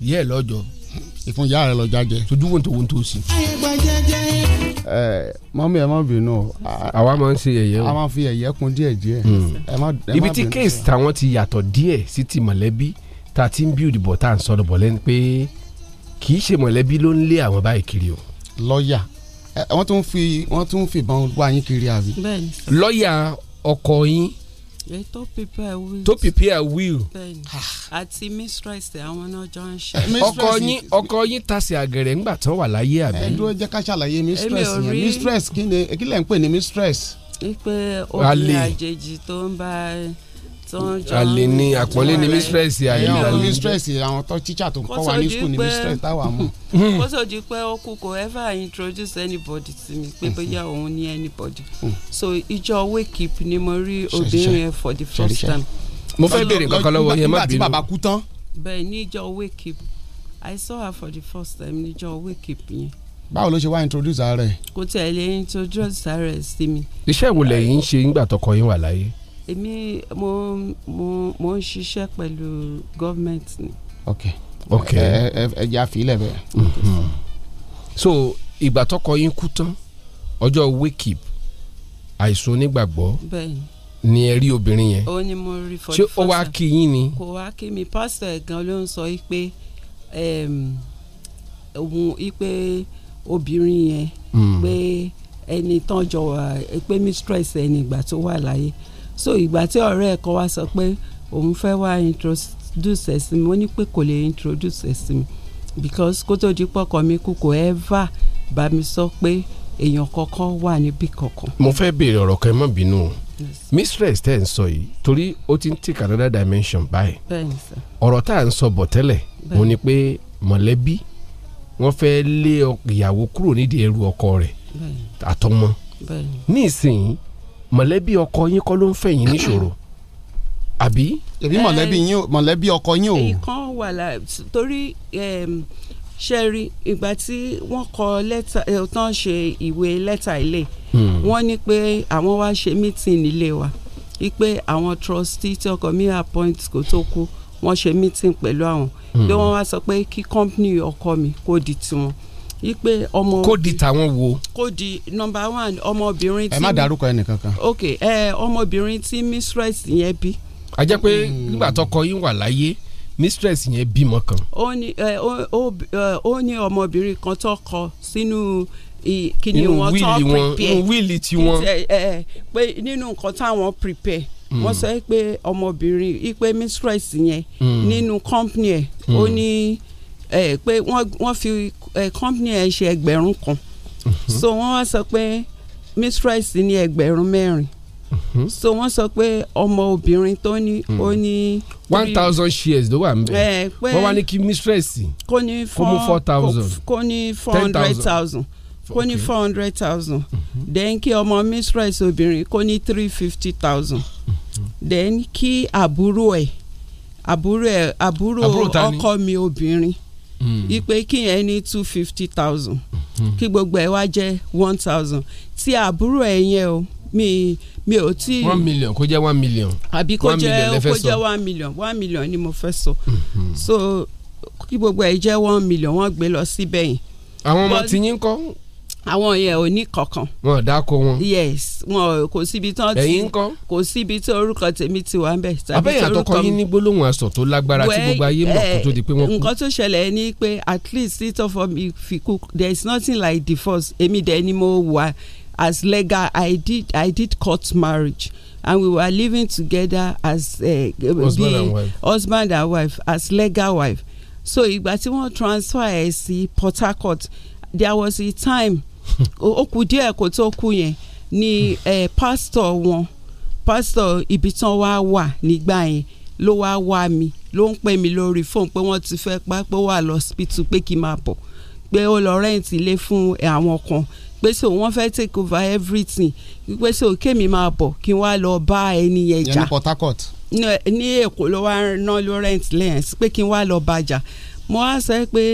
yẹ́ ẹ̀ lọ́jọ́. ìfúnjá rẹ̀ lọ jájẹ. tójú wo ń tó wo ń tó sí. ayẹgbẹ́ jẹ́jẹ́ mọ́mí ẹ má bínú. àwa máa ń ṣe ẹ̀yẹ o. a máa fi ẹ̀yẹ kún díẹ̀ díẹ̀. Hmm. ibi tí case tàwọn ti yàtọ̀ díẹ̀ sí ti mọ̀lẹ́bí ta ti ń build bọ̀ tá à ń sọ̀rọ̀ bọ̀ lẹ́nu pé kì í ṣe mọ̀lẹ́bí ló ń lé àwọn báyìí kiri o. lọ́ọ̀yà wọ́n tún fi wọ́n tún fìbọn wá yín kiri àbí. lọ́ọ̀yà ọkọ yín tó prepare I will. àti mistress àwọn náà jọ ń ṣe. ọkọ yín ọkọ yín tasẹ̀ àgẹ̀rẹ̀ ńgbà tán wà láyé àbí. ẹ dúró jẹ́ ká ṣàlàyé mistress yẹn mistress kí ni kí lẹ̀ ń pè ní mistress. wípé obìnrin àjèjì tó ń bá àlè ni àpọ́nlé ni mistress àlè ni mistress àwọn tó tíṣà tó kọ́ wa ní school ni mistress táwa mọ̀. kó tó di pé ó kú kò ever introduce anybody sí mi pé bóyá òun ní anybody so ìjọ wake up ni mo rí obìnrin yẹn for the first time. mo fẹ́ béèrè kankan lọ́wọ́ yẹn má bínú. nígbà tí bàbá kú tán. bẹ́ẹ̀ ní ìjọ wake up I saw her for the first time níjọ wake up yẹn báwo ló ṣe wá introduce ara ẹ. kò tẹ̀lé introduce ara ẹ sí mi. iṣẹ́ wo lẹ̀yin ń ṣe nígbà tọkọ yín wà láyé èmi mo mo mo ń ṣiṣẹ́ pẹ̀lú government ni. ok ok ẹ ẹ jẹ́ àfilẹ̀ bẹ́ẹ̀. Mhm. so ìgbà tọkọ yín kú tán ọjọ́ wake up àìsùn onígbàgbọ́ ni ẹ rí obìnrin yẹn. ó ní mo rí fọdún fọdún ṣé ó wá kí yín ni. kò wá kí mi pásítọ̀ ẹ̀gán ló ń sọ pé òun pé obìnrin yẹn mm. pé ẹni tán jọ wà pé mistress ẹni ìgbà tó wà láyé so ìgbà tí ọ̀rẹ́ ẹ̀kọ́ wa sọ pé òun fẹ́ wá introduce ẹ̀sìn mi mo ní pé kò lè introduce ẹ̀sìn mi because kó tó di pọ́kọ mi kú kò ever bá mi sọ pé èèyàn kọ̀ọ̀kan wà níbì kọ̀ọ̀kan. mo fẹ́ béèrè ọ̀rọ̀ kan ẹ má bínú o mistress tẹ́ ń sọ yìí torí ó ti ń tì another dimension báyìí ọ̀rọ̀ tá à ń sọ bọ̀ tẹ́lẹ̀ mo ní pé mọ̀lẹ́bí wọ́n fẹ́ lé ìyàwó kúrò nídìí ẹrù ọkọ rẹ̀ àtọmọ ní ìsìn mọ̀lẹ́bí ọkọ yín kọ́ ló ń fẹ̀yìn níṣòro àbí. èmi mọ̀lẹ́bí yín o mọ̀lẹ́bí ọkọ yín o. ìkan wà lá torí ṣe rí ìgbà tí wọ́n kọ lẹ́tà tán ṣe ìwé lẹ́tà ilé hmm. wọ́n ní pé àwọn wá ṣe mítìn ilé wa wípé àwọn trustee tí ọkọ mi appoint kó tó kú wọ́n ṣe mítìn pẹ̀lú àwọn hmm. pé wọ́n wá sọ pé kí company ọkọ mi kó di tiwọn ipe ọmọ kó di tàwọn wo kó di number one ọmọbìnrin tí ẹ má dárúkọ ẹnìkan kan ok ẹ ọmọbìnrin tí mistress yẹn bí. a jẹ́ pé nígbà tọkọ yín wà láyé mistress yẹn bímọ kan. ó ní ó ní ọmọbìnrin kan tó kọ sínú kíni wọn tó prepare nínú wíìlì tiwọn. pé nínú nǹkan táwọn prepare hmm. wọ́n sọ pé ọmọbìnrin ipe mistress yẹn hmm. nínú company ẹ̀ ó hmm. ní. Eh, pé wọ́n fi company ẹ̀ ṣe ẹgbẹ̀rún kan mhm. so wọ́n wá sọ pé mistress ní ẹgbẹ̀rún mẹ́rin mhm. so wọ́n sọ pé ọmọ obìnrin tó ní mhm. ó one thousand shares ló wà nbẹ ẹ pé wọ́n wá ní kí mistress kó ní four thousand kó ní four hundred thousand kó ní four hundred thousand then kí ọmọ Rice obìnrin kó ní three fifty thousand then kí àbúrò ẹ̀ àbúrò ẹ̀ àbúrò ọkọ mi obìnrin Hmm. ipe kí yẹn two fifty thousand hmm. kí gbogbo ẹ wá jẹ́ one thousand tí àbúrò ẹ o mi mi ò tí. one million kó jẹ́ one million. àbí kó jẹ́ kó jẹ́ one million one million ni mo fẹ́ sọ. Hmm. so kí gbogbo ẹ jẹ́ one million wọ́n gbé lọ síbẹ̀ yẹn. àwọn ọmọ tí yín kọ́ àwọn yẹn ò ní kankan. wọn dáko wọn. yes wọn kò síbi tán ti ẹyin kan. kò síbi tí orúkọ tèmi ti wà ńbẹ. abẹ́yẹn àtọkọ yín ní gbólóhùn asọ̀ tó lágbára tí gbogbo ayé mọ̀ kó tó di pé wọ́n kú. nǹkan tó ṣẹlẹ̀ ni pé at least títọ́ for mi fi kú there is nothing like divorce èmi dẹ̀ ni mo wà as legal I did I did court marriage and we were living together as uh, husband, and wife. husband and wife as legal wife so ìgbà tí wọ́n transfer ẹ̀ sí Port Harcourt there was a time ó kù díẹ̀ kó tó kú yẹn ni eh, pásítọ̀ wọn pásítọ̀ ibi tán wá wà nígbà yẹn ló wá wá mi ló ń pè mí lórí fóun pé wọ́n ti fẹ́ pa pé wà lọ́sibítù pé kí n máa bọ̀ pé ó lọ rẹ́ǹtì ilé fún àwọn kan pé so wọ́n fẹ́ take over everything pé so kémi máa bọ̀ kí n wá lọ bá ẹni yẹn jà ní Port Harcourt ní Èkó ló wá ná ló rẹ́ǹtì lẹ́yìn pé kí n wá lọ bá jà mo wá sọ pé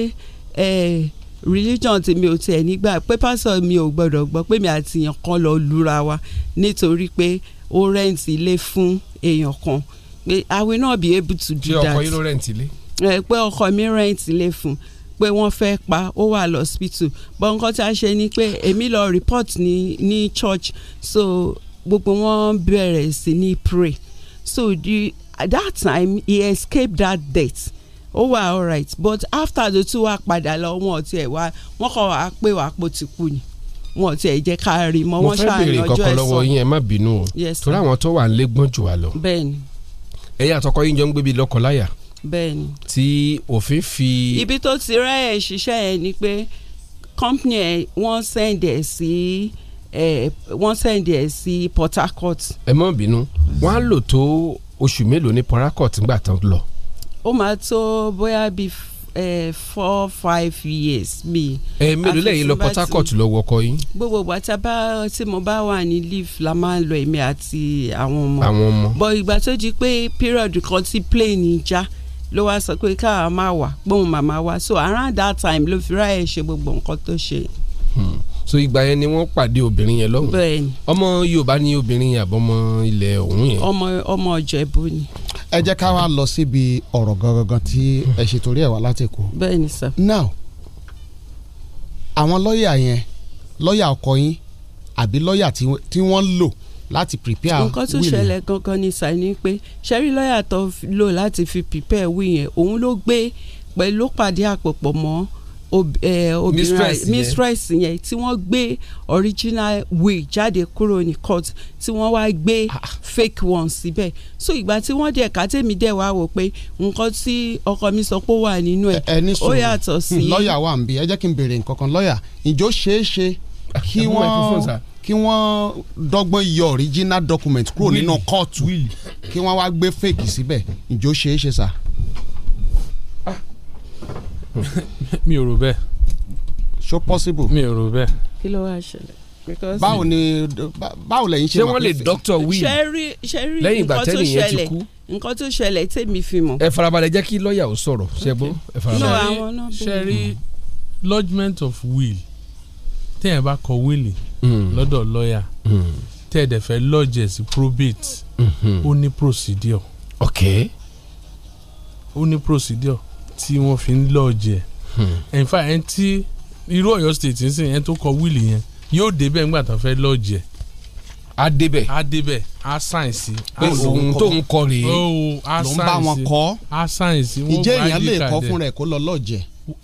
ẹ̀ẹ́ religion tèmi ò tiẹ̀ nígbà pé pásọ̀ mi ò gbọ́dọ̀ gbọ́ pé mi àti èèyàn kan lọ lura wa nítorí pé ó rẹ́ǹtì ilé fún èèyàn kan pé I will not be able to do that. ṣé ọkọ yìí ló rẹ́ǹtì ilé. pé ọkọ mi rẹ́ǹtì ilé fún pé wọ́n fẹ́ pa ó wà lọ́sibítù bọ́n nǹkan tí a ṣe ni pé èmi lọ report ní ní church so gbogbo wọn bẹ̀rẹ̀ sí ní pray so the, that time he escaped that death ó wà alright but after tó tún wá padà lọ wọn ò tiẹ̀ wá wọn kọ́ wa pé wàá pò ti kú ni wọn ò tiẹ̀ jẹ́ ká rí mọ́ wọn ṣáà ní ọjọ́ ẹ̀sán. mo fẹ́ béèrè kọ́kọ́ lọ́wọ́ yín ẹ má bínú o torí àwọn tó wà ń lé gbọ́n jù wá lọ. bẹ́ẹ̀ni. ẹ̀yin àtọkọ yín jọ ń gbébi lọ́kọ láyà. bẹ́ẹ̀ni. tí òfin fi. ibi tó ti rẹ́ ẹ̀ ṣiṣẹ́ ẹ̀ ni pé company ẹ̀ wọ́n send ẹ̀ sí wọ́n send ẹ̀ sí Port Harcourt. ẹ má bínú wọ́n á lò tó oṣù mélòó ní Port Harcourt ńgbà tán lọ ó máa tó bóyá bíi four five years mi. ẹ mélòó lẹ́yìn lọ Port Harcourt lọ wọkọ yín. gbogbo ìgbà tá a bá tí mo bá wà ní leave la máa ń lọ èmi àti àwọn ọmọ. àwọn ọmọ. bọ ìgbà tó di pé period kan tí plane já ló wá sọ pé káà máa wà gbóhùn màmá wa so around that time ló fi ráyè ṣe gbogbo nǹkan tó ṣe. Hmm. so ìgbà yẹn ni wọ́n pàdé obìnrin yẹn lọ́hùn. bẹ́ẹ̀ni ọmọ Yorùbá ni obìnrin yẹn àbọmọ ilẹ̀ ọ̀hún yẹn. ọmọ ọmọ Ìjẹ̀bú ni ẹ jẹ́ ká wá lọ síbi ọ̀rọ̀ gangan tí ẹ ṣètòrí ẹ̀ wá láti kó. bẹ́ẹ̀ ni sir. now àwọn lọ́ọ̀yà yẹn lọ́ọ̀yà ọkọ yín àbí lọ́ọ̀yà tí wọ́n lò láti prepare will nǹkan tó ṣẹlẹ̀ gangan ni sir ni pé ṣẹ́rí lọ́ọ̀yà tó lò láti fi prepare will yẹn òun ló gbé pẹ̀lú pàdé àpòpọ̀ mọ́ obìnrin eh, mistress yẹn tí wọ́n gbé original way jáde kúrò ní court tí wọ́n wá gbé ah, ah. fake ones síbẹ̀ so ìgbà tí wọ́n dẹ̀ ká tèmi dẹ̀ wá wò pé nǹkan tí ọkọ mi sọ pé ó wà nínú ẹ̀ ó yàtọ̀ sí. lọ́ọ̀yà wà ń bí ẹ jẹ́ kí n béèrè nǹkan kan lọ́ọ̀yà ìjọ ṣeé kí wọ́n kí wọ́n dọ́gbọ́n yọ original document kúrò nínú kóòtù kí wọ́n wá gbé fake síbẹ̀ ìjọ ṣeé ṣe sà. mi ò rò bẹ́ẹ̀. so possible. mi ò rò bẹ́ẹ̀. kí ló wá ṣẹlẹ̀. báwo ni báwo lẹ́yìn ṣe máa pèsè. ṣé lẹ́yìn ìgbà tẹ́lẹ̀ yẹn ti kú. nǹkan tó ṣẹlẹ̀ tèmi fi mọ̀. ẹ farabalẹ̀ jẹ́ kí lọ́ọ̀yà ò sọ̀rọ̀ ṣe gbọ́ ẹ farabalẹ̀. ṣe rí lodgement of will téèyàn bá kọ wíìlì mm. lọ́dọ̀ lọ́ọ̀yà mm. tẹ́ẹ̀dẹ̀ fẹ́ lodge probate mm-hmm. ó ní procedure. ó ní procedure tí wọ́n fi ń lọ́ọ̀jẹ̀ hmm. in fact ẹni tí irú Ọ̀yọ́ state ń sìn ẹni tó kọ wíìlì yẹn yóò débẹ̀ ńgbà tó fẹ́ lọ́ọ̀jẹ̀ adébẹ̀ adébẹ̀ a sáyẹ̀nsì. pé òun tó ń kọ rèé oh, ló ń bá wọn kọ́. a sáyẹ̀nsì wọ́n bá yíká dẹ̀. ìjẹ́ èèyàn lè kọ́ fún rẹ̀ kó lọ lọ́ọ̀jẹ̀.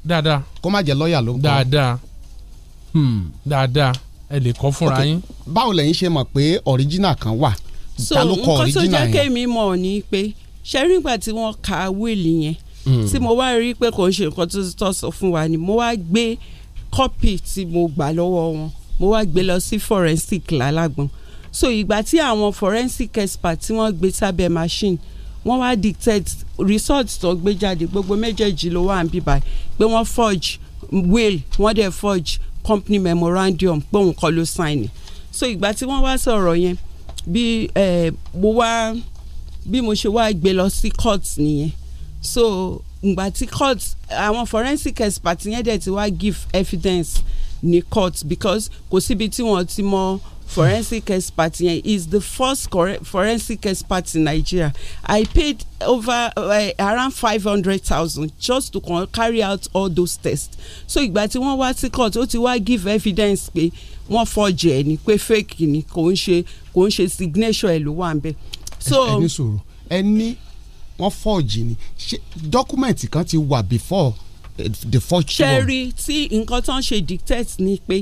dáadáa. kó má jẹ́ lọ́ọ̀yà ló ń kọ́. dáadáa hmm. dáadáa ẹ lè kọ́ fúnra yín. báwo lẹ̀yin ṣe mọ̀ pé ọ̀ríjínà kan wà. ta ló kọ ọ̀ríjínà yẹn. so nǹkan tó jẹ́ kémi mọ̀ ni pé ṣẹ́rí ìgbà tí wọ́n ka wíìlì yẹn Mm. tí mo wá rí pé kò ń ṣe nǹkan tó tọ́ sọ fún wa ni mo wá gbé kọ́pì tí mo gbà lọ́wọ́ wọn mo wá gbé lọ sí forensic lálágbọ̀n so ìgbà tí àwọn forensic expert tí wọ́n gbé sábẹ́ machine wọ́n wá dictate result tó gbé jáde gbogbo méjèèjì ló wà ń bíbá pé wọ́n forge will wọ́n dẹ̀ forge company memorandum pé òun kọ́ ló sign ni so ìgbà tí wọ́n wá sọ̀rọ̀ yẹn bí eh, mo wá bí mo ṣe wá gbé lọ sí court nìyẹn so ngbà tí court àwọn forensic expert yẹn dẹ̀ ti wá give evidence ní court because kò síbi tí wọ́n ti mọ forensic expert yẹn is the first forensic expert in Nigeria I paid over uh, around five hundred thousand just to carry out all those tests so ìgbà tí wọ́n wá sí court ó ti wá give evidence pé wọ́n forge ẹ̀ ni pé fake ni kò ń ṣe kò ń ṣe signature ẹ̀ ló wà ń bẹ̀. so ẹni sọ̀rọ̀ ẹni wọ́n fọ́ọ̀jì ni ṣe dọ́kúmẹ̀ntì kan ti wà before uh, the forge. ṣẹ́rí tí nǹkan tán ṣe dictate ni pé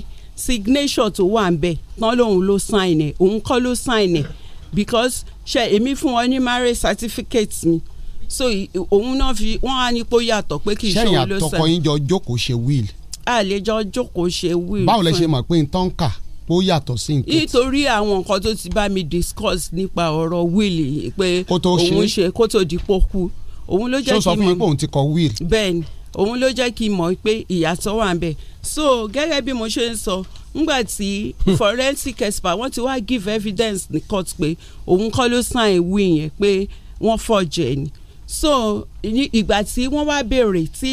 signature tó wà ń bẹ̀ tán lòun ló sign ẹ̀ òun kọ́ ló sign ẹ̀ because ṣe èmi fún wọn ní marriage certificate mi so òun náà fi wọ́n á ní pé ó yàtọ̀ pé kì í ṣe òun ló sign. ṣẹ́yìn àtọkọ yín jọ jókòó ṣe will. a lè jọ jókòó ṣe will. báwo lẹ ṣe mọ̀ pé n tán kà pé ó yàtọ̀ sí nǹkan. nítorí àwọn nǹkan tó ti bá mi discuss nípa ọ̀rọ̀ wíìlì pé òun ṣe kó tó di pọ́kú òun ló jẹ́ kí n mọ̀. ṣó sọ fún mi pé òun ti kọ wíìlì. bẹ́ẹ̀ òun ló jẹ́ kí n mọ̀ pé ìyàtọ̀ wà ń bẹ̀ so gẹ́gẹ́ bí mo ṣe ń sọ ngbà tí forensic expert wọ́n ti wá give evidence ní court pé òun kọ́ ló sign ìwé yẹn pé wọ́n fọ̀jẹ̀ ni so ìgbà tí wọ́n wá béèrè tí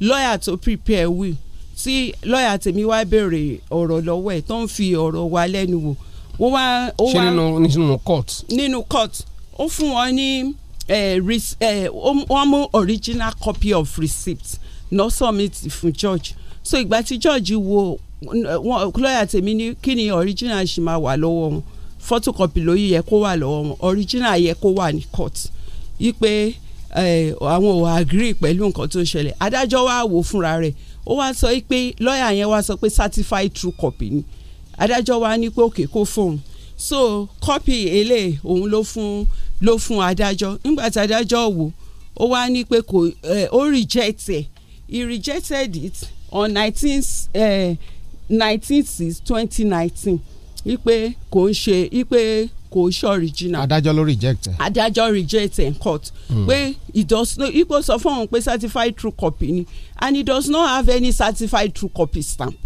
lawyer tó prepare will tí lọ́ọ̀yà tèmi wá béèrè ọ̀rọ̀ lọ́wọ́ ẹ̀ tó ń fi ọ̀rọ̀ wa lẹ́nu wò ó wá. ṣé nínú nínú court. nínú court ó fún wọn ní wọ́n mú original copy of receipt no submit fún judge so ìgbà tí judge wo lọ́ọ̀yà tèmi ní kí ni original ṣì máa wà lọ́wọ́ wọn photocopy ló yẹ kó wà lọ́wọ́ wọn original yẹ kó wà ní court yí pé àwọn ò agree pẹ̀lú nǹkan tó ṣẹlẹ̀ adájọ́ wa wò fúnra rẹ̀ ó wá sọ pé lọ́ọ̀yà yẹn wá sọ pé certified true copy ni adájọ́ wa ní pé òkè kó fóun so copy eléyìí òun ló fún ló fún adájọ́ nígbà tí adájọ́ wò ó wá ní pé kò ó reject ẹ̀ he rejected it on nineteen nineteen six twenty nineteen wípé kò ń ṣe wípé kò ṣe original. adájọ́ ló reject ẹ̀. adájọ́ reject ẹ̀ in court. Hmm. pé it does not ipo sọ fún òun pé certified true copy ni and it does not have any certified true copy stamp.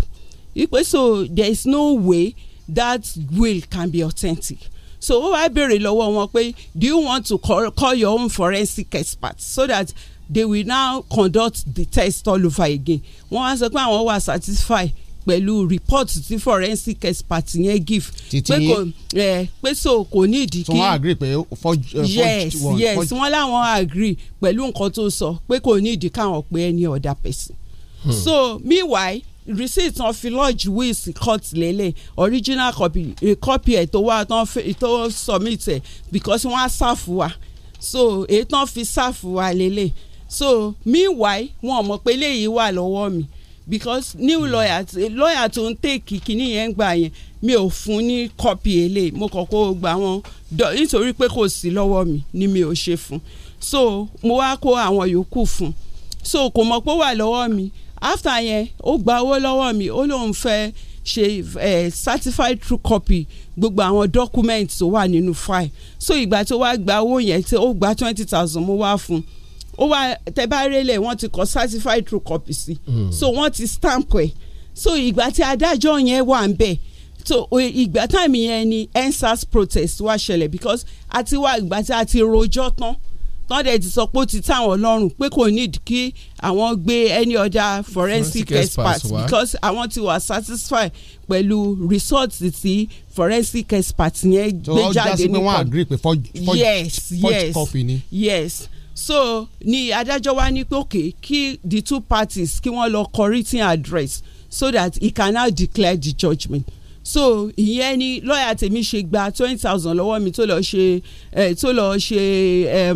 ipe so there is no way that will can be authentic so ó wá béèrè lọ́wọ́ wọn pé do you want to call, call your own forensic expert so that they will now conduct the test all over again wọ́n wá sọ pé àwọn wà satisfied pẹ̀lú report tí forensic expert yẹn give pé kò ẹ pé so kò ní ìdí kí so wọ́n agree pé forge uh, yes forge, yes wọ́n láwọn agree pẹ̀lú nǹkan tó sọ pé kò ní ìdí káwọn pé any other person hmm. so meanwhile receipt wọn fi lodge wills court lele, original copy eh, copy ẹ̀ tó wá tó submit ẹ̀ because wọ́n á ṣàfù wa so èyí tán fi ṣàfù wa lélẹ̀ so meanwhile wọn mọ̀ pé léyìí wà lọ́wọ́ mi because new lawyer lawyer tó ń tèkì kínní yẹn ń gbà yẹn mi ò fún ní kọ́pì eléyìí mo kàn kó gba wọn nítorí pé kò sí lọ́wọ́ mi ni mi ò ṣe fún so mo wá kó àwọn yòókù fún so kò mọ̀ pé ó wà lọ́wọ́ mi after yẹn ó gba owó lọ́wọ́ mi ó lóun fẹ́ ṣe eh, certified true copy gbogbo àwọn documents tó wà nínú file so ìgbà tó wá gba owó yẹn tí gba twenty thousand mo wá fún un ó wá tẹ bá rélẹ̀ wọ́n ti kọ certified true copy sí hmm. so wọ́n ti stamp ẹ̀ so ìgbà tí adájọ́ yẹn wà ń bẹ̀ so ìgbà táìmì yẹn ni endsars protest wá ṣẹlẹ̀ because a ti wá ìgbà tí a ti rojọ́ tán tán dẹ̀ ti sọ pé ó ti táwọn lọ́rùn pé kò need kí àwọn gbé any other forensic, experts expert because àwọn ti wà satisfied pẹ̀lú results ti forensic experts yẹn gbé jáde nípa so all jásí copy ni. yes yes so ni adájọ́ wa ní pé okay kí the two parties kí wọ́n lọ kọ written address so that he can now declare the judgment so ìyẹn ni lọ́ọ̀yà tèmi ṣe gba twenty thousand lọ́wọ́ mi tó lọ ṣe tó lọ ṣe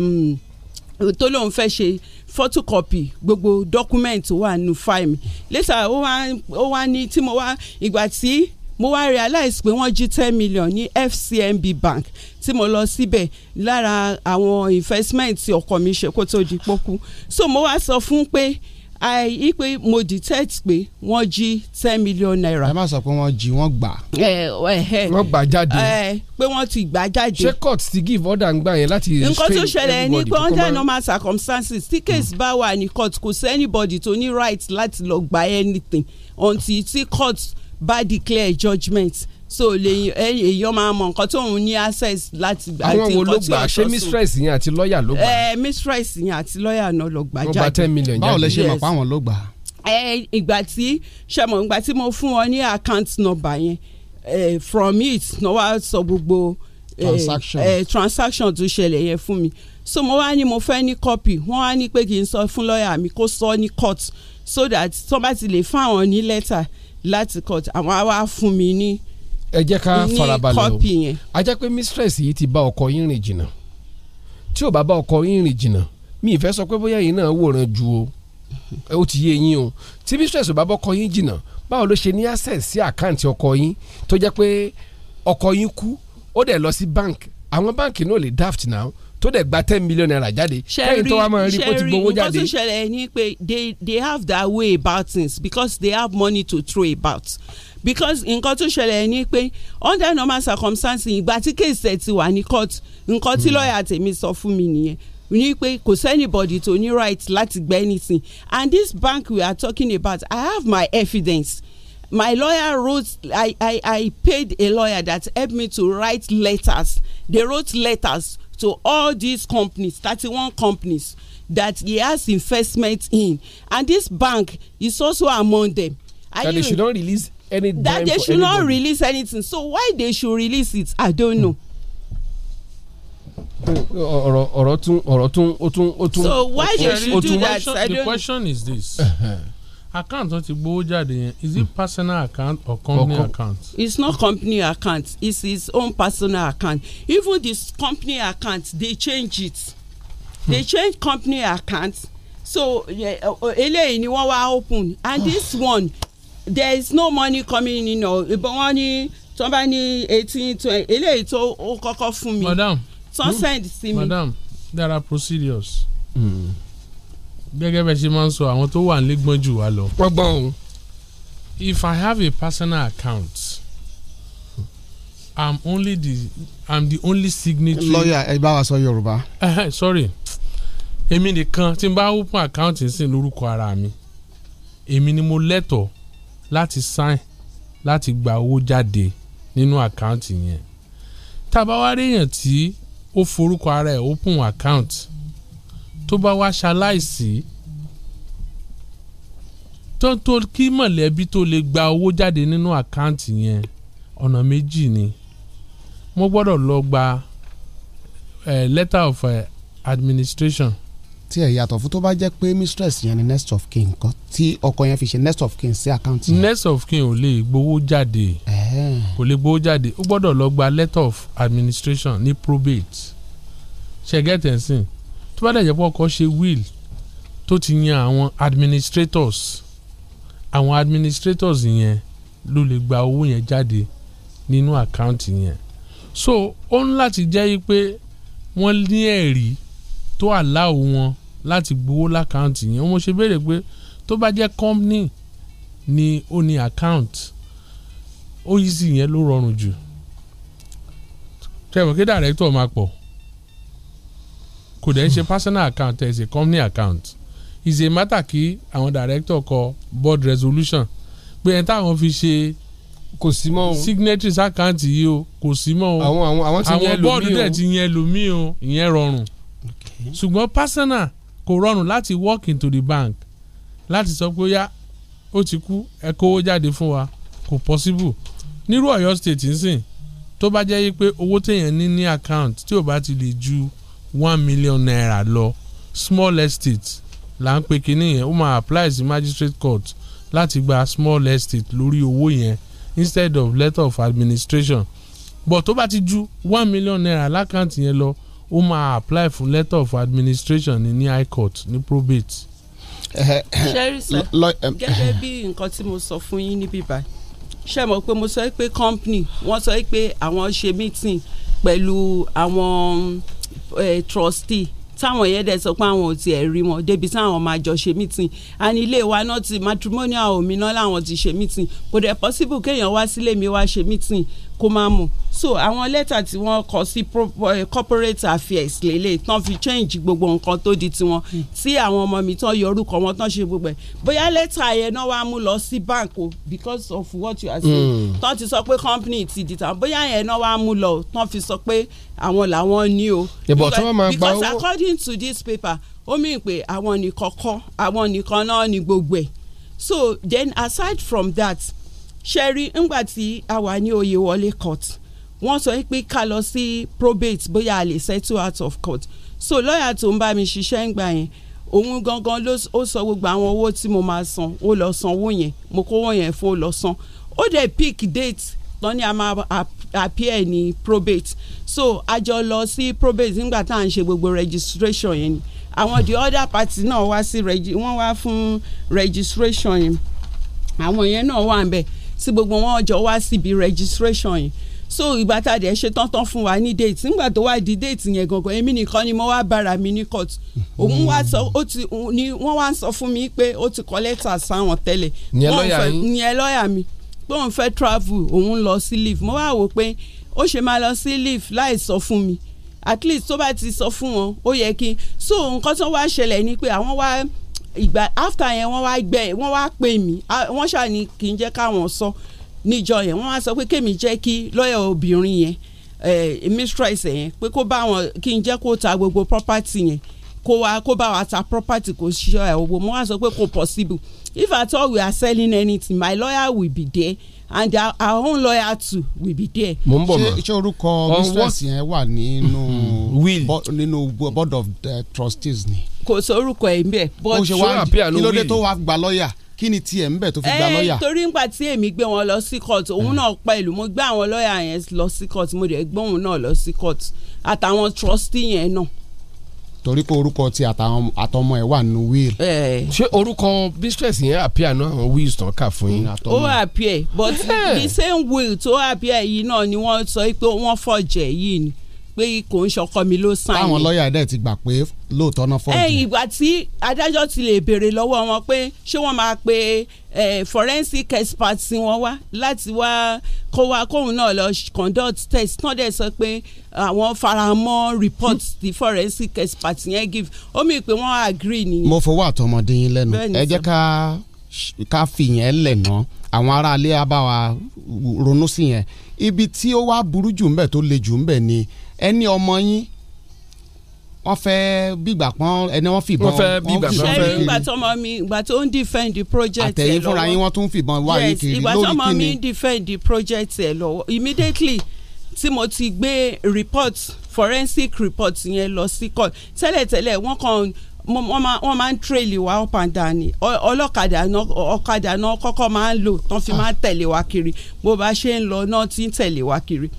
tó lóun fẹ́ ṣe photocopy gbogbo document wà nù fáìmì later ó wá ó wá ní tí mo wá ìgbà tí mo wá realize pé wọ́n jí ten million ní FCMB bank tí mo lọ síbẹ̀ lára àwọn investment tí ọkọ mi ṣe kó tó di pọ́kú so mo wá sọ fún pé àì pé mo detect pé wọ́n jí ten million naira. ẹ má sọ pé wọ́n jí wọ́n gbà. wọ́n gbà jáde. pé wọ́n ti gbà jáde. ṣé court ti give order ń gbà yẹn láti restrain everybody. nǹkan tó ṣẹlẹ̀ ni pé under normal circumstances tí case hmm. bá wà ní court kò sí anybody tó ní right láti lọ gba anything until tí court bá declare judgement so lèyìn èèyàn máa mọ nǹkan tóun ní access láti àti nǹkan tí ò tọ́ sùn. àwọn wo ló gbà ṣé mistress yẹn àti lọ́ọ̀yà ló gbà. ẹ mistress yẹn àti lọ́ọ̀yà náà ló gbà jáde. wọ́n gba ten million jáde. báwo lẹ ṣe mọ̀ pé àwọn ló gbà. ẹ ìgbà tí ṣe mọ̀ ìgbà tí mo fún wọn ní account number yẹn eh, from it náà wá sọ gbogbo transaction eh, transaction tó ṣẹlẹ̀ yẹn fún mi so mo wá ní mo fẹ́ ní copy wọ́n wá ní pé kí n sọ fún lọ́ọ̀yà mi kó sọ ní court so that somebody bá ti lè fáwọn ní lẹ́tà láti court àwọn á wá fún mi ní ẹ jẹ́ ká farabalẹ̀ o a jẹ́ pé mistress yìí ti bá ọkọ yín rìn jìnnà tí ò bá bá ọkọ yín rìn jìnnà mi ìfẹ́ sọ pé bóyá yìí náà wòran ju o ó ti yé yín o tí mistress ò bá bá ọkọ yín jìnnà báwo ló ṣe ní access sí àkáǹtì ọkọ yín tó jẹ́ pé ọkọ yín kú ó dẹ̀ lọ sí bank àwọn báǹkì náà lè daft náà tó dẹ̀ gba ten million naira jáde kẹ́yìn tó sherry nǹkan tó ṣẹlẹ̀ ni pé they they have their way about things because they have money to throw about because nǹkan tó ṣẹlẹ̀ ni pé under normal circumstances ìgbà tí kéèsì ẹ̀ ti wà ní court nǹkan tí hmm. lọ́ọ̀yà tèmi sọ fún mi nìyẹn ní pé kò sẹ́nibọ̀dì tó ní right láti gbẹ́ anything and this bank we are talking about I have my evidence my lawyer wrote I I I paid a lawyer that helped me to write letters they wrote letters to all these companies thirty-one companies that he has investment in and this bank is also among them. Are that they should not release any that they should not release anything so why they should release it I don't know. ọ̀rọ̀ ọ̀rọ̀ tún ọ̀rọ̀ tún ó tún ó tún. so why they should do that I don't know. the question is this. Uh-huh account wọn ti gbowó jáde yẹn is it hmm. personal account or company or com account. it's not company account it's his own personal account even the company account they change it they hmm. change company account so eléyìí ni wọ́n wá open and this one there is no money coming in o ìbọn wọn ní tí bá ní eighteen twenty eléyìí tó kọ́kọ́ fún mi madam tó hmm. send sí mi. madam there are procedures. Mm gẹ́gẹ́ bẹ́ẹ̀ ṣe máa ń sọ àwọn tó wà nílé gbọ́n jù wá lọ. wọ́n o. if i have a personal account i'm only the i'm the only signatory. Lawyer, ẹ bá wa sọ yorùbá. sorry èmi nìkan tí n bá open account sí lórúkọ ara mi èmi ni mo lẹ́tọ̀ọ́ láti sign láti gba owó jáde nínú àkáǹtì yẹn tá a bá wá rí èèyàn tí ó forúkọ ara ẹ̀ open account. Mm -hmm tó bá wá ṣaláìsí tó tó kí mọ̀lẹ́bí tó lè gba owó jáde nínú àkáǹtì yẹn ọ̀nà méjì ni mo gbọ́dọ̀ lọ gba eh, letter of eh, administration. tí ẹ yàtọ̀ fún tó bá jẹ́ pé mistress yẹn ni next of kin kan tí ọkọ yẹn fi ṣe next of kin sí àkáǹtì yẹn. next of kin ò lè gbowó jáde kò lè gbowó jáde ó gbọ́dọ̀ lọ gba letter of administration ní probate ṣe get ẹ̀ sìn tó bá dẹ̀ jẹ́ pé ṣe will tó ti yan àwọn administrators àwọn administrators yẹn ló lè gba owó yẹn jáde nínú àkáǹtì yẹn so ó ń láti jẹ́ pé wọ́n ní ẹ̀rí tó àláwò wọn láti gbowó lákáǹtì yẹn wọ́n ṣe béèrè pé tó bá jẹ́ company ni ó ní àkáǹtì ó yí sí yẹn ló rọrùn jù tẹ̀wọ̀n kí dàrẹ́tọ̀ máa pọ̀ kò dẹ̀ ń ṣe personal account ẹ̀ a company account is a matter kí àwọn director kọ board resolution pé ẹ̀ táwọn fi ṣe kò sí mọ́ signatories account yìí o kò sí mọ́ o àwọn àwọn àwọn ti yẹn lomi o àwọn board dẹ̀ ti yẹn lomi o ìyẹn rọrùn ṣùgbọ́n personal kò rọrùn láti walk into the bank láti sọ pé yá ó ti kú ẹ kówó jáde fún wa kò possible nírú Ọ̀yọ́ state ń sìn tó bá jẹ́ yí pé owó téèyàn ní ní account tí ò bá ti lè ju one million naira lọ small estate là ń pe kinní yẹn ó máa apply sí magistrate court láti gba small estate lórí owó yẹn instead of letter of administration but tó bá ti ju one million naira lákàntì yẹn lọ ó máa apply fún letter of administration ní ní high court ní probate. ṣẹ́rí sẹ́ gẹ́gẹ́ bí nǹkan tí mo sọ fún yín níbí báyìí ṣe mọ̀ pé mo sọ pé company wọ́n sọ pé àwọn ṣe meeting pẹ̀lú àwọn trustee táwọn yẹn dẹ̀ sọ pé àwọn ò tiẹ̀ rí wọn débi táwọn máa jọ ṣe meeting àní ilé wa náà ti matrimonial òmìnira làwọn ti ṣe meeting kò dẹ̀ possible kéèyàn wá sílé mi wá ṣe meeting kó máa mú so àwọn lẹ́tà tí wọ́n kọ sí eh, corporate affairs lélẹ̀ tán fi change gbogbo nǹkan tó di tiwọn hmm. tí àwọn ọmọ mi tán yọ orúkọ wọn tán ṣe gbogbo ẹ̀ bóyá lẹ́tà yẹn náà wàá mú lọ sí bank o because of what you are saying hmm. tán ti sọ pé company ti di tàn bóyá yẹn náà wàá mú lọ tán fi sọ pé àwọn làwọn ní o because according to this paper ó mì pé àwọn nìkan kọ́ àwọn nìkan náà ní gbogbo ẹ̀ so then aside from that ṣẹ́rí ńgbà tí a wà ní oyèwọlé court wọ́n sọ pé ká lọ sí probate bóyá a lè settle out of court so lọ́ọ̀yà tó ń bá mi ṣiṣẹ́ ń gbà yẹn òun gangan ló ó sọ gbogbo àwọn owó tí mo máa san ó lọ san yẹn mo kó yẹn fún ó lọ san ó dẹ̀ pick date tán ni a máa appear ní probate so a jọ lọ sí probate nígbà tá à ń ṣe gbogbo registration yẹn ni àwọn the other party náà wá sí wọ́n wá fún registration yẹn àwọn yẹn náà wà ń bẹ̀ tí gbogbo wọn jọ wá síbi registration yìí so ìgbà tá a dẹ̀ ṣe tán fún wa ní date nígbà tó wá di date yẹn gangan èmi nìkan ni mo wá bára mi ní court mm-hmm. òun wá sọ ó ti ni wọ́n wá sọ fún mi pé ó ti kọ́ lẹ́tà sáwọn tẹ́lẹ̀ ìyẹn lọ́ọ̀yà mi pé òun fẹ́ travel òun lọ sí leave mo wá wò pé ó ṣe máa lọ sí leave láì sọ fún mi at least tó bá ti sọ fún wọn ó yẹ kí so nǹkan tó wá ṣẹlẹ̀ ni pé àwọn wá ìgbà after yẹn wọ́n wá gbẹ wọ́n wá pè mí wọ́n ṣàní kì í jẹ́ káwọn sọ níjọ yẹn wọ́n wá sọ pé kémi jẹ́ kí lọ́yà obìnrin yẹn mistress yẹn pé kó bá wọn kí n jẹ́ kó ta gbogbo property yẹn kó wa kó bá wa ta property kó ṣe ẹ̀ owó mo wá sọ pé kò possible if at all we are selling anything my lawyer will be there and our, own lawyer too will be there. mo ń bọ̀ mọ́ ṣé orúkọ mistress yẹn wà nínú nínú board of eh, trustees ni kò sórúkọ ẹ̀ ń bẹ̀. ó ṣe wá kí ló dé tó wá gba lọ́ọ̀yà kí ni tiẹ̀ ń bẹ̀ tó fi gba eh, lọ́ọ̀yà. ẹ torí ńgbà tí èmi gbé wọn lọ sí court òun mm. náà pẹ̀lú mo gbé àwọn lọ́ọ̀yà yẹn lọ sí court mo dẹ̀ gbé òun náà lọ sí court àtàwọn trustee yẹn náà. torí pé orúkọ ti àtọmọ ẹ wà nínú will. Eh. ṣé orúkọ business yẹn appear náà àwọn wills tán kà fún yín. ó appear but eh. the same will tó appear yìí náà ni wọ́n sọ pé wọ́n fọ̀jẹ̀ yìí ni pé kò ń ṣọkọ mi ló sàn. táwọn lọ́ọ̀yà dẹ̀ ti gbà pé lóòótọ́ náà fọ́ọ̀mù. ẹ ìgbà tí adájọ́ ti lè béèrè lọ́wọ́ wọn pé ṣé wọ́n máa pe forensic expert tí wọ́n wá láti wá kó wá kóun náà lọ conduct test tán dẹ̀ sọ pé àwọn faramọ́ report hmm. ti forensic expert yẹn give ó mì pé wọ́n agree nìyẹn. mo fọwọ́ àtọmọdé yín lẹ́nu ẹ jẹ́ ká ká fìyẹn lẹ̀ náà àwọn aráalé abáwa ronú sí yẹn ibi tí ó wá burú jù ń bẹ̀ tó le jù ń bẹ̀ ni ẹni ọmọ yín wọ́n fẹ́ bígbà pọ́n ẹni wọ́n fìbọn wọ́n fẹ́ bígbà pọ́n fẹ́. ṣẹ́rí ìgbà tọmọ mi ìgbà tó ń defend the project ẹ̀ lọ́wọ́ àtẹ̀yìn fúnra yín wọ́n tún fìbọn wá yín kiri lórí kíni. yes ìgbà mi defend the project ẹ̀ lọ́wọ́ immediately tí mo ti gbé report forensic report yẹn lọ sí court tẹ́lẹ̀tẹ́lẹ̀ wọ́n kàn wọ́n máa ń tírèlì wa up and down ni ọlọ́kadà náà ọ̀kadà náà kọ́kọ́ máa ń lò tán fi máa ń tẹ̀lé wa kiri bó bá ṣe ń lọ náà ti ń tẹ̀lé wa kiri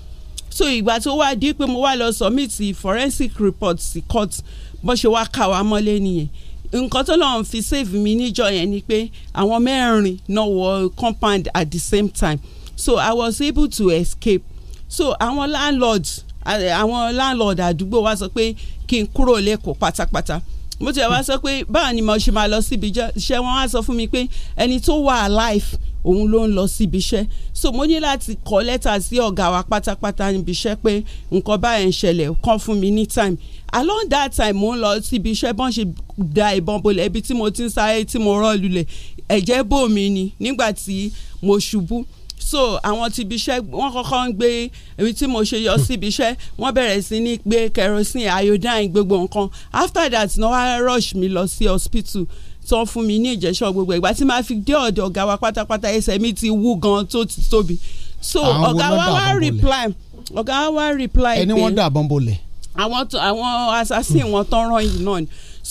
so ìgbà tó wá di pé mo wá lọ submit forensic report sí court bó ṣe wá kà wá mọ́lé nìyẹn nǹkan tó lọ́n fi save mi níjọ yẹn ni pé àwọn mẹ́rin náà wọ compound at the same time so I was able to escape so àwọn landlords, àwọn landlord àdúgbò wa sọ pé kí n kúrò lẹ́kọ̀ọ́ pátápátá mo tiẹ̀ wá sọ pé báwo ni mo ṣe máa lọ síbi iṣẹ́ wọn wá sọ fún mi pé ẹni tó wà alive òun ló ń lọ síbi iṣẹ́ so mo ní láti kọ lẹ́tà sí ọ̀gá wa pátápátá níbi iṣẹ́ pé nǹkan báyẹn ń ṣẹlẹ̀ kàn fún mi ní time along that time mo ń lọ síbi iṣẹ́ bọ́n ṣe da ìbọn bolẹ̀ ibi tí mo ti ń sáré tí mo rọ́ lulẹ̀ ẹ̀jẹ̀ bò mí ni nígbà tí mo ṣubú so àwọn ti ibiṣẹ́ wọ́n kọ́kọ́ ń gbé ibi tí mo ṣe yọ sí ibiṣẹ́ wọ́n bẹ̀rẹ̀ sí ní gbé kerosene iodine gbogbo nǹkan after that náà wá rush mi lọ sí hospital tán fún mi ní ìjẹ́sọ́ gbogbo ìgbà tí màá fi dé ọ̀dọ̀ ọ̀gá wa pátápátá ẹsẹ̀ mi ti wú gan tó ti tóbi so ọ̀gá wa wá reply ọ̀gá wa wá reply pé ẹni wọ́n dà bọ́n bolẹ̀ àwọn àwọn assassin wọn tán rán yìí náà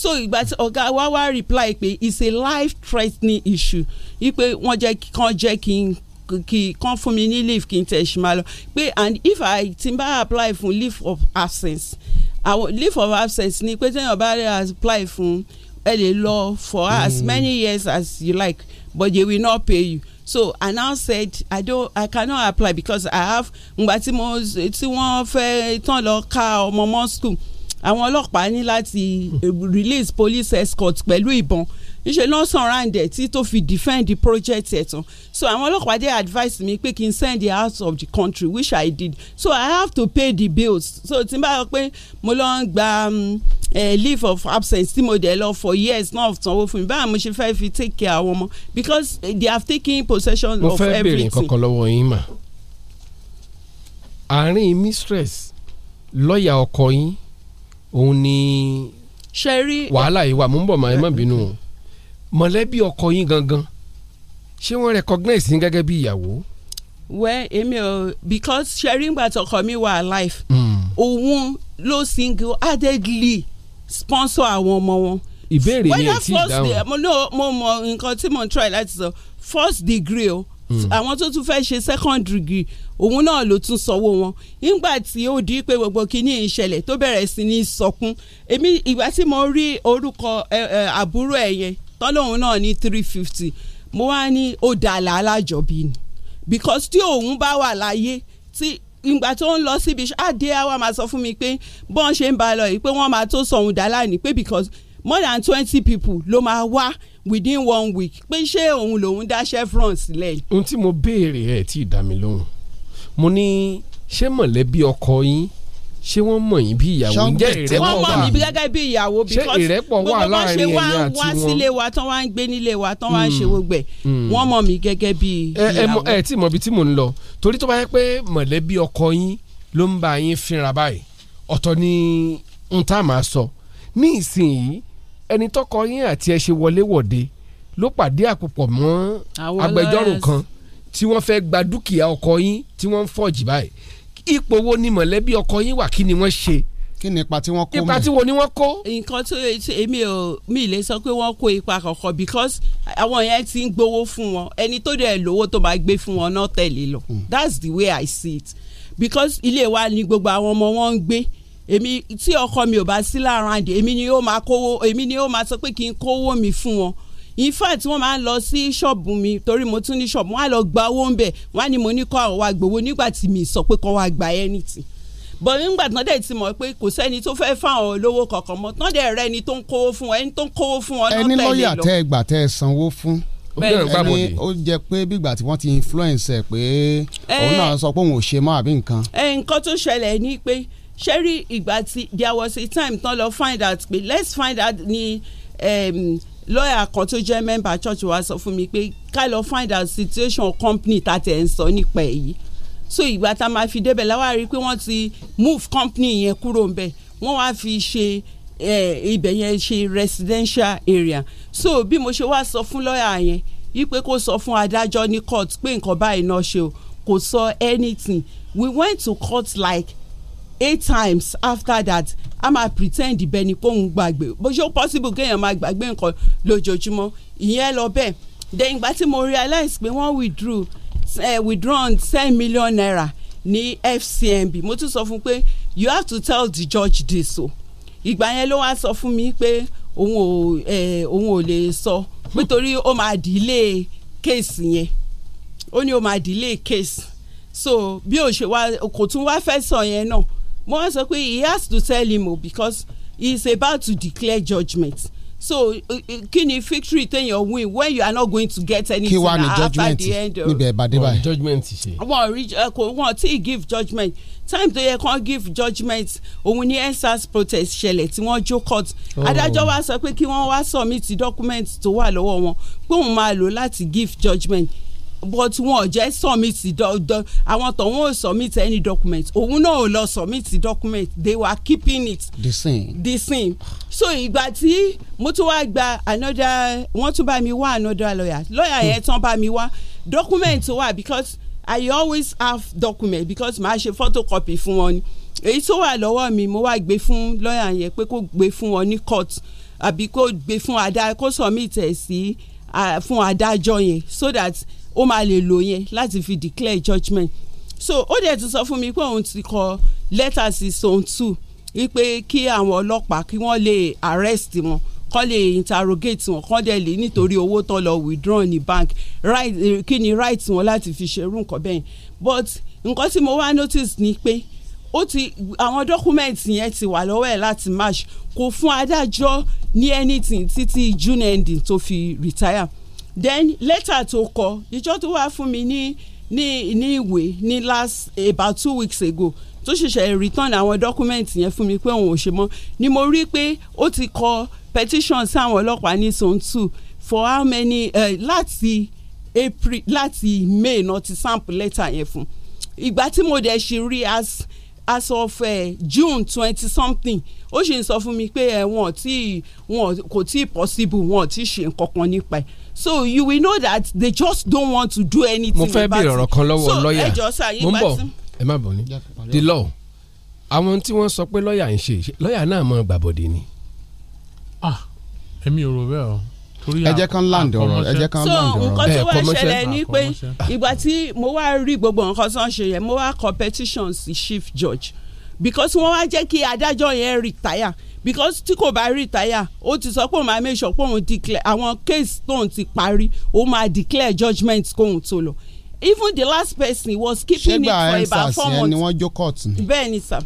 so ìgbà tí ọ̀gá wa wá reply pé it's a life threatening issue ipe wọ́n jẹ́ kí kan jẹ́ kí n kí kán fún mi ní leave kí n tẹ̀ ṣì máa lọ pé and if i ti bá apply fún leave of absence àwọn leave of absence ni pé téèyàn bá apply fún ẹ lè lọ for mm. as many years as you like but they will not pay you so i now said i don't i cannot apply because i have ngbà tí mo tí wọ́n fẹ́ tán lọ ka ọmọ mọ́ school àwọn ọlọ́pàá ní láti release police escort pẹ̀lú ìbọn níṣẹ́ ló ń sàn round ẹ̀ tí tó fi defend the project ẹ̀ tán so àwọn ọlọ́pàá dé advice mi pé kí n send her out of the country which I did so I have to pay the bills so tí n bá yọ pé mo lọ ń gba um, leave of absence tí mo dẹ̀ lọ for years náà sanwó fún mi báyà mo ṣe fẹ́ fi take care àwọn ọmọ because they have taken possession of everything. mo fẹ́ bèrè nǹkan kan lọ́wọ́ yín mà àárín mistress lọ́ọ̀yà ọkọ yín òun ni wàhálà yìí wà mú bọ̀ mà ẹ má bínú o mọ̀lẹ́bí ọkọ yín gangan ṣé wọ́n recognize yín gẹ́gẹ́ bí ìyàwó. wẹ́ èmi ò because sharing gba tọkọ mi wà alive hmm. òun ló single handedly sponsor àwọn ọmọ wọn. ìbéèrè yẹn ti dáhùn. mo mọ nǹkan tí mo ń try láti sọ first degree o hmm. àwọn tó tún fẹ́ẹ́ ṣe second degree òun náà ló tún sanwó wọn nígbà tí ó di pé gbogbo kínní ìṣẹ̀lẹ̀ tó bẹ̀rẹ̀ sí ní sọkún èmi ìgbà tí mo rí orúkọ àbúrò ẹ̀ yẹn tọ́lọ́hún náà ní three fifty mo wá ní ó dà lálájọbí ni because tí òun bá wà láyé tí ìgbà tó ń lọ síbi iṣẹ́ àdé àwa máa sọ fún mi pé bọ́n ṣe ń ba lọ yìí pé wọ́n máa tó sọ̀hún dà pé because more than twenty people ló máa wá within one week pé ṣé òun lòun dá chevron sílẹ̀. ohun tí mo béèrè ẹ̀ tí ì dá mi lóhùn mo ní ṣé mọ̀lẹ́bí ọkọ yín ṣé wọ́n mọ̀ yín bí ìyàwó ń jẹ́ ìrẹ́pọ̀ wà wọ́n mọ̀ mí gẹ́gẹ́ bí ìyàwó because gbogbo bá ṣe wá ń wá sílé wa tán wá ń gbé nílé wa tán wá ń hmm. ṣe gbogbo ẹ̀ hmm. wọ́n mọ̀ mí gẹ́gẹ́ bí ìyàwó. ẹ tí mọ̀ bí tí mò ń lọ torí tó bá yẹ pé mọ̀lẹ́bí ọkọ yín ló ń bá yín fínra báyìí ọ̀tọ̀ ni n tá máa sọ ní ìsinyìí ẹni tọkọ yín àti ẹ ṣe wọléwọ̀de ló pàdé àpòpọ̀ mọ́ agbẹjọ́rò kan tí wọ́n fẹ́ gba dúkìá ọkọ yín tí wọ́n ń fọ̀jì báyìí ipò wo ni mọ̀lẹ́bí ọkọ yín wà kí ni wọ́n ṣe kí ni ipa tí wọ́n kó mẹ́ ipa tí wo ni wọ́n kó. nǹkan tó èmi ò mi lè sọ pé wọ́n kó ipa kankan because àwọn yẹn ti ń gbowó fún wọn ẹni tó dẹ̀ lówó tó bá gbé fún wọn náà tẹ̀lé lọ hmm. that's the way I see it because ilé wa ni gbogbo àwọn ọmọ wọn ń gbé èmi tí ọkọ mi ò bá sí láàrin àdé èmi ni ó máa kówó èmi ni ó máa sọ pé kí n kówó mi fún wọn in fact wọ́n máa ń lọ sí ṣọ́ọ̀bù mi torí mo tún ní ṣọ́ọ̀bù wọ́n á lọ gba owó ń bẹ̀ wọ́n á ní mo ní kọ́ àwọn agbowó nígbà tí mi sọ pé kọ́ wa gba anything bọ̀ nígbà tán dẹ̀ ti mọ̀ pé kò sẹ́ni tó fẹ́ fáwọn olówó kankan mọ́ tán dẹ̀ rẹ́ ẹni tó ń kówó fún ẹni tó ń kówó fún ọ náà tẹ̀lé lọ. ẹni lọ́ọ̀yà tẹ́ ẹ gbà tẹ́ ẹ sanwó fún ẹni ó jẹ pé bígbà tí wọ́n ti influence ẹ̀ pé eh. òun náà sọ pé òun ò ṣe mọ́ àbí nǹkan. ẹ eh, nǹkan tó ṣẹlẹ̀ ni pé ṣé ìgbà tí there was a time tán lọ find out pé let's find out ni um, lọ́ọ̀yà kan tó jẹ́ mẹ́mbà church wa sọ fún mi pé ká lọ find out situation company tá a tẹ̀ ń sọ nípa èyí so ìgbà tá a máa fi débẹ̀ láwa rí i pé wọ́n ti move company yẹn kúrò ń bẹ̀ wọ́n wá fi ṣe ibẹ̀ yẹn ṣe residential area so bí mo ṣe wá sọ fún lọ́ọ̀yà yẹn wípé kó sọ fún adájọ́ ní court pé nǹkan báyìí náà ṣe o kò sọ anything we went to court like eight times after that a máa pretend ibẹ̀ ni kóun gbàgbé bó ṣe possible kéèyàn máa gbàgbé nǹkan lójoojúmọ́ ìyẹn lọ bẹ́ẹ̀ then ìgbà tí mo realize pé wọ́n withdraw uh, eh, withdrawn ten million naira ní FCMB mo tún sọ fún pé you have to tell the judge this o ìgbà yẹn ló wá sọ fún mi pé òun ò eh, òun ò lè sọ pé torí ó máa delay case yẹn ó ní ó máa delay case so bí ó ṣe wá kò tún wá fẹ́ sọ yẹn náà mo wá sọ pé he has to tell him o because he is about to declare judgement so uh, uh, kí ni victory téèyàn win when you are not going to get anything kí wàá ní judgement níbi ẹ̀bà dé báyìí judgement ṣe. wọn rí uh, kò wọn tí ì give judgement time tó yẹ kán give judgement òun ní endsars protest ṣẹlẹ̀ tí wọ́n jó court oh. adájọ́ wa sọ pé kí wọ́n wá submit document tó wà lọ́wọ́ wọn pé òun máa lò láti give judgement but wọn ò jẹ́ submit àwọn tó wọn ò submit any document òun náà ò lọ submit document they were keeping it the same the same so ìgbà tí mo tún wá gba another wọ́n tún bá mi wá another lawyer lawyer yẹn tán bá mi wá document wà because I always have document because màá ṣe photocopy fún wọn ni èyí tó wà lọ́wọ́ mi mo wá gbé fún lọ́ọ̀yà yẹn pé kó gbé fún wọn ní court àbí kó gbé fún adájọ́ kó submit ẹ̀ sí fún adájọ́ yẹn so that ó máa lè lò yẹn láti fi declare judgement so ó dẹ̀ tún sọ fún mi pé òun ti kọ lẹ́tà sí zone two wípé kí àwọn ọlọ́pàá kí wọ́n lè arrest wọn kọ́ lè interrogate wọn kọ́ dẹ̀ lè nítorí owó tó lọ withdraw ní bank right eh, kí ni right wọn láti fi ṣerú nǹkan bẹ́ẹ̀ but nǹkan tí mo wá notice ni pé ó ti àwọn documents yẹn ti wà lọ́wọ́ ẹ̀ láti march kò fún adájọ́ ní anything títí june ending tó fi retire then lẹ́tà tó kọ ìjọ tó wá fún mi ní ní ní ìwé ní last about two weeks ago tó ṣẹ̀ṣẹ̀ return àwọn dọ́kúmẹ́ǹtì yẹn fún mi pé òun ò ṣe mọ́ ni mo rí pé ó ti kọ petition sáwọn ọlọ́pàá ní zone two for how many uh, láti april láti may náà ti sample letter yẹn fún ìgbà tí mo dẹ̀ ṣì rí as as of uh, june twenty something ó sì ń sọ fún mi pé ẹ eh, wọn ò tí wọn kò tí possible wọn ò tí ṣe nǹkan kan nípa ẹ̀ so you will know that they just don't want to do anything mo fẹ́ béèrè ọ̀rọ̀ kan lọ́wọ́ lọ́ọ̀yà mo ń bọ̀ ẹ má bọ̀ ni the law àwọn tí wọ́n sọ pé lọ́ọ̀yà ń ṣe lọ́ọ̀yà náà mọ gbàbọ̀dé ni. ah èmi ò rò bẹ́ẹ̀ o ẹ jẹ́ kán land ọ̀rọ̀ ẹ jẹ́ kán land ọ̀rọ̀ bẹ́ẹ̀ so nǹkan tó wá ṣẹlẹ̀ ni pé ìgbà tí mo wá rí gbogbo nǹkan tó ń ṣe yẹn mo wá competition sí chief judge because wọ́n wá jẹ́ kí adájọ́ yẹn retire because tí kò bá retire ó ti sọ pé òun máa make sure pé òun declare àwọn case tóun ti parí ó máa declare judgement kóun tó lọ even the last person was keeping it for about four months. ṣé gba ẹ̀ńsà sí ẹni wọ́n jó court ni. sir.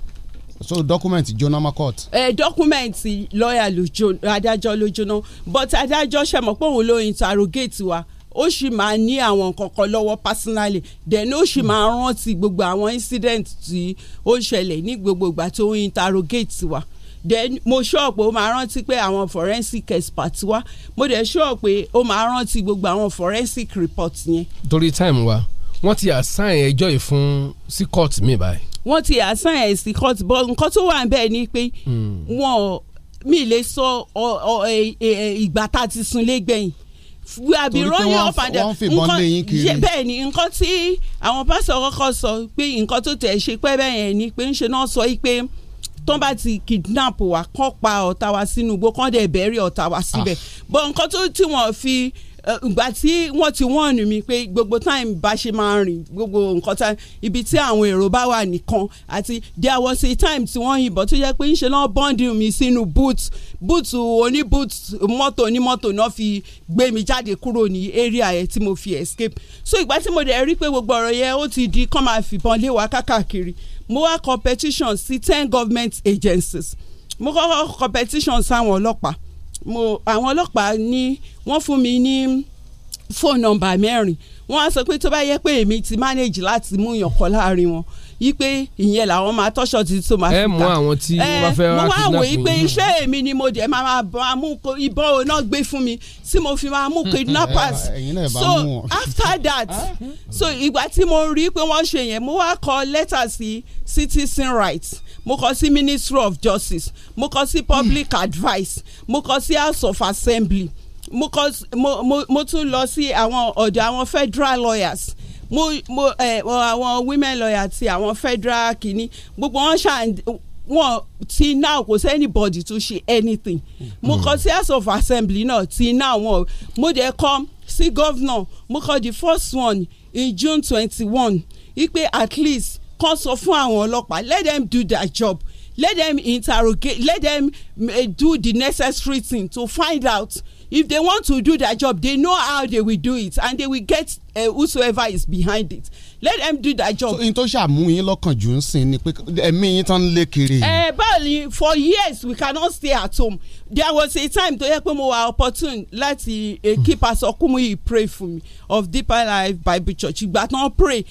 so document jóná court. ẹ eh, document lọ́ọ̀yà ló jó adájọ́ ló jóná but adájọ́ ṣe mọ̀ pé òun ló interrogate wa ó sì máa ní àwọn kankan lọ́wọ́ personally then ó sì máa rántí gbogbo àwọn incident tí ó ṣẹlẹ̀ ní gbogbo ìgbà tó ń interrogate wa then mo sure pé ó máa rántí pé àwọn forensic expert wa mo dẹ̀ sure pé ó máa rántí gbogbo àwọn forensic report yẹn. torí time wa wọ́n ti assign ẹjọ́ yìí fún sí court mi báyìí. wọ́n ti assign ẹ̀ sí court but nǹkan tó wà níbẹ̀ ni pé hmm. wọ́n mi lè sọ ìgbà tá a ti sunlé gbẹ̀yìn we have been running up and down nǹkan bẹ́ẹ̀ ni nǹkan tí àwọn pásítọ̀ kọ́kọ́ sọ pé nǹkan tó tẹ̀ ṣe pẹ́ bẹ́ẹ̀ yẹn ni pé ń ṣe náà sọ yìí pé tán bá ti kidnap wa kán pa ọ̀tá wa sínú igbó kán dẹ̀ ọ̀tá wa ah. síbẹ̀ bọ́ nǹkan tó tí wọ́n fi eh, ìgbà tí wọ́n ti wọ́n mi pé gbogbo time bá ṣe máa rìn gbogbo nǹkan tá ibi tí àwọn èrò bá wà nìkan àti there was a time tí wọ́n yìnbọn tó yẹ pé ńṣe náà bọ́ǹdì mi sínú boot boots, oní boot mọ́tò oní mọ́tò náà fi gbé mi jáde kúrò ní area yẹn tí mo fi escape so ìgbà tí mo dẹ̀ rí pé gbogbo ọ̀rọ̀ yẹn ó ti di kán máa fìbọn lé wa kákàkiri mo wá competition sí ten government agencies mo kọ́kọ́ competition sáwọn ọlọ́pàá mo àwọn ọlọ́pàá ní wọ́n fún mi ní fóònù nọ́mbà mẹ́rin wọ́n á sọ pé tó bá yẹ pé èmi ti manage láti mú yàn kọ́ láàrin wọn yí ìyẹn làwọn máa tọ́ṣọ̀ ti tó máa fi ta ẹ mọ àwọn tí wọ́n fẹ́ wá kidnap mi. mo wá wò pé iṣẹ́ èmi ni mo dẹ̀ máa máa mú ìbọn oná gbé fún mi tí mo fi máa mú kidnappers so after that ah. so ìgbà tí mo rí pé wọ́n ṣe yẹn mo wá kọ lẹ́tà sí citizen rights mo kọ sí ministry of justice mo kọ sí public hmm. advice mo kọ sí house of assembly mo kọ mo mo tún lọ sí àwọn ọ̀dọ̀ àwọn federal lawyers mo mo ẹ àwọn women lawyer àti àwọn federal kìíní gbogbo wọn ṣà wọn ti now kò sí anybody to ṣe anything mo kọ sí house of assembly náà ti now wọn mo dẹ̀ kọ sí governor mo kọ the first one in june twenty one ipe at least kan sọ fún àwọn ọlọ́pàá let them do their job let them interrogate let them uh, do the necessary thing to find out if they want to do their job they know how they will do it and they will get uh, whosoever is behind it let them do their job. so n tó ṣàmú yín lọ́kàn jù ń sìn ni pé ẹ̀mí yín tán lé kiri. ẹ eh, báyìí for years we cannot stay at home there was a time tó yẹ pé mo wà opportune láti uh, keep asokunmu yìí pray for me of deeper life bible church ìgbà tán pray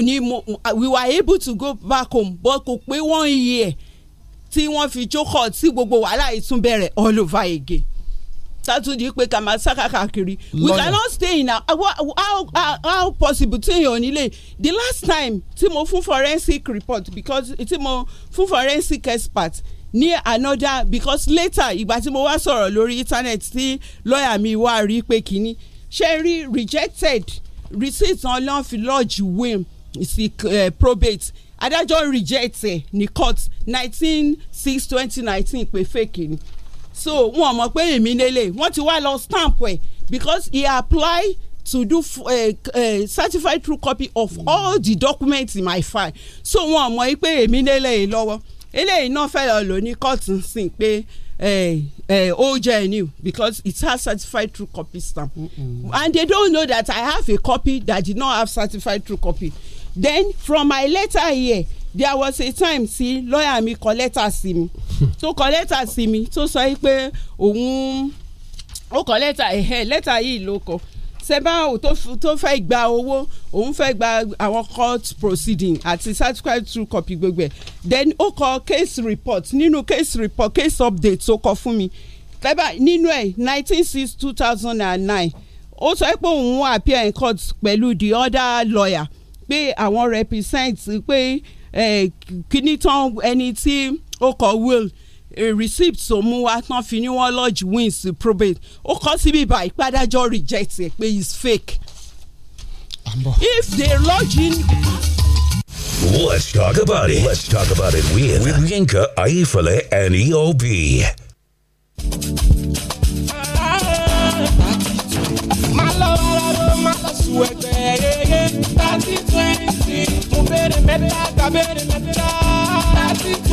ni mo, we were able to go back home but kò pé one year tí wọ́n fi jókòó tí gbogbo wàhálà yìí tún bẹ̀rẹ̀ all over again sátúndì pé ká máa sá káàkiri we cannot stay in our how how how possible tí èèyàn nílé the last time tí mo fún forensic report because tí mo fún forensic expert ní another because later ìgbà tí mo wá sọ̀rọ̀ lórí internet tí lọ́ọ̀yà mi wá rí pé kínní ṣe rí rejected receipt on loan fi lodge win sí uh, probate adájọ́ reject ẹ̀ ní court nineteen six twenty nineteen pé fake ni so wọn mọ̀ pé èmi lélẹ̀ wọ́n ti wá lọ stamp ẹ̀ because he apply to do uh, uh, certified true copy of mm. all the documents in my file so wọn mọ̀ pé èmi lélẹ̀ yìí lọ́wọ́ eléyìí náà fẹ́ lọ lò ní kóòtù sìn pé eh, ó jẹ́ new because it has certified true copy stamp mm -mm. and they don't know that I have a copy that did not have certified true copy then from my letter here there was a time tí lọ́ọ̀yà mi kọ lẹ́tà sí mi tó kọ lẹ́tà sí mi tó sọ pé òun ó kọ lẹ́tà ẹ̀hẹ́ lẹ́tà yìí ló kọ sẹ́báwò tó fẹ́ gba owó òun fẹ́ gba àwọn court proceeding àti certificate true copy gbogbo ẹ̀ then ó kọ case report nínú case report case update tó kọ fún mi tẹ́bà nínú ẹ̀ nineteen six two thousand and ó sọ pé òun appear in court pẹ̀lú the other lawyer pé àwọn represent pé kíní tán ẹni tí ó kọ will receipt tó mú wá tán fi ní wọ́n lodge wins probate ó kọ́ síbi ìbá ìpádájọ́ reject ẹ̀ pé it's fake. if they lodge in. Let's talk about it. Let's talk about it with, with Yinka, Aifale, and EOB. Máa lọ máa máa lọ sùn ẹgbẹ́ yẹ́yẹ́ tá a that. i Meta, better than that.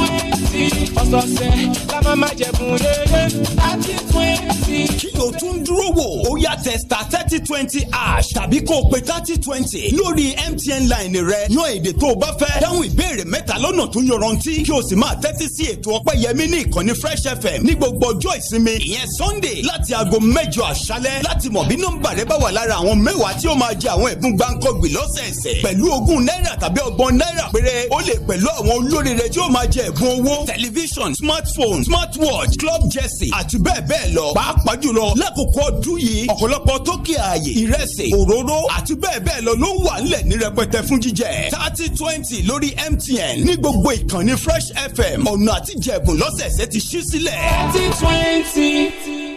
twenty ọ̀sọ̀ọ̀sẹ̀ la máa ma jẹ̀bùn rere thirty twenty. kí ló tún dúró wò ó yá testa thirty twenty ash tàbí kó o pe thirty twenty lórí MTN line rẹ yan èdè tó o bá fẹ́ dáhùn ìbéèrè mẹ́ta lọ́nà tó yọrantí kí o sì máa tẹ́tí sí ètò Ọpẹ́yẹmí ní ìkànnì Fresh FM ní gbogbo ọjọ́ ìsinmi ìyẹn Sunday láti aago mẹ́jọ àṣálẹ́ láti mọ̀ bí nọ́mbà rẹ bá wà lára àwọn mẹ́wàá tí ó máa jẹ àwọn ẹ̀bùn gbáǹkọ́gbìn lọ́sẹ̀ẹ̀sẹ̀ pẹ̀lú ogún náírà tàbí ọgbọ̀n náírà péré ó lè pẹ̀lú àwọn olóríire tí ó máa jẹ ẹ̀bùn owó tẹlifíṣàn smartphone smartwatch club jersey àti bẹ́ẹ̀ bẹ́ẹ̀ lọ pàápàá jùlọ lákòókò ọdún yìí ọ̀pọ̀lọpọ̀ tókè ààyè ìrẹsì òróró àti bẹ́ẹ̀ bẹ́ẹ̀ lọ ló wà nílẹ̀ ní rẹpẹtẹ fún jíjẹ thirty twenty lórí MTN ní gbogbo ìkànnì Fresh FM ọ̀nà àtijẹ̀bùn lọ́sẹ̀ẹ̀sẹ̀ ti ṣí sílẹ̀. thirty twenty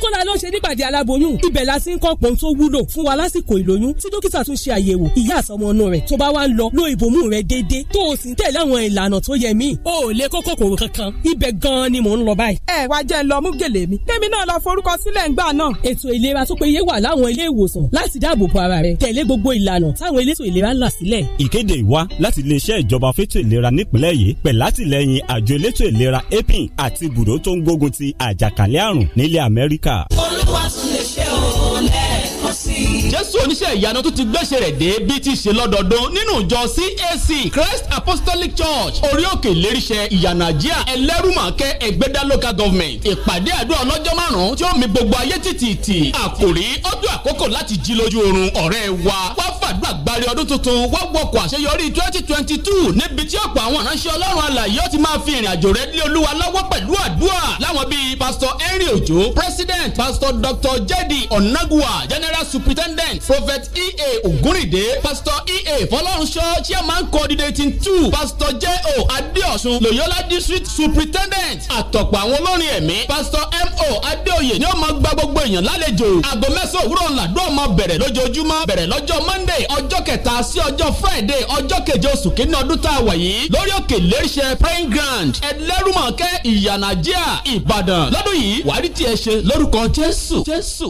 adékọ́lá ló ń ṣe nípàdé aláboyún ibẹ̀ la sì ń kọ́ pọ́n tó wúlò fún wa lásìkò ìlóyún tí dókítà tún ṣe àyẹ̀wò ìyá àsọmọnú rẹ̀ tó bá wá ń lọ lo ìbomú rẹ̀ déédéé tó o sì ń tẹ̀lé àwọn ìlànà tó yẹ mí o ò lè kó kòkòrò kankan ibẹ̀ gan-an ni mò ń lọ báyìí. ẹ wá jẹ́ lọ mú gèlè mi tèmi náà lọ forúkọ sílẹ̀ ń gbà náà. ètò ìlera tó péye wà láwọn ilé ìwòsàn láti dáàbò bo ara rẹ tẹ̀lé gbogbo ìlànà táwọn elétò ìlera là sílẹ̀. ìkéde wa láti iléeṣẹ́ ìjọba fétò ìlera nípìnlẹ̀ yìí pẹ̀lú àtìlẹ́yìn àjọ elétò ìlera apin àti ibùdó tó ń gbógun ti àjàkálẹ̀ àrùn nílẹ̀ Amẹ́ríkà Mecca. olúwa tún lè jésù oníṣẹ́ ìyanu tó ti gbéṣẹ́ rẹ̀ dé bí ti ṣe lọ́dọọdún nínú ìjọ CAC Christ Apostolic Church orí òkè ìléríṣẹ́ ìyànà àjíà ẹlẹ́rùmọ̀kẹ́ ẹgbẹ́dá local government ìpàdé àdúrà ọlọ́jọ́ márùn-ún tí ó mi gbogbo ayé tìtìtì àkòrí ọdún àkókò láti jí lójú oorun ọ̀rẹ́ wa wá fàdúrà gbárí ọdún tuntun wá wọkọ̀ àṣeyọrí twenty twenty two níbi tí ọ̀pọ̀ àwọn aránṣẹ́ ọlọ́run alàyè ó ti máa fi ìrìn àjò rẹ̀ lé olúwa lọ́wọ́ pẹ̀lú àdúrà láwọn bíi pastor Henry Ojo president pastor dr jedi onagwa general superintendent president prophet ea ogunride pastor ea fọlọ́runṣọ́ chairman coordinating two pastor jo adeosun loyola district superintendent àtọ̀pọ̀ àwọn olórin ẹ̀mí pastor mo adeoye ni ó máa gba gbogbo èèyàn lálejò aago mẹ́sàn-án òwúrọ̀ ńlá dùn ọmọ bẹ̀rẹ̀ lójoojúmọ́ bẹ̀rẹ̀ lọ́jọ́ monday ọjọ́ kẹta sí ọjọ́ friday ọjọ́ keje oṣù kínní ọdún tá a wà yìí lórí òkè lẹ́sẹ̀ praying ground ẹlẹ́rùmọ̀kẹ́ ìyànàjẹ́ ìbàdàn lọ́dún yìí wàá rí tiẹ̀ ṣe lórúkọ jésù jésù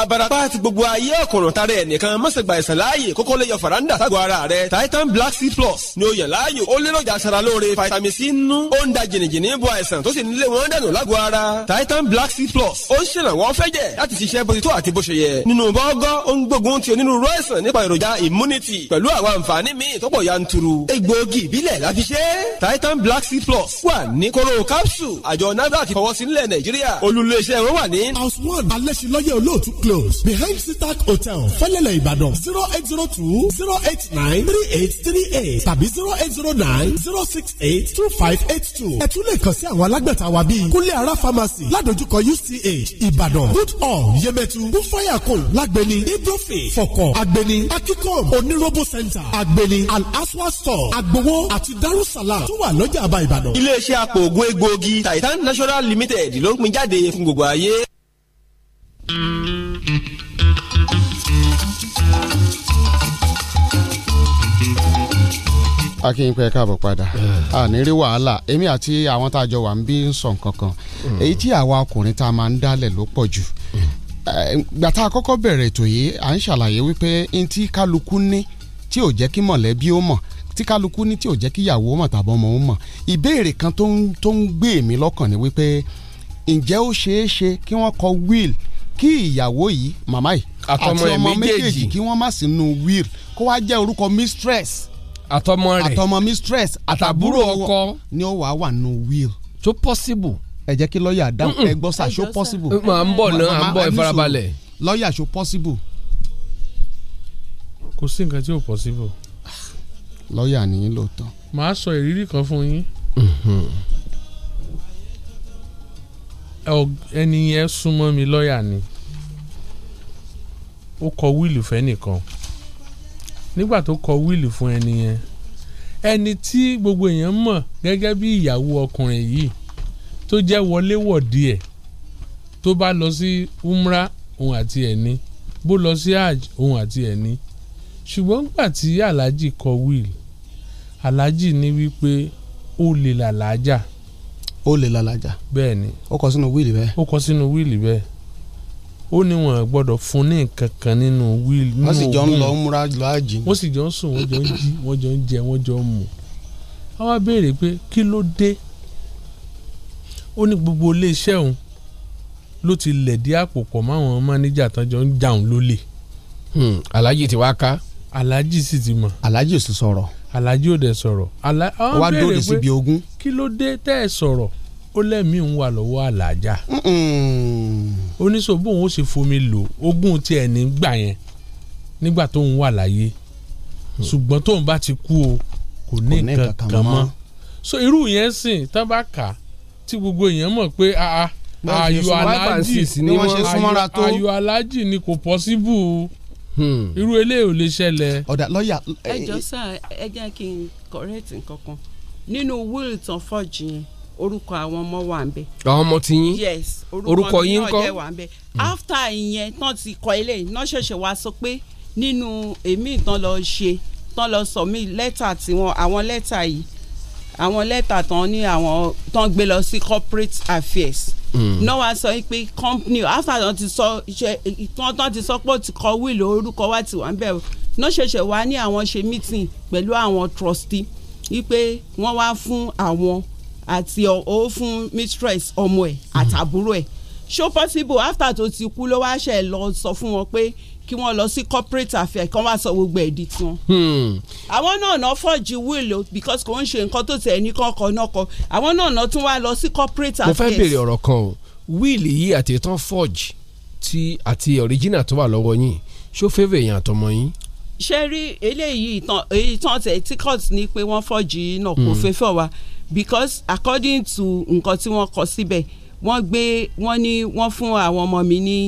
abarapá àti gbogbo ayé ọ̀kùnrùn tara ẹ̀ mọ̀sẹ̀gbà ẹ̀sẹ̀ láàyè kókó lè faranda sago ara rẹ̀ titan black seed plus ni ó yàn láàyò ó lérò jà sara lóore vitamin c nínú ó ń da jìnnìjìnnì bọ àìsàn tó sì nílé wọn dànù lágọ̀ ara titan black seed plus ó ń ṣèrànwọ́ fẹ́jẹ̀ láti ṣiṣẹ́ bó ti tó àti bó ṣe yẹ nínú bọ́gọ́ ó ń gbógun ti onírúurú àìsàn nípa èròjà immunity pẹ̀lú àwọn àǹfààní míì tọ́pọ̀ yanturu egbòogi ìbílẹ̀ láfi ṣe titan black seed plus wà ní kóró capsule àjọ nafdac fọwọ́sí nílẹ̀ nàìjíríà olùléeṣẹ́ wọn wà ní. house one alẹ́sìlọ́yẹ̀ olóòtú close behind sitak hotel fẹ́lẹ́lẹ̀ ìbàdàn zero eight zero two zero eight nine three eight three eight tàbí zero eight zero nine zero six eight two five eight two ẹ tún lè kàn sí àwọn alágbàtà wa bíi kúnlé ara pharmacy ládojúkọ UCH ìbàdàn good all yemẹtu bufayako lágbẹni ibrofe fọkọ agbẹni akikom onirobo center agbẹni and aswa store agbowo àti darussalam tó wà lọ́jà àbá ìbàdàn. iléeṣẹ́ àpò ògùn egbòogi titan national limited ló ń pín jáde fún gbogbo ayé akínyìnpẹ káàbọ̀ padà àníri wàhálà èmi àti àwọn tá a jọ wà ń bí ń sọ nǹkan hmm. èyí tí àwa ọkùnrin tá a máa ń dálẹ̀ ló pọ̀ jù hmm. gbàtà àkọ́kọ́ bẹ̀rẹ̀ ètò yìí à ń ṣàlàyé wípé n tí kálukú ní tí ò jẹ́ kí mọ̀lẹ́bí ó mọ̀ tí kálukú ní tí ò jẹ́ kí ìyàwó mọ̀ tàbí ọmọ ó mọ̀ ìbéèrè kan tó ń gbé èmi lọ́kàn ni wípé ǹjẹ́ ó ṣeé ṣe kí wọ́n kọ wíìlì kí ìyàwó yìí màmá yìí àti ọmọ méjèèjì kí wọ́n má sínú will kó wá jẹ́ orúkọ mistress àtọmọ rẹ̀ àtọmọ mistress àtàbúrò ọkọ ni ó wà wà nù will. tó possible. ẹ jẹ́ kí lọ́ọ̀yà dáhùn ẹ gbọ́ sà so possible. mà ń bọ̀ náà à ń bọ̀ ẹ farabalẹ̀. lọ́ọ̀yà so possible. kò sí nǹkan tí ò possible. lọ́ọ̀yà ni lóòótọ́. màá sọ ìrírí kan fún yín mhm. ẹni yẹn súnmọ́ mi lọ́ọ̀yà ni ó kọ wíìlì fẹ́nìkan nígbà tó kọ wíìlì fún ẹni yẹn ẹni tí gbogbo èèyàn mọ̀ gẹ́gẹ́ bí ìyàwó ọkùnrin yìí tó jẹ́ wọléwọ̀dì ẹ̀ tó bá lọ sí umra òun àti ẹ̀ ní bó lọ sí hajj òun àti ẹ̀ ní ṣùgbọ́n nígbà tí alhaji kọ wíìlì alhaji ní wípé ó lè làlájà. ó lè làlájà. bẹ́ẹ̀ ni. ó kọ sínú wíìlì bẹ́ẹ̀. ó kọ sínú wíìlì bẹ́ẹ̀ ó ní wọn gbọ́dọ̀ fún ní nǹkan kan nínú wíìlì. wọ́n sì jọ ń lọ múra lọ àjì. wọ́n sì jọ ń sùn wọ́n jọ ń jí wọ́n jọ ń jẹ wọ́n jọ ń mu. a wá béèrè pé kí ló dé ó ní gbogbo iléeṣẹ́ òun ló ti lẹ̀dí àpò pọ̀ máwọn máníjà tán jọ ń jàun lólè. Hmm, aláàjì ti wá ká. aláàjì sì ti mọ̀. aláàjì ò sì sọ̀rọ̀. aláàjì ò dẹ̀ sọ̀rọ̀. wá dóòlì síbi ogún. kí ló dé tẹ́ ẹ sọ̀rọ̀ ó lẹ́mìí ń wà lọ́wọ́ àlàájá oníṣòwò òun ó sì fomi lò ogún tiẹ̀ nígbà yẹn nígbà tó ń wà láyé hmm. ṣùgbọ́n tóun bá ti kú o kò ní nǹkan kan mọ́ so irú yẹn sìn tán bá kà á tí gbogbo èèyàn mọ̀ pé aa ah, ah, ayọ̀ alájì ni wọ́n ṣe súnmọ́ra tó ayọ̀ alájì ni kò pọ́síbù hmm. irú eléyìí ò lè ṣẹlẹ̀. ọ̀dà lọ́ọ̀yà. Eh, ẹ jọ sá ẹ jẹ́ kí n correct nǹkan kan nínú will tán fọ́ọ̀jì yẹn orúkọ àwọn ọmọ wà ń bẹ. àwọn ọmọ ti yín yes orúkọ yín kọ́ orúkọ wà ń bẹ. after ìyẹn tán ti kọ ilé náà ṣẹ̀ṣẹ̀ wá sọ pé nínú èmi ìtàn lọ ṣe tán lọ sọ mí lẹ́tà tí wọ́n àwọn lẹ́tà yìí àwọn lẹ́tà tán ní àwọn tán gbé lọ sí corporate affairs. Hmm. náà wá sọ pé company after tán ti sọ iṣẹ́ tán tán ti sọ pé ó ti kọ wíìlì orúkọ wa ti wà ń bẹ náà ṣẹ̀ṣẹ̀ wá ní àwọn ṣe meeting pẹ̀lú àwọn trustee wípé wọ́n wá fún àwọn àti ó fún mistress ọmọ ẹ̀ àtàbúrò ẹ̀ ṣó possible after tó ti kú ló wá ṣe lọ sọ fún wọn pé kí wọ́n lọ sí corporate affairs kan wá sọ gbogbo ẹ̀dí tiwọn. Hmm. àwọn náà náà fọ́ọ̀jì wíìlì because kò ń ṣe nǹkan tó tẹ̀ ní kọ́kọ́ náà kọ́ àwọn náà náà tún wá lọ sí corporate affairs. mo fẹ́ béèrè ọ̀rọ̀ kan o wíìlì yìí àti ìtàn fọ́ọ̀jì tí àti original tó wà lọ́wọ́ yín ṣó fẹ́fẹ́ èèyàn àtọmọ yín. ṣé rí eléyìí ìtàn tẹ̀ tí court ní pé wọ́n fọ́ọ̀jì náà kò hmm. fẹ́fẹ́ wa. Mm because according to nǹkan tí wọ́n kọ síbẹ̀ wọ́n gbé wọ́n ní wọ́n fún àwọn ọmọ mi ní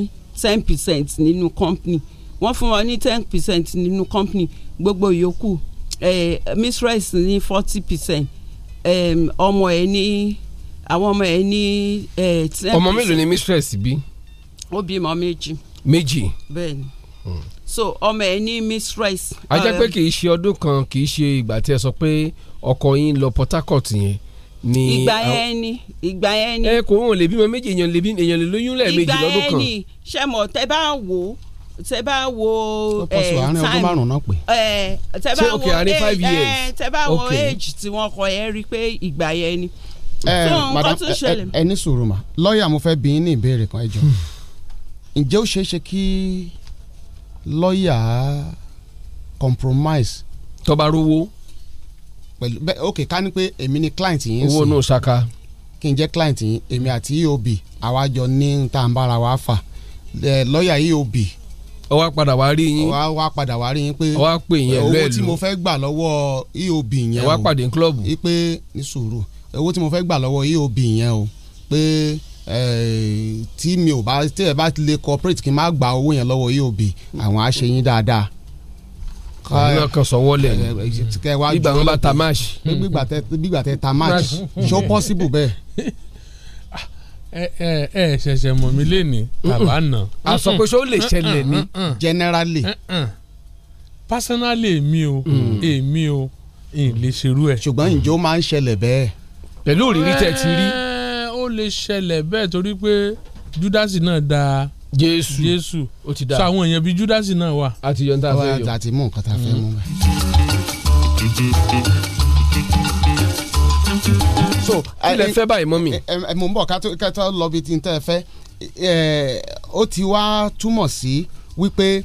ten percent nínú company wọ́n fún wọn ní ten percent nínú company gbogbo ìyókù eh, mistress ní forty percent ọmọ ẹ ní àwọn ọmọ ẹ ní eh, ten percent. ọmọ mélòó ni mistress bí. ó bímọ méjì. méjì. bẹ́ẹ̀ni hmm. so ọmọ ẹ ní mistress. a jẹ́ pé eh, kì í ṣe ọdún kan kì í ṣe ìgbà tí ẹ sọ pé ọkọ yín lọ Port Harcourt yẹn ni ìgbà yẹn ni ìgbà yẹn ni. ẹ kò wọn lè bímọ méjì èèyàn lè bí èèyàn lè lóyún lẹ́ẹ̀mejì lọ́dún kan. ìgbà yẹn ni sẹ́mọ̀ tẹ́ bá wò ó eh, eh, tẹ́ bá wo ẹ̀ time tẹ́ bá wo age tẹ́ bá wo age tí wọ́n kọ yẹn rí pé ìgbà yẹn ni. Eh, ẹ madam ẹ ní sùúrù mà lọ́ọ̀yà mo fẹ́ bí yín ní ìbéèrè kan ẹ jọ hmm. ǹjẹ́ ó ṣeé ṣe kí lọ́ọ̀yà compromise. tó bá rówó pẹ̀lú bẹ́ẹ̀ ok ká ní pé èmi ni client yín sùn owó nù ṣaka kí n jẹ́ client yín èmi àti eob àwa jọ ní tá à ń bára wa fà lọ́ọ̀yà eob ó wá padà wá rí yín ó wá padà wá rí yín pé ó wá pè yín lẹ́lu owó tí mo fẹ́ gbà lọ́wọ́ eob yẹn o ó wá pàdé club yìí pé ní sùúrù owó tí mo fẹ́ gbà lọ́wọ́ eob yẹn o pé tí mi ò bá tí ẹ bá lè cooperate kí n má gba owó yẹn lọ́wọ́ eob àwọn á ṣe yín dáadáa náà kan sọwọ́ lẹ̀ gbígbà wọn bá ta match. gbígbà tẹ ta ṣó possible bẹ́ẹ̀. Ah, ẹ ẹ ẹ ṣẹ̀ṣẹ̀ mọ̀ mí lẹ́ni bàbá náà. a lè ṣẹlẹ̀ ni. generally. personally èmi o mm. èmi o n lè ṣerú ẹ. ṣùgbọ́n ǹjẹ́ ó máa ń ṣẹlẹ̀ bẹ́ẹ̀. pẹ̀lú òrírí tẹ̀ ti rí. Eh, ó lè ṣẹlẹ̀ bẹ́ẹ̀ torí pé Judas náà dáa jésù jésù ó ti dá so àwọn èèyàn bíi júdásì náà wà. a ti yọ nta fẹ́ yọ a ti mú nǹkan tá a mú. so ilẹ̀ eh, eh, fẹ́ báyìí mọ́ mi. Eh, mo ń bọ̀ ká tó lọ bí ti ń tẹ́ ẹ fẹ́ ó ti wá túmọ̀ sí wípé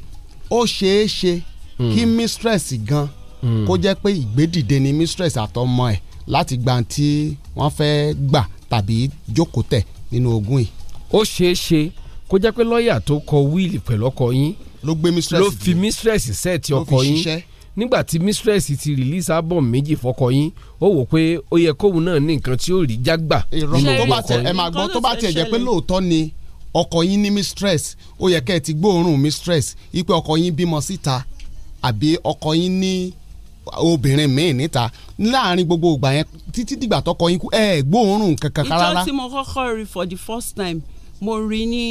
ó ṣeé ṣe hmm. kí mistress gan hmm. kó jẹ́ pé ìgbédìde ni mistress àtọmọ ẹ̀ láti gba tí wọ́n fẹ́ gbà tàbí jókòó tẹ̀ nínú ogún yìí. ó ṣeé ṣe kó jẹ́ pé lọ́ọ̀yà tó kọ wíìlì pẹ̀lú ọkọ yín ló gbé mistress ló fi mistress sẹ́ẹ̀tì ọkọ yín nígbà tí mistress ti release album méjì fọkọ yín ó wò pé ó yẹ kóun náà ní nǹkan tí ó rí jágbà nínú ọkọ yín. ẹ máa gbọ́ tó bá tiẹ̀ jẹ́ pé lóòótọ́ ni ọkọ yín ní mistress ó yẹ kẹ́ ẹ ti gbóòórùn mistress ipe ọkọ yín bímọ síta àbí ọkọ yín ní obìnrin míì níta láàrin gbogbo ìgbà yẹn títí dìgbà tọkọ yín kú ẹ gbóòórùn kankan rárá. ìjọ tí mo kọ́kọ́ rí for the first time mo rí ní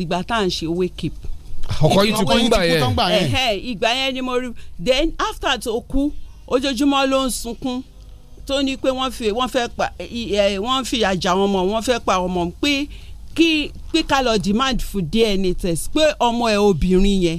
ìgbà tá à ń ṣe wakekeep ọkọ yìí ti kú ńgbà yẹn ìgbà yẹn ni mo rí then after tó kú ojoojúmọ́ ló ń sunkún tó ní pé wọ́n fi wọ́n fẹ́ pa wọ́n fi àjà wọn mọ̀ wọ́n fẹ́ pa ọmọ pé kí pé ká lọ demand for DNA test pé ọmọ ẹ̀ obìnrin yẹn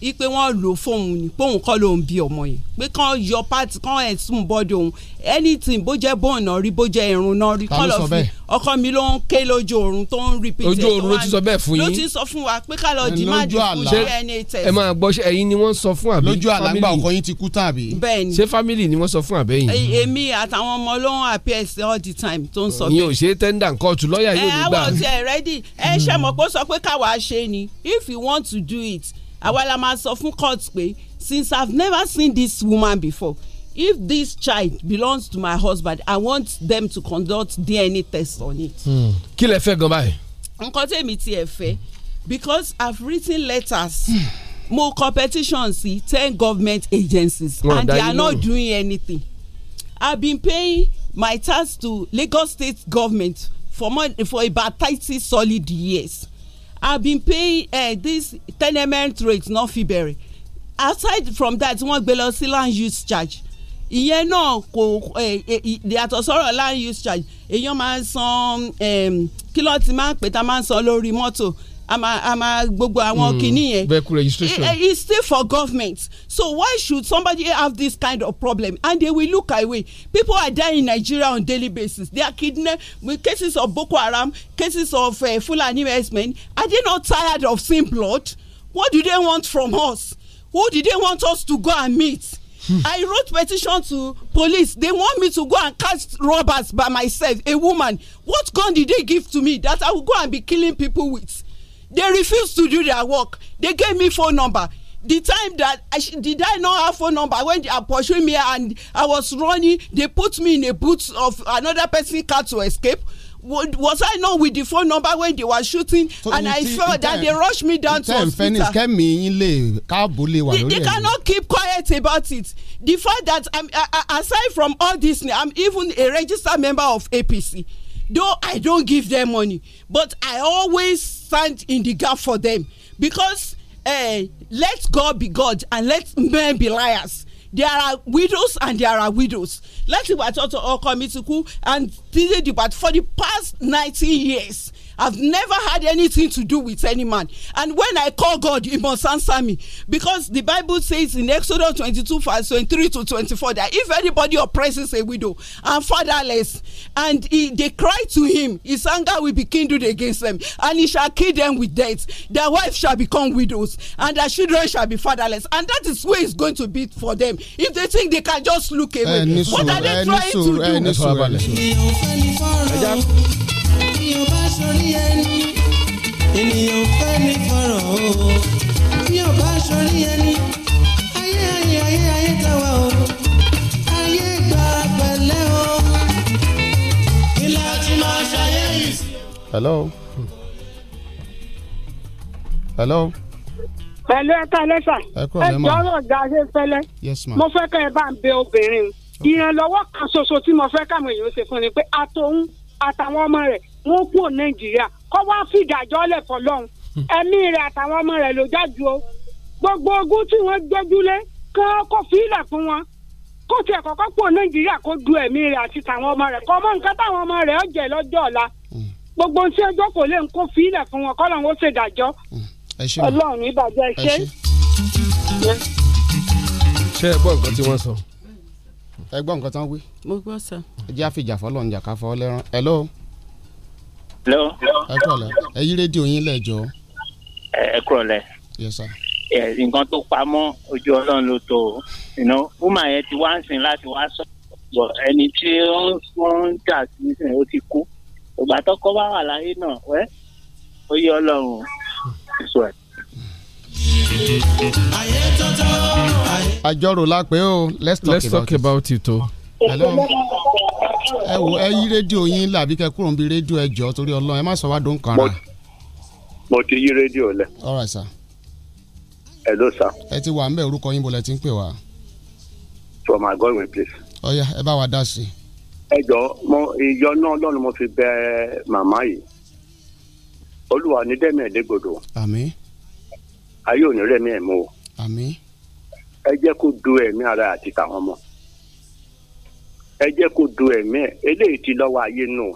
ipe wọn lò fóun ni póun kọ́ lòun bí ọmọ yìí pé kàn yọ pati kàn ẹ̀sùn bọ́dọ̀ òun anything bó jẹ́ bọ́ọ̀n náà rí bó jẹ́ irun náà rí kọ́ lọ fi ọkọ mi ló ń ké lójú oorun tó ń repeat ojú oorun ló ti sọ bẹ́ẹ̀ fún yín ló ti sọ fún wa pé ká lọ di má di kú DNA test. ẹ máa gbọ́ ẹ̀yin ni wọ́n sọ fún àbí lójú àlágbà ọkọ yín ti kú tàbí. bẹ́ẹ̀ni ṣé family ni wọ́n sọ fún àbẹ́yìn. èmi àtàwọn ọmọ ló ń appear all the time tó ń sọ bẹ́ẹ̀. mi ò ṣe tender court lọ́ọ̀yà yóò ní gbà. ẹ àwọn ti ẹ̀ ready ẹ ṣe mọ̀ pé ó sọ pé káwa ṣe ni if you want to do it àwa la máa sọ fún court pé since I've never seen this woman before if this child belongs to my husband I want them to conduct DNA test on it. Hmm. kí lẹ fẹ́ gan báyìí. nǹkan tèmi tiẹ̀ fẹ́ because I've written letters. Hmm. mo competition sí ten government agencies no, and they are not know. doing anything i've been paying my tax to Lagos state government for more for about thirty solid years i've been paying uh, this tenement rate not fi bẹ̀rẹ̀ aside from that wọ́n gbé lọ sí land use charge ìyẹn náà kò eh, eh, yàtọ̀ sọ̀rọ̀ land use charge èèyàn máa ń san kí ló máa ń pè tá a máa ń san lórí mọ́tò àmà àmà gbogbo àwọn hmm, yẹn eh, eh, it's still for government so why should somebody have this kind of problem and they will look away people are dying in Nigeria on daily basis they are kidnapped with cases of Boko Haram cases of uh, Fulani herdsmen are they not tired of seeing blood what do they want from us who do they want us to go and meet hmm. I wrote petition to police. They want me to go and catch robbers by myself, a woman. What gun did they give to me that I will go and be killing people with? they refused to do their work they gave me phone number the time that I did I not have phone number when they are pursuing me and I was running they put me in a boot of another person car to escape was I not with the phone number when they were shooting so and I saw that they rushed me down to hospital. Fẹ́ni They cannot keep quiet about it. The fact that I'm, aside from all this I'm even a registered member of APC though i don't give them money but i always stand in the gap for them because uh, let god be god and let men be liars there are widows and there are widows láti ìgbà tí ọkọ mi to kú and dídé But for the past ninety years I've never had anything to do with any man. And when I call God, He must answer me. Because the Bible says in Exodus 22, verse 23 to 24, that if anybody oppresses a widow and fatherless, and he, they cry to Him, His anger will be kindled against them, and He shall kill them with death. Their wives shall become widows, and their children shall be fatherless. And that is where it's going to be for them. If they think they can just look away, eh, what are they eh, trying to do? Eh, ènìyàn bá sórí ẹni ènìyàn fẹ́ ní fọ̀rọ̀ o bí ò bá sórí ẹni ayé ayé ayé ayé tàwa o ayé gba pẹ̀lẹ́ o. ilé ọtí máa ṣayé yìí. hello. hello pẹ̀lú ẹ̀ka ẹlẹ́sà ẹ̀jọ́ ọ̀rọ̀ ga ṣe fẹ́lẹ́ mo fẹ́ kẹ́ ẹ bá ń bẹ obìnrin ìrànlọ́wọ́ kan ṣoṣo tí mo fẹ́ káwọn èèyàn ṣe fún ni pé àtòun àtàwọn ọmọ rẹ̀ wọn kúrò nàìjíríà kọ́ wá fìdájọ́ lẹ̀ fọlọ́run hmm. ẹ̀mí rẹ̀ àtàwọn ọmọ rẹ̀ ló jáde o gbogbo ogún tí wọ́n gbẹ́júlé kí wọ́n kó fílẹ̀ fún wọn kó tiẹ̀ kọ́kọ́ kúrò nàìjíríà kó du ẹ̀mí rẹ̀ àti tàwọn ọmọ rẹ̀ kọ́ ọmọ nǹkan táwọn ọmọ rẹ̀ ọ̀jẹ̀ lọ́jọ́ ọ̀la hmm. gbogbo tí ẹjọ́ kò lè kó fílẹ̀ fún wọn kọ́lọ́run ó ṣèdájọ́ hmm. ọlọ́run ìbàjẹ́ ṣe. ṣé ẹ gbọ́ nǹkan tí wọ́n sọ. ẹ gbọ́ nǹkan tí wọ́n wí. mo gbọ́ sọ. ẹ jẹ́ àfìjà fọlọ́run jàkà fọ́ lẹ́rán. hello hello. ẹ kúrọ̀lẹ́ ẹ yí rédíò yín lẹ́jọ́. ẹ kúrọ̀lẹ́. yes sir. ẹ nǹkan tó pamọ́ ojú ọlọ́run ló tó o iná wúmà yẹn ti wá ń sìn láti wá sọ bọ ẹni tí ó ń fún jà sí sìn ó ti kú ìgbà tọkọ bá wà láyé náà wẹ ó yẹ ọlọ́run ìṣó ẹ. àjọrò la o let's talk about it. about o. ẹ wò ẹ yí rédíò yín làbí kẹ kúrò níbi rédíò ẹ jọ torí Ọlọ́run ẹ má sọ wá dó mo ti yí rédíò lẹ. all right ẹ ló ẹ ti wà ń orúkọ yín lẹ ti ń pè wá. from government place. ọ̀ya ẹ bá wa dá sí ẹ jọ mo náà mo fi bẹ màmá yìí ní dẹ́mi mi ẹ̀ mú o. du ẹ̀mí ara àti ọmọ. ẹ jẹ́ kó du ẹ̀mí ẹ̀ eléyìí ti lọ́wọ́ ayé nù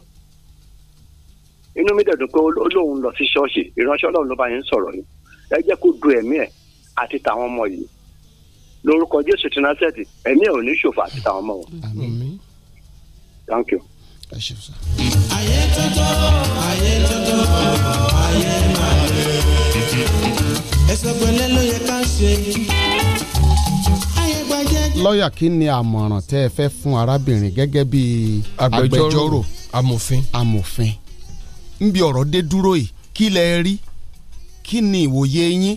inú mi dẹ̀dùn pé olóhùn lọ sí ṣọ́ọ̀ṣì ìránṣẹ́ ọlọ́run ló bá yẹn sọ̀rọ̀ yìí ẹ jẹ́ kó du ẹ̀mí ẹ̀ àti tàwọn ọmọ yìí lórúkọ jésù ti násẹ̀tì ẹ̀mí ẹ̀ ò ní ṣòfò àti tàwọn ọmọ wọn. thank you. ẹsẹ̀ pẹ̀lẹ́ ló yẹ ká ṣe lọ́ọ̀yà kí ni àmọ̀ràn tẹ́ ẹ fẹ́ fún arábìnrin gẹ́gẹ́ bí agbẹjọ́rò amòfin amòfin nbí ọ̀rọ̀ dé dúró yìí kí lẹ rí kí ni ìwòye yín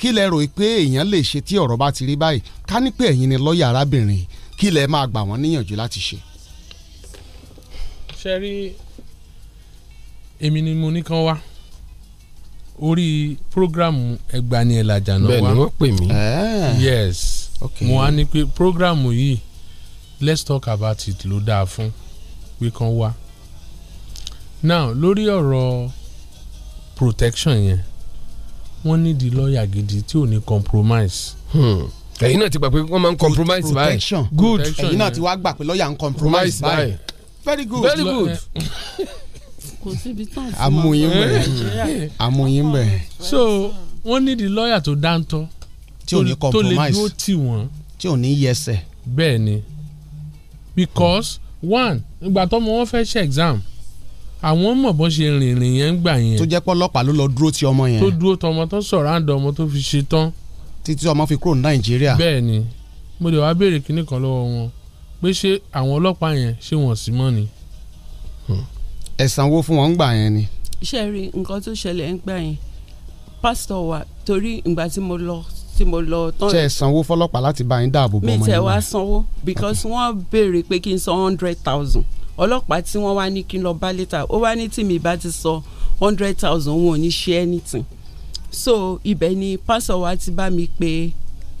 kí lẹ rò pé èèyàn lè ṣe tí ọ̀rọ̀ bá ti rí báyìí ká ní pé ẹ̀yin ni lọ́ọ̀yà arábìnrin kí lẹ máa gbà wọ́n níyànjú láti ṣe. ṣe rí èmi ni mo ní kán wá orí programu ẹgbani ẹ̀làjà náà wá bẹ́ẹ̀ ni pè mí yes mo wá ní pé programu yìí let's talk about it ló dáa fún pé kán wá now lórí ọ̀rọ̀ protection yẹn wọ́n ní di lọ́ọ̀yà gidi tí ò ní compromise. Hmm ẹ̀yin náà ti gbà pé wọ́n máa ń compromise báyìí good ẹ̀yin náà ti wá gbà pé lọ́ọ̀yà ń compromise báyìí very good very good. kò síbi tán fún so wọ́n ní di lọ́ọ̀yà tó dáńtọ́ tí ò ní compromise tó lè dúró tì wọ́n tí ò ní yẹsẹ̀. bẹ́ẹ̀ ni because hmm. one ìgbà tọ́mọ wọn fẹ́ ṣe exam àwọn mọ̀ bọ́n ṣe rìnrìn yẹn ń gbà yẹn. tó jẹ́ pé ọlọ́pàá ló lọ dúró ti ọmọ yẹn. tó dúró tọmọ tó sọ̀rọ̀ àǹdọ̀ ọmọ tó fi ṣe tán. títí ọmọ fi kúrò ní nàìjíríà. bẹ́ẹ̀ ni mo lè wá béèrè kinní kan lọ́wọ́ wọn pé ṣé àwọn ọlọ́pàá yẹn ṣé wọ́n sì mọ́ ni. Hmm. ẹ̀sán wo fún wọn ń gbà yẹn ni. iṣẹ́ rí nǹkan tó ṣẹlẹ̀ ń gbà yẹn pásítọ̀ wa torí ìgbà tí mo lọ tí mo lọ tán. ṣe é sanwó fọlọ́pàá láti bá yín dáàbò bọ́ ọmọ yín. mi tẹ wá sanwó because wọ́n béèrè pé kí n san hundred thousand ọlọ́pàá tí wọ́n wá ní kí n lọ bá létà ó wá ní tí mi bá ti sọ hundred thousand wọn ò ní ṣe anything so ibẹ̀ ni pásọ̀ wa ti bá mi pé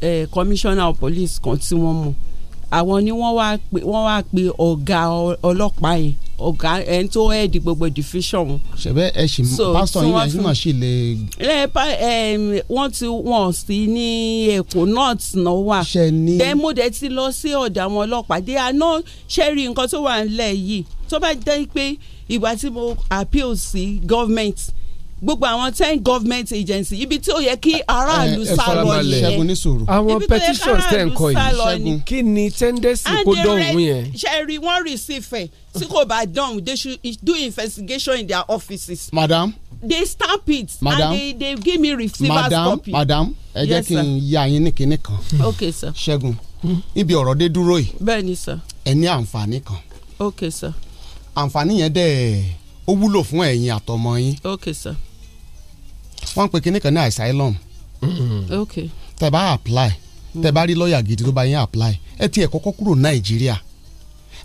eh, commissioner of police kan tí wọ́n mọ̀ àwọn ni wọ́n wá pe ọ̀gá ọlọ́pàá yẹn ọ̀gá ẹni tó ẹ̀ẹ́dì gbogbo division. ṣẹ̀bẹ̀ ẹ ṣì pásítọ̀ yín ẹ̀yìn náà ṣì le. ẹ wọ́n ti wọ́n sí ní Èkó north náà wà. ṣe ni bẹ́ẹ̀ mo dẹ̀ ti lọ sí ọ̀dọ̀ àwọn ọlọ́pàá dé àná ṣe rí nǹkan tó wà ńlẹ̀ yìí tó bá jẹ́ pé ìgbà tí mo appeal sí government gbogbo àwọn ten government agency ibi tí ó yẹ kí aráàlú eh, eh, sá lọ yẹn àwọn petitions tẹ̀ ń kọ yìí kí ni tendency kó dọ̀hún yẹn. ṣẹ́ẹ̀rì wọ́n receive ẹ̀ tí kò bá dọ̀hún they should do investigation in their offices. madam they stamp it madam, and they they give me receivers copy. madam ẹ jẹ́ kí n ya yín ní kinní kan. okay sir. ṣẹ́gun ibi ọ̀rọ̀ dé dúró yìí. bẹ́ẹ̀ni sir. ẹ ní àǹfààní kan. okay sir. àǹfààní yẹn dẹ̀ ó wúlò fún ẹ̀yin àtọmọ yín. okay sir wọ́n ń pe kinní kan ní asylum tẹ́ bá apply tẹ́ bá rí lọ́ọ̀yà gidi tó bá yín apply ẹ tiẹ̀ kọ́kọ́ kúrò nàìjíríà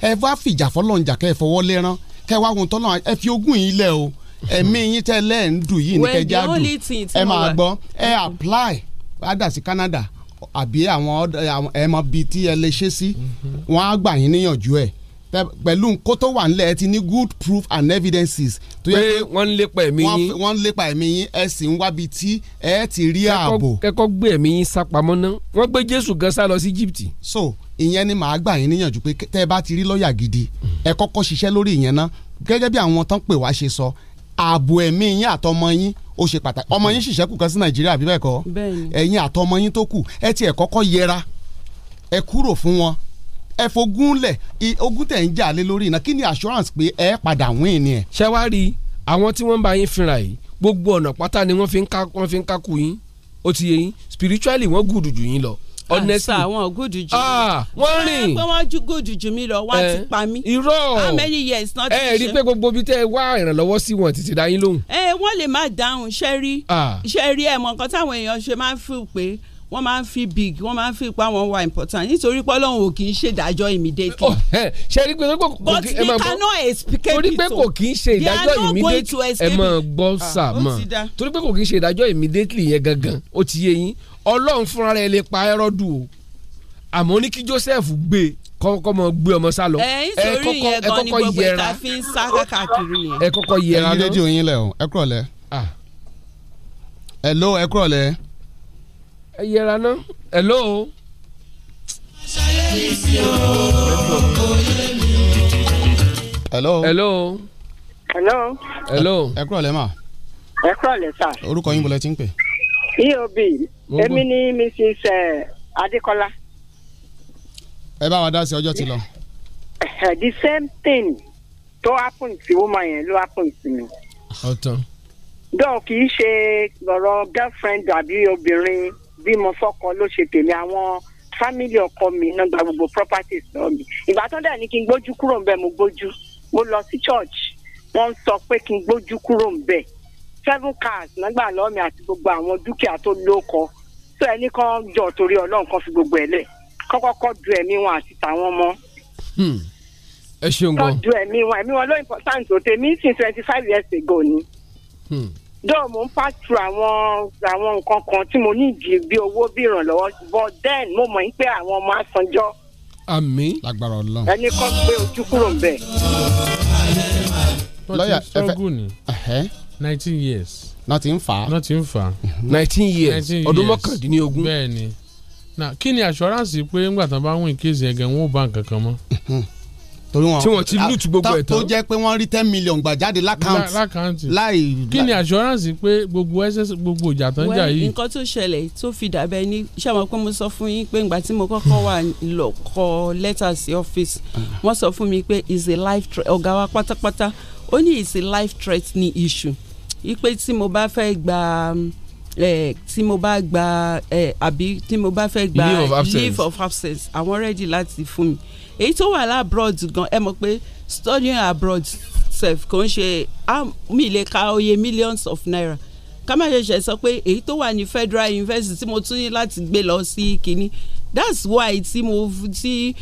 ẹ bá fìjà fọlọ́njà kẹ́ ẹ fọwọ́ lẹ́rán kẹ́ ẹ wá ohun tọ́lọ́ ẹ fi ogún yín lẹ̀ o ẹ̀mí yín tẹ́ lẹ́ẹ̀ ń dùn yìí ní kẹjá dùn ẹ máa gbọ́ ẹ apply adà sí Canada àbí àwọn ẹmọ bíi tí ẹ lè ṣe sí mm-hmm. wọn á gbà yín níyànjú ẹ pẹ̀lú nǹkó tó wà nílẹ̀ ẹ ti ní good proof and evidences. tó yẹ pé wọ́n ń lépa ẹ̀mí yín wọ́n ń lépa ẹ̀mí yín ẹ sì ń wábi tí ẹ ti rí ààbò. kẹ́kọ́ gbé ẹ̀mí yín sápamọ́ náà wọ́n gbé Jésù gan sá lọ sí Egypt. so ìyẹn ni màá gbà yín níyànjú pé tẹ́ ẹ bá ti rí lọ́ọ̀yà gidi ẹ kọ́kọ́ ṣiṣẹ́ lórí ìyẹn náà gẹ́gẹ́ bí àwọn tán pè wá ṣe sọ ààbò ẹ̀mí yín àtọmọ yín ó ṣe pàtàkì ọmọ yín ṣìṣẹ́ kù kan ẹ fogún lẹ̀ ogún tẹ̀ ń jà lé lórí iná kí ni assurance pé ẹ padà wín ni ẹ. ṣé wàá rí àwọn tí wọ́n bá yín fínra yìí gbogbo ọ̀nà pátá ni wọ́n fi ń ká wọ́n fi ń kákù yín ó ti yé yín spiritually wọ́n gùdù jù yín lọ ah, honestly àṣà wọn gùdù jù mí ah, wọ́n rìn pé wọ́n gùdù jù mí lọ wọ́n eh, ti pa mí irọ́ how many years náà ti ṣe. ẹ rí i pé gbogbo ibi tẹ́ ẹ wá ìrànlọ́wọ́ sí wọn títí dá yín lóhùn. ẹ eh, wọ́n lè má dáhùn ṣẹ́rí ah. ṣẹ́rí ẹ̀ mọ̀ nǹkan táwọn èèyàn ṣe máa ń fún pé wọ́n máa ń fi big wọ́n máa ń fi ipa wọn wà important nítorí pé ò kì í ṣe ìdájọ́ immediately. Oh, eh, ṣe rí i pé kò kò kí ẹ máa gbọ́ torí pé kò oh. kì í ṣe ìdájọ́ immediately ẹ máa gbọ́ ah, sà mọ́ torí pé kò kì í ṣe ìdájọ́ immediately yẹn gangan ó ti yé yín ọlọ́run fúnra rẹ̀ lè pa Hẹ́rọ́dù o àmọ́ ní kí Joseph gbé kọ́kọ́ mọ gbé ọmọ sá lọ. Eh, ẹ nítorí yẹn ẹ kọ́kọ́ yẹra náà. ẹ ẹ yẹra ná hello. hello. hello. hello. hello. ẹ kúrò lẹ́mà. ẹ kúrò lẹ́sà. orúkọ yín bọ̀lẹ́ ti ń pè. eob èmi ni mrs adékọlá. ẹ bá wa dá sí ọjọ́ ti lọ. Eh, the same thing tó happen sí woman yẹn ló happen sí mi. ọ̀tàn. dọ́ọ̀ kì í ṣe ọ̀rọ̀ girlfriend àbí obìnrin bímọ fọkọ ló ṣe tèmi àwọn fámìlì ọkọ mi náà gba gbogbo properties lọ mi ìgbà tó dẹ̀ ní kí n gbójú kúrò ń bẹ̀ mo gbójú mo lọ sí church wọ́n sọ pé kí n gbójú kúrò ń bẹ̀ seven cars nígbà lọ́ọ́ mi àti gbogbo àwọn dúkìá tó lóko tó ẹni kan jọ torí ọlọ́run kan fi gbogbo ẹ̀ lẹ̀ kọ́kọ́kọ́ du ẹ̀mí wọn àti tàwọn ọmọ. Hmm. ẹ ṣeun gan. kọ́ du ẹ̀mí wọn ẹ̀mí wọn ló important o tèmi since twenty five years ago ni. Hmm. dọ́ọ̀ mo ń pàṣẹ àwọn àwọn nǹkan kan tí mo ní ìdí bí owó bí ìrànlọ́wọ́ bọ́ then mo mọ̀ pé àwọn ọmọ àsanjọ́. àmín ẹni kan gbé ojú kúrò nineteen years. ń ń mhm. nineteen years ọdún mọ́kàndínlógún. bẹ́ẹ̀ ni kí ni assurance pé ńgbà tán bá ń bá nǹkan kan mọ́. Mhm. torí wọn tí wọn ti ah, loot gbogbo ẹ̀ tán tó jẹ́ pé wọ́n rí ten million gbà jáde lákàntì láì. kí ni assurance pé gbogbo ẹsẹ gbogbo ìjà tán jà yìí. nǹkan tó ṣẹlẹ̀ tó fi dàbẹ́ ni ṣé àwọn pé mo sọ fún yín pé ìgbà tí mo kọ́kọ́ wà lọ lẹ́tà sí ọ́fíìsì wọ́n sọ fún mi pé is a life threat ọ̀gá wa pátápátá ó ní is a life threatening issue ipe tí mo bá fẹ́ gba tí mo bá gba àbí tí mo bá fẹ́ gba leave of absence àwọn ready láti fún mi èyí tó wà lábroad gan ẹ mọ̀ pé studying abroad sef kò ń ṣe mi lè ka oye millions of naira ká má ṣe ṣe sọ pé èyí tó wà ní federal university tí mo tún ní láti gbé lọ sí kínní that's why tí mo ti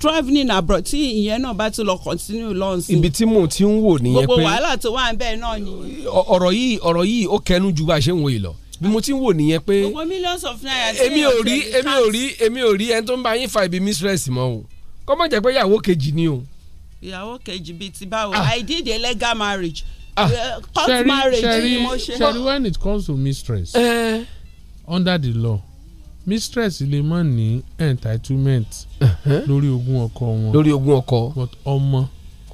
travelling abroad tí ìyẹn náà bá tún lọ continue lọ́nsì. ibi tí mò ti ń wò nìyẹn pé gbogbo wàhálà tó wà níbẹ̀ náà ni. ọ̀rọ̀ yìí ọ̀rọ̀ yìí ó kẹnu ju bá a ṣe ń wòye lọ bí mo ti ń wò nìyẹn pé. gbogbo millions of naira. èmi ò rí èmi ò rí èmi ò rí ẹni tó ń bá yín fa ibi mistress mọ́ o kọ́ mọ̀ jẹ́ pé ìyàwó kejì ni o. ìyàwó kejì bíi ti báwo ah. I did a legal marriage ah. uh, court sherry, marriage sherry, ni mo ṣe. sherry when it comes to mistress uh, under the law mistress lè má ní entitlement uh-huh. lórí ogún ọkọ wọn lórí ogún ọkọ but ọmọ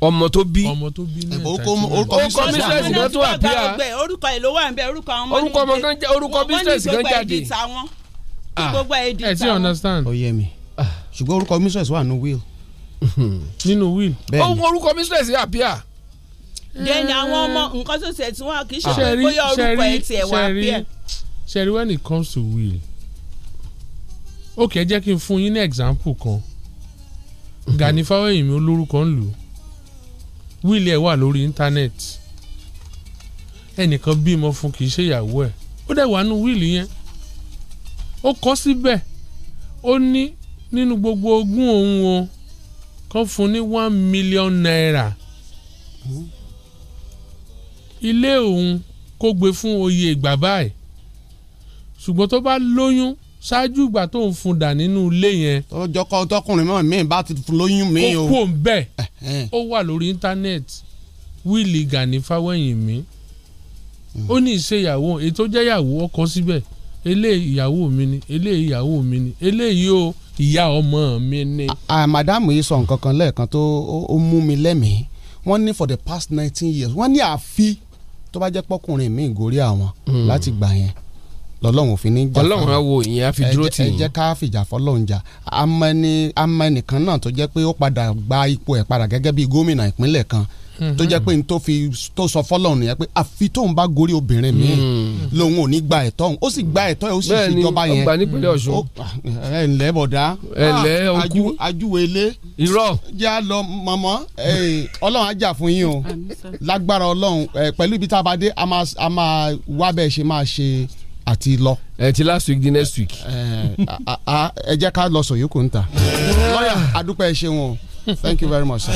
ọmọ tó bí ọmọ tó bí ní entitlement orúkọ mistress náà tó àbíyá orúkọ ìlú ah. wà ń bẹ orúkọ àwọn ọmọ ní gbé orúkọ mistress kan jáde ah. gbogbo ẹ̀dì tàwọn. ẹ ti understand. ó yé mi ṣùgbọ́n orúkọ mistress wà nínú will. nínú will. bẹ́ẹ̀ni ohun orúkọ mistress yà bíà. dẹ́ni àwọn ọmọ nǹkan tó ṣe tí wọ́n kì í ṣe pé ah. bóyá orúkọ ẹ̀ tiẹ̀ wà bíà. ṣẹ̀rí when it comes to will ok ẹ jẹ́ kí n fún yín ní example kan mhm. Gani Fáwẹ́yìnmí olórúkọ ń lò will ẹ̀ wà lórí internet ẹnìkan bímọ fún kì í ṣe ìyàwó ẹ̀ ó dẹ̀ wà nù will yẹn ó kọ síbẹ̀ ó ní nínú gbogbo ogún òun o kàn fún ní one million naira ilé òun kó gbé fún oyè ìgbà báyìí ṣùgbọ́n tó bá lóyún ṣáájú ìgbà tó ń fún dà nínú ilé yẹn. tọjọ kọ tọkùnrin mọ mi bá ti lóyún mi o. ó kú òun bẹ́ẹ̀ ó wà lórí íńtánẹ́ẹ̀tì wíìlì Gani Fáwẹ́yìnmí ó ní ìṣèyàwó èyí tó jẹ́ ìyàwó ọkọ síbẹ̀ eléyìí ìyàwó mi ni eléyìí ìyàwó mi ni eléyìí o ìyá ọmọ mi ni. madam yìí sọ nǹkan kan lẹ́ẹ̀kan tó ó mú mi lẹ́mìí wọ́n ní for the past nineteen years wọ́n ní àfi tó bá jẹ́ pọ́kùnrin mi ìgòrí àwọn hmm. láti gbà yẹn lọ́lọ́run òfin ní jà fún ọlọ́run àwo ìyẹn àfi dúró tì í ẹ jẹ́ ká fìjà fọlọ́run jà amẹ́ni amẹ́nìkan náà tó jẹ́ pé ó padà gba ipò ẹ̀ padà gẹ́gẹ́ bí gómìnà ìpínlẹ̀ kan Mm-hmm. tó jẹ́ pé n tó fi tó sọ fọ́lọ́run nìyẹn pé àfi tóun bá gorí obìnrin mi mm. lòun ò ní gba ẹ̀tọ́ òun ó sì gba ẹ̀tọ́ yẹn ó sì ṣèjọba yẹn bẹ́ẹ̀ni ọgbà nípínlẹ̀ mm. Ọ̀ṣun. ẹ ǹlẹ́ bọ̀dá ẹ ǹlẹ́ òkú ah, ajúwèlé irọ́ jẹ́ à lọ mọ̀mọ́ ọlọ́run á fún yín o lágbára ọlọ́run pẹ̀lú ibi tá a bá dé a máa wá bẹ́ẹ̀ ṣe máa ṣe àti lọ. ẹ ti last week di next week. ẹ jẹ́ ká lọ sọ ń ta lọ́yà adúpẹ́ ṣe wọn thank you very much sir.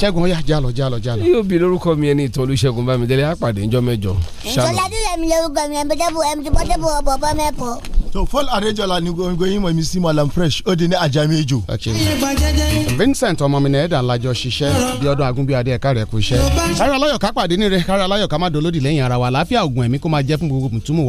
ṣẹ́gun ọ̀yà jálọ jálọ jálọ. yóò bí lórúkọ mi ẹni ìtọ́lú ṣẹ́gun bámidélé àpàdé ńjọ́ mẹ́jọ. ìtọ́lá dílé mi lórúkọ mi ẹ̀mí tẹ́bù ẹ̀mí tẹ́bù ọ̀bọ̀ bá mẹ́pọ̀. so Paul Adejola ni goyin mọ̀ mi sí malam fresh ó di ní ajami ejò. Vincent ọmọ mi náà ẹ̀dá ńlájọ ṣiṣẹ́ bí ọdún agúnbíadé ẹ̀ka rẹ̀ kú iṣẹ́. kárí aláyọ̀ ká pàdé ní rẹ̀ kárí aláyọ̀ ká má dolódì lẹ́yìn ara wa láfíà ògùn ẹ̀mí kó máa jẹ́ fún gbogbo mùtúmù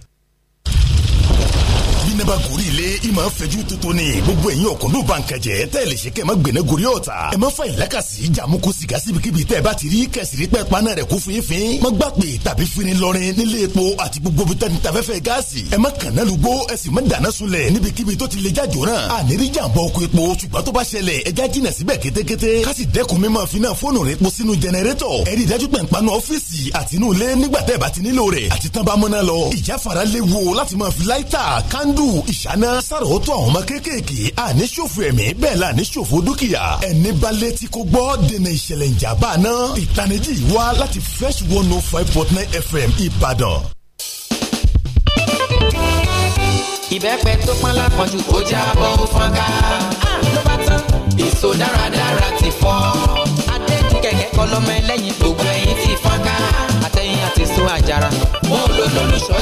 bínẹ́bà gorí ilé ìmọ̀ fẹ́jú tuntun ni gbogbo ẹ̀yin ọ̀kùn ló bá ń kẹjẹ tẹ́ lè ṣe kẹ́ má gbẹ̀nẹ́ gorí ọ̀tà ẹ má fa ìlàkàsí jàmú kó sìgá síbikíbi tẹ́ bá ti rí kẹsìrí pẹ́ paná rẹ̀ kú fínfín má gbà pé tàbí fini lọrin nílé epo àti gbogbo bí tẹ́ni tafẹ́fẹ́ gáàsì ẹ má kànáà lùgbó ẹ sì má dáná sunlẹ̀ níbikíbi tó ti lè já jòrán àníri jàǹbá ọkọ̀ epo ṣùgbọ́n tó bá ṣẹlẹ̀ ẹ já jìnà síbẹ̀ kétékété ọdún ìṣáná sàròótọ́ àwọn ọmọ kéékèèké àní ṣòfò ẹ̀mí bẹ́ẹ̀ la ní ṣòfò dúkìá ẹni bá létí kó gbọ́ dènà ìṣẹ̀lẹ̀ ìjàmbá náà ìtanijí wá láti fresh one oh five point nine fm ìbàdàn. ìbẹ́pẹ tó pọ́n lápọ̀jù ó jábọ́ ó fọ́nká ah, ló bá tán èso dáradára ti fọ́ adé ti kẹ̀kẹ́ kọ́ lọ́mọ ẹlẹ́yin gbogbo ẹ̀yìn ti fọ́nká àtẹ̀yìn àti èso àjàrà wọn lò lólùṣọ́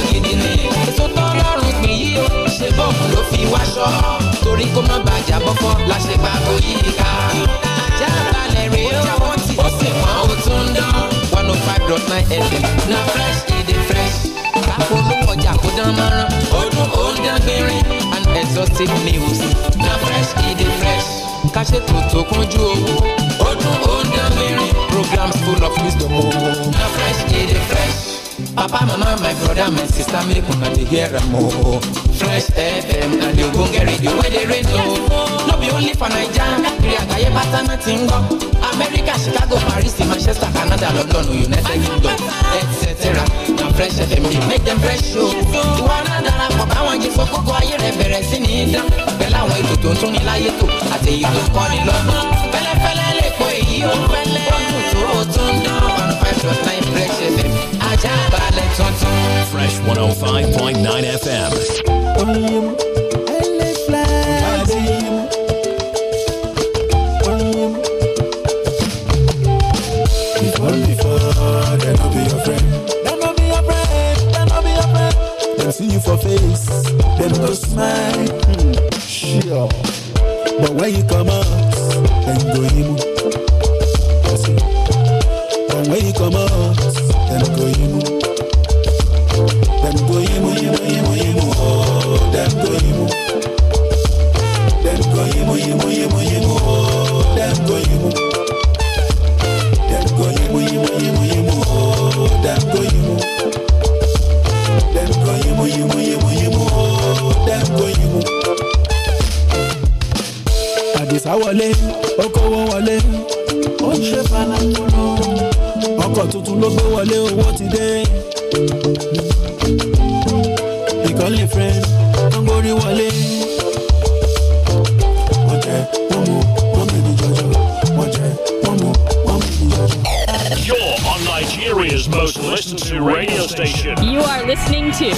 ọkùnrin yìí ó ṣe bọ́ọ̀mù ló fi wáṣọ torí kó má bàjá bọ́kọ́ la ṣe gba oyè ká. jábàlẹ̀ rè é ó ó sì mọ́ ó tún ń dán one oh five dot nine fm na fresh e dey fresh káfó olówó ọjà kó dán mọ́rán ó dún ó and exhaustive news na fresh e dey fresh ká ṣètò tó kúnjú owó ó dún ó ń dán programs full of wisdom o na fresh e dey fresh. Papa, mama, my brother, my sister, make una dey hear am o. Oh, oh. Fresh FM na di Ogbonge radio wey dey rain o. Oh. No be only for Naija, Nigeria, àgbáyé pátá náà ti America, Chicago, Paris, Manchester, Canada, London, United Kingdom, etc. Na Fresh FM dey make dem fresh o. Ìwọ náà darapọ̀ báwọn jí fún kókó ayé rẹ̀ bẹ̀rẹ̀ sí ní dán. Pẹ̀lú àwọn ètò tó ń tún ní láyé tó àti èyí tó ń kọ́ni lọ́gbọ́n. Fẹ́lẹ́fẹ́lẹ́ lè po èyí ó fẹ́lẹ́. Bọ́ọ̀lù tó o tún dán. One five dot nine Fresh FM. Fresh one oh five point nine FM. see you for face, no smile. Sure. Hmm. But when you come out, then go him. But when you come out, dem go Dem go yimu, oh, dem go Dem go yimu, oh, dem go Dem go yimu, oh, dem go yimu. Dem go yimu, yimu, yimu, Àdìsá wọlé, ó wọlé, ó ń ṣe fanakolo. ọkọ̀ tuntun ló gbé wọlé owó ti dé. ìkọ́lé friend tó gbórí wọlé. wọ́n jẹ́ wọ́n mú mẹ́rin jọjọ. wọ́n jẹ́ wọ́n mú mẹ́rin jọjọ. You're on Nigeria's most listened to radio station. You are listening to